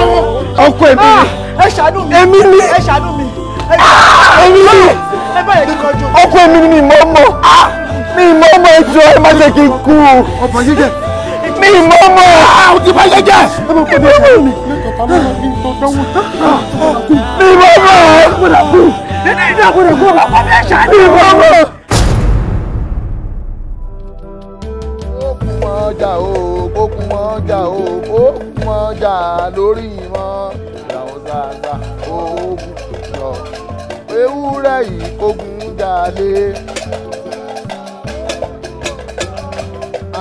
o. ọkọ èmi ẹ ṣàánú mi èmi ni ẹ ṣàánú mi ah! èmi ni ẹ bẹ̀rẹ̀ kí kọjú. ọkọ èmi ni mi mọ̀ mọ̀ ah! mi mọ̀ mọ̀ ẹjọ́ ẹ má jẹ́ kí n kú o. ọba jẹjẹ. mi mọ̀ mọ̀ o ah! ti bá jẹjẹ. ẹ bá pẹ̀lú ọmọ mi. mi mọ̀ mọ̀ o. nínú ìdàgbọ́dọ̀ kó bàbá mi ẹ ṣàánú mi mọ̀ mọ̀. ọjà o kókun ọjà o kókun ọjà lórí wọn àgbàlagbà oògùn lọ ewúrẹ́ yìí ogun jalè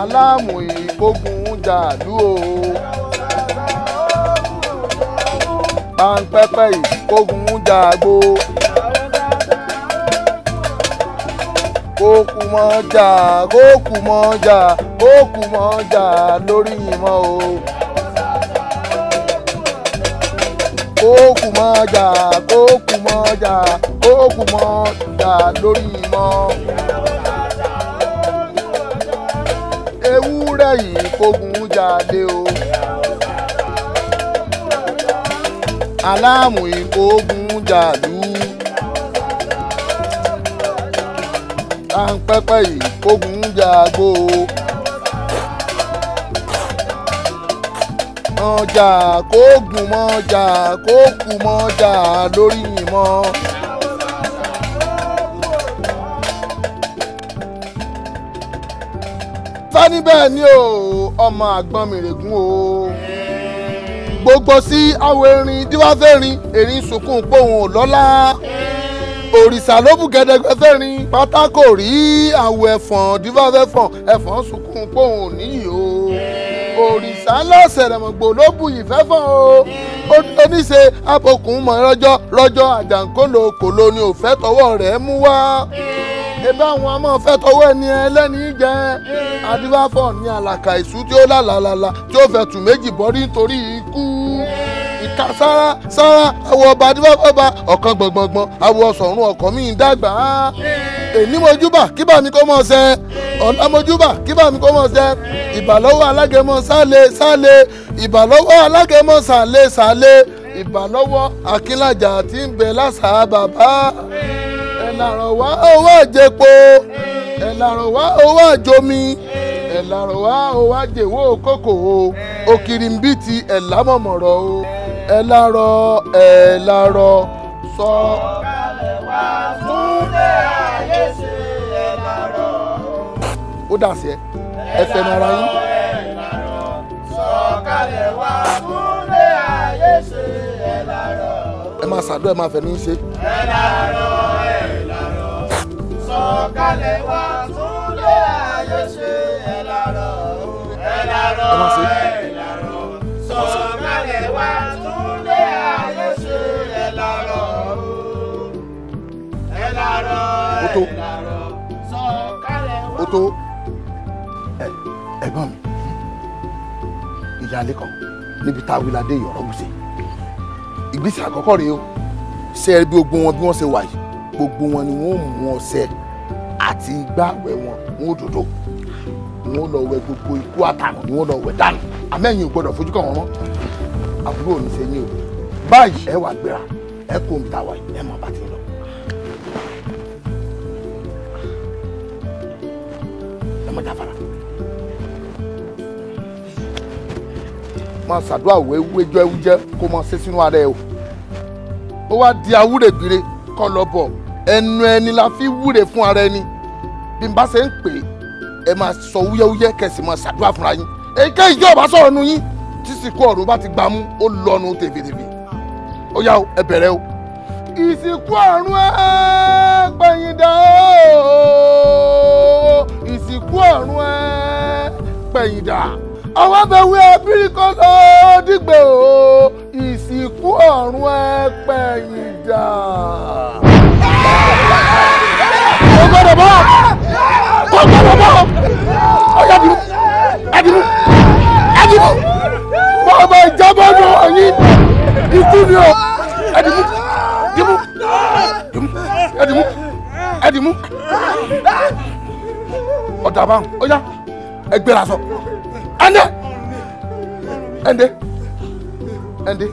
aláàmù yìí ogun jàlú o pańpẹ́pẹ́ yìí ogun jàgbó kókù mọ́jà kókù mọ́jà kókù mọ́jà lórí ìmọ̀ o. kóòkù mọ́jà kóòkù mọ́jà kóòkù mọ́jà lórí mọ́. ewúrẹ́ yìí kógun jáde o. aláàmù yìí kógun jàlú. táǹpẹ́pẹ́ yìí kógun jàgbó o. mọ́jà kó gùn mọ́jà kó kù mọ́jà lórí ìmọ̀. sani bẹ́ẹ̀ ni o ọmọ àgbọn mèrègún o gbogbo sí àwọn erin díwáfẹ́rin erin sunkún pohùn lọ́lá òrìṣà ló bù gẹ́dẹ́gbẹ́ fẹ́rin pátákó rí àwọ̀ ẹ̀fọ̀n díwáfẹ́fọ̀n ẹ̀fọ̀n sunkún pohùn níyì o. Yeah òrìṣà ńlá ṣẹ̀rẹ̀mọ̀gbò ló bu ìfẹ́ fún o oníṣe abokùn mọ̀ rọ́jọ́ rọ́jọ́ àjàǹkólò kòló ni òfẹ́ tọwọ́ rẹ̀ mú wá ebe àwọn ọmọ fẹ́ tọwọ́ ẹni ẹlẹ́ni jẹ adíbáfọ̀ ní àlàkà ìṣú tí ó lálàlà tí ó fẹ́ tù méjì bọ́rí nítorí ikú ká sára sára àwọ̀ ọba adébáfọ́ba ọ̀kan gbọ̀ngbọ̀ngbọ̀n àwọ̀ ọ̀sọ̀rún ọ̀kan mi ń dàgbà á èní mojúbà kí bá mi kó mọ̀ ṣe ọ̀la mojúbà kí bá mi kó mọ̀ ṣe ìbàlọ́wọ́ alágẹmọ sálẹ̀ sálẹ̀ ìbàlọ́wọ́ alágẹmọ sálẹ̀ sálẹ̀ ìbàlọ́wọ́ akínlájà tí ń bẹ lásàá bàbá ẹ̀làrọ̀ wá owó àjẹpọ̀ ẹ̀làrọ̀ wá owó àjọmi ẹ̀làrọ̀ wá owó àjẹwò kókò òkìrìǹbìtì ẹ̀ o ẹ̀ lárọ̀ ẹ̀ lárọ̀ sọ. ọ̀kàlẹ̀ wá múlẹ̀ ayé ṣe ẹ̀ lárọ̀. ó dà sí ẹ ẹ fẹnu ara yín. ẹ̀ lárọ̀ sọ̀kalẹ̀ wá múlẹ̀ ayé ṣe ẹ̀ lárọ̀. ẹ máa ṣàdúrà ẹ máa fẹnu yín ṣe. sọ̀kalẹ̀ wá múlẹ̀ ayé ṣe ẹ̀ lárọ̀ ẹ̀ lárọ̀ ẹ̀ wá túnlé ayé ṣe ẹ lárọ ẹ lárọ ẹ lárọ sọ kálẹ̀ wá. oto ẹ̀gbọ́n mi ìyáálé kan níbi tá a wí ládé ìyọ̀rọ̀ wù sí ìgbésẹ̀ àkọ́kọ́ rèé o ṣe ẹ bí gbogbo wọn bí wọ́n ṣe wà yìí gbogbo wọn ni wọ́n mú ọṣẹ àti igbáwẹ̀ wọn wọn ò dòdò wọn lọ wẹ gbogbo ikú àtàwọn ni wọn lọ wẹ dànù àmẹ́yìn ò gbọ́dọ̀ fojú kàn wọ́n mọ́ àbúrò mi ṣe ní o báyìí ẹ wà gbéra ẹ kó ń ta wà ẹ mọ bá ti lọ. ẹ mọ dáfara. máa ṣàdúrà òwe wéjọ ẹwújẹ kó mọ ṣe sínú ara ẹ o ó wá di awúrè gbére kọ lọ bọ ẹnu ẹni la fi wúre fún ara ẹni bí n bá ṣe ń pè é ẹ máa sọ wúyẹwúyẹ kẹsì máa ṣàdúrà fúnra yín èyíkéyìí ìjọba sọ̀rọ̀ nu yín tí sìnkú ọ̀run bá ti gbámú ó lọ́nu tèfètèfè ó yá ẹ bẹ̀rẹ̀ o. ìsìnkú ọ̀run ẹ pẹ̀yìndà o ìsìnkú ọ̀run ẹ pẹ̀yìndà àwọn abẹ́wé abíríkọ́ lọ dìgbè o ìsìnkú ọ̀run ẹ pẹ̀yìndà. kò gbọdọ̀ bọ́ kò gbọdọ̀ bọ́ ọ̀yà dìbò ẹ̀dìbò ẹ̀dìbò ọmọ ìjábọ̀ ní ọ̀yí ikú ni o ẹ̀dìmú dìmú ẹ̀dìmú ẹ̀dìmú ọ̀dà bá ó yá ẹgbẹ́ la sọ ẹ̀ndẹ́ ẹ̀ndẹ́ ẹ̀ndẹ́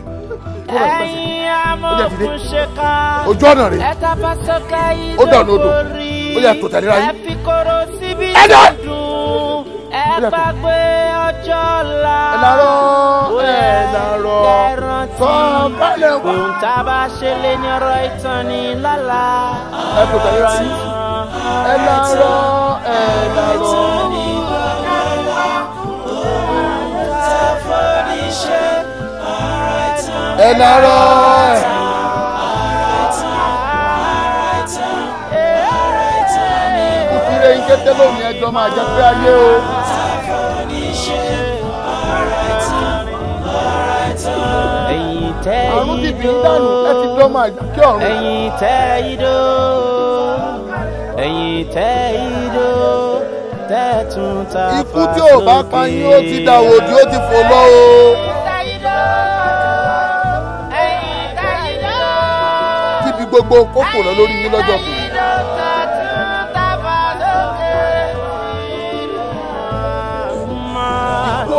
ẹ̀yin amọ̀kùnṣeka ojú ọ̀nà rẹ̀ ó dànù odò ó yà tó tẹ̀lé ra yín ẹ̀dá gbàgbé ọjọ́ ọ̀la. ẹ̀làrọ̀ ẹ̀làrọ̀ tán balẹ̀ wá. ohun tá a bá ṣe lé ní ọ̀rọ̀ ìtàn ni lọ́la. ẹ kò tẹ̀lé sí ẹ̀làrọ̀ ẹ̀làrọ̀. ẹ lárọ ẹ. ìfìrẹ́yìn kété lónìí ẹjọ́ máa jẹ́ pé ayé o. ẹ̀yin tẹ́ idó ẹ̀yin tẹ́ idó ẹ̀yin tẹ́ idó tẹ́ tún ta fà lókè. ikú tí ò bá pa yín ó ti dàwọ̀ ojú ó ti fò lọ́ o. tíbi gbogbo kókò lọ lórí yín lọ́jọ́ kù.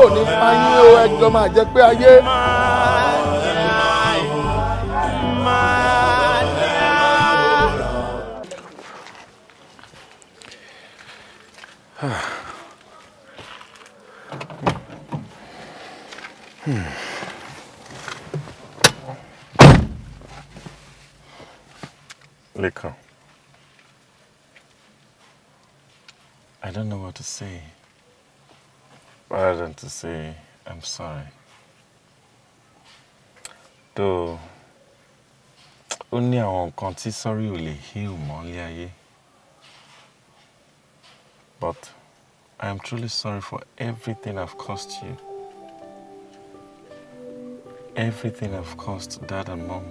ò ní báyé o ẹjọ́ máa jẹ́ pé ayé. Hmm. I don't know what to say. rather than to say, I'm sorry. Though, only our àwọn sorry will heal Molly. ayé. But I am truly sorry for everything I've caused you. Everything I've caused dad and mom.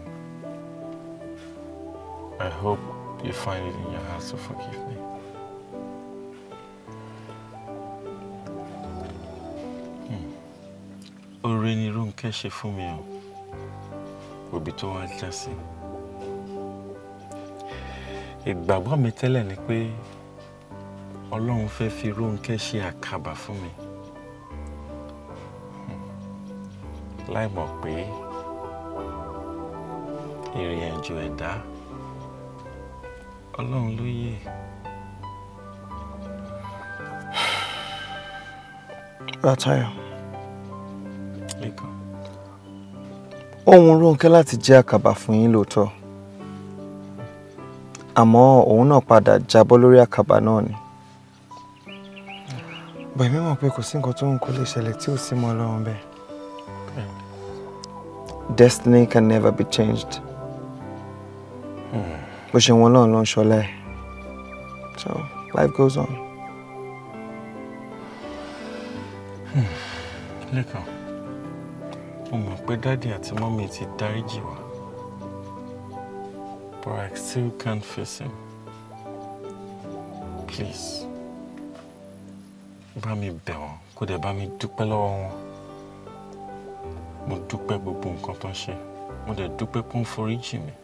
I hope you find it in your heart to forgive me. oore ni Rónkẹ́ ṣe fún mi o òbí tó wá já sí ìgbàgbọ́ mi tẹ́lẹ̀ ni pé Ọlọ́run fẹ́ fi Rónkẹ́ ṣe àkàbà fún mi láì mọ̀ pé ìrìn àjò ẹ̀dá Ọlọ́run ló yẹ. Ratayo ohun Rónkẹ́ láti jẹ́ àkàbà fún yín lóòótọ́ àmọ́ òun náà padà jábọ́ lórí àkàbà náà ni. bẹ̀mí mọ̀ pé kò sí nǹkan tó ń kó lè ṣẹlẹ̀ tí ò sí mọ́ ọlọ́run bẹ́ẹ̀. Destiny can never be changed. bó ṣe wọn náà ló ń ṣọlẹ̀ so life goes on. Hmm. Lẹ́kọ̀ọ́ mo mọ̀ pé dáàdì àti mọ́mì ti dáríjì wá but I still can't face him please bá mi bẹ̀ wọ́n kó dẹ̀ bá mi dúpẹ́ lọ́wọ́ wọn mo dúpẹ́ gbogbo nǹkan tó ń ṣe mo dẹ̀ dúpẹ́ pé ń foríjì mi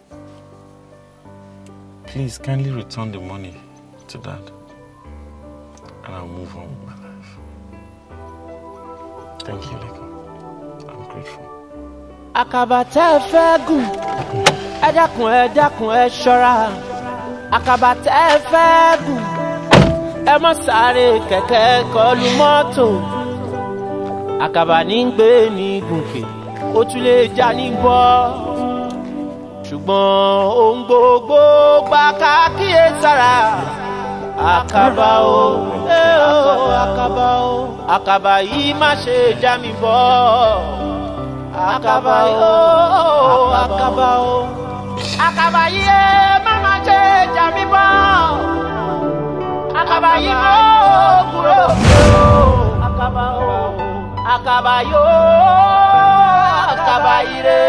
please kindly return the money to dad and I'll move on with my life thank you Leko grateful. àkàbà tẹ́ ẹ fẹ́ gùn ẹ dákun ẹ dákun ẹ ṣọ́ra àkàbà tẹ́ ẹ fẹ́ gùn ẹ má o, kẹ̀kẹ́ kọlù mọ́tò àkàbà ní gbé ní gòkè ó tún lè já ní gbọ́ o akaba o àkàbà yìí má ṣe já mi bọ́ àkàbà o àkàbà o. àkàbà yìí ẹ má má ṣe jà mí bọ́ àkàbà o àkàbà yóò àkàbà yìí rẹ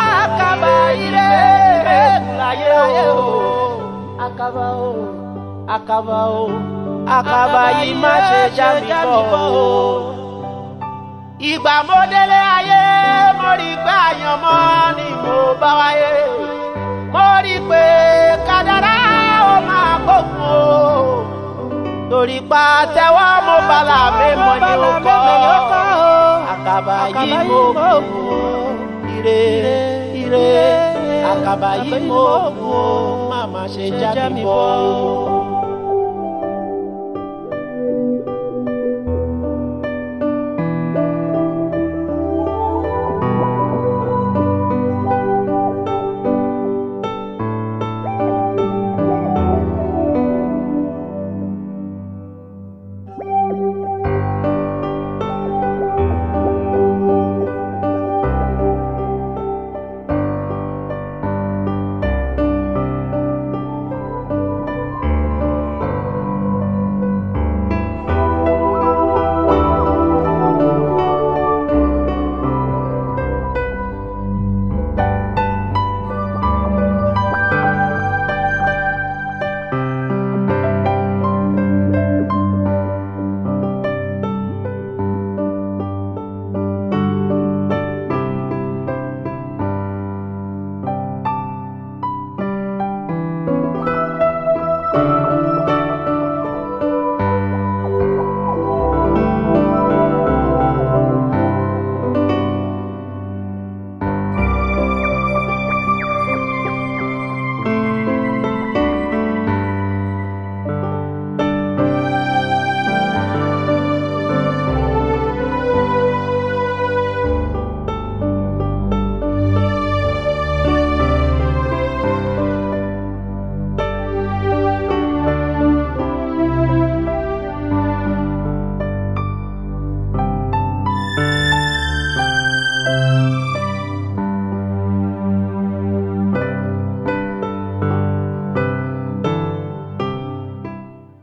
àkàbà yìí rẹ o àkàbà o àkàbà o àkàbà yìí má ṣe o ìgbà mo délé ayé mo rí pé àyànmọ́ ni mo bá wáyé mo rí pé kádàrá ó máa gbógun o torí pa tẹwọ́ mo bala mímọ́ ni ó kọ́ àkàbà yìí mo kú ire ire àkàbà yìí mo kú màmá ṣe já mi bọ́.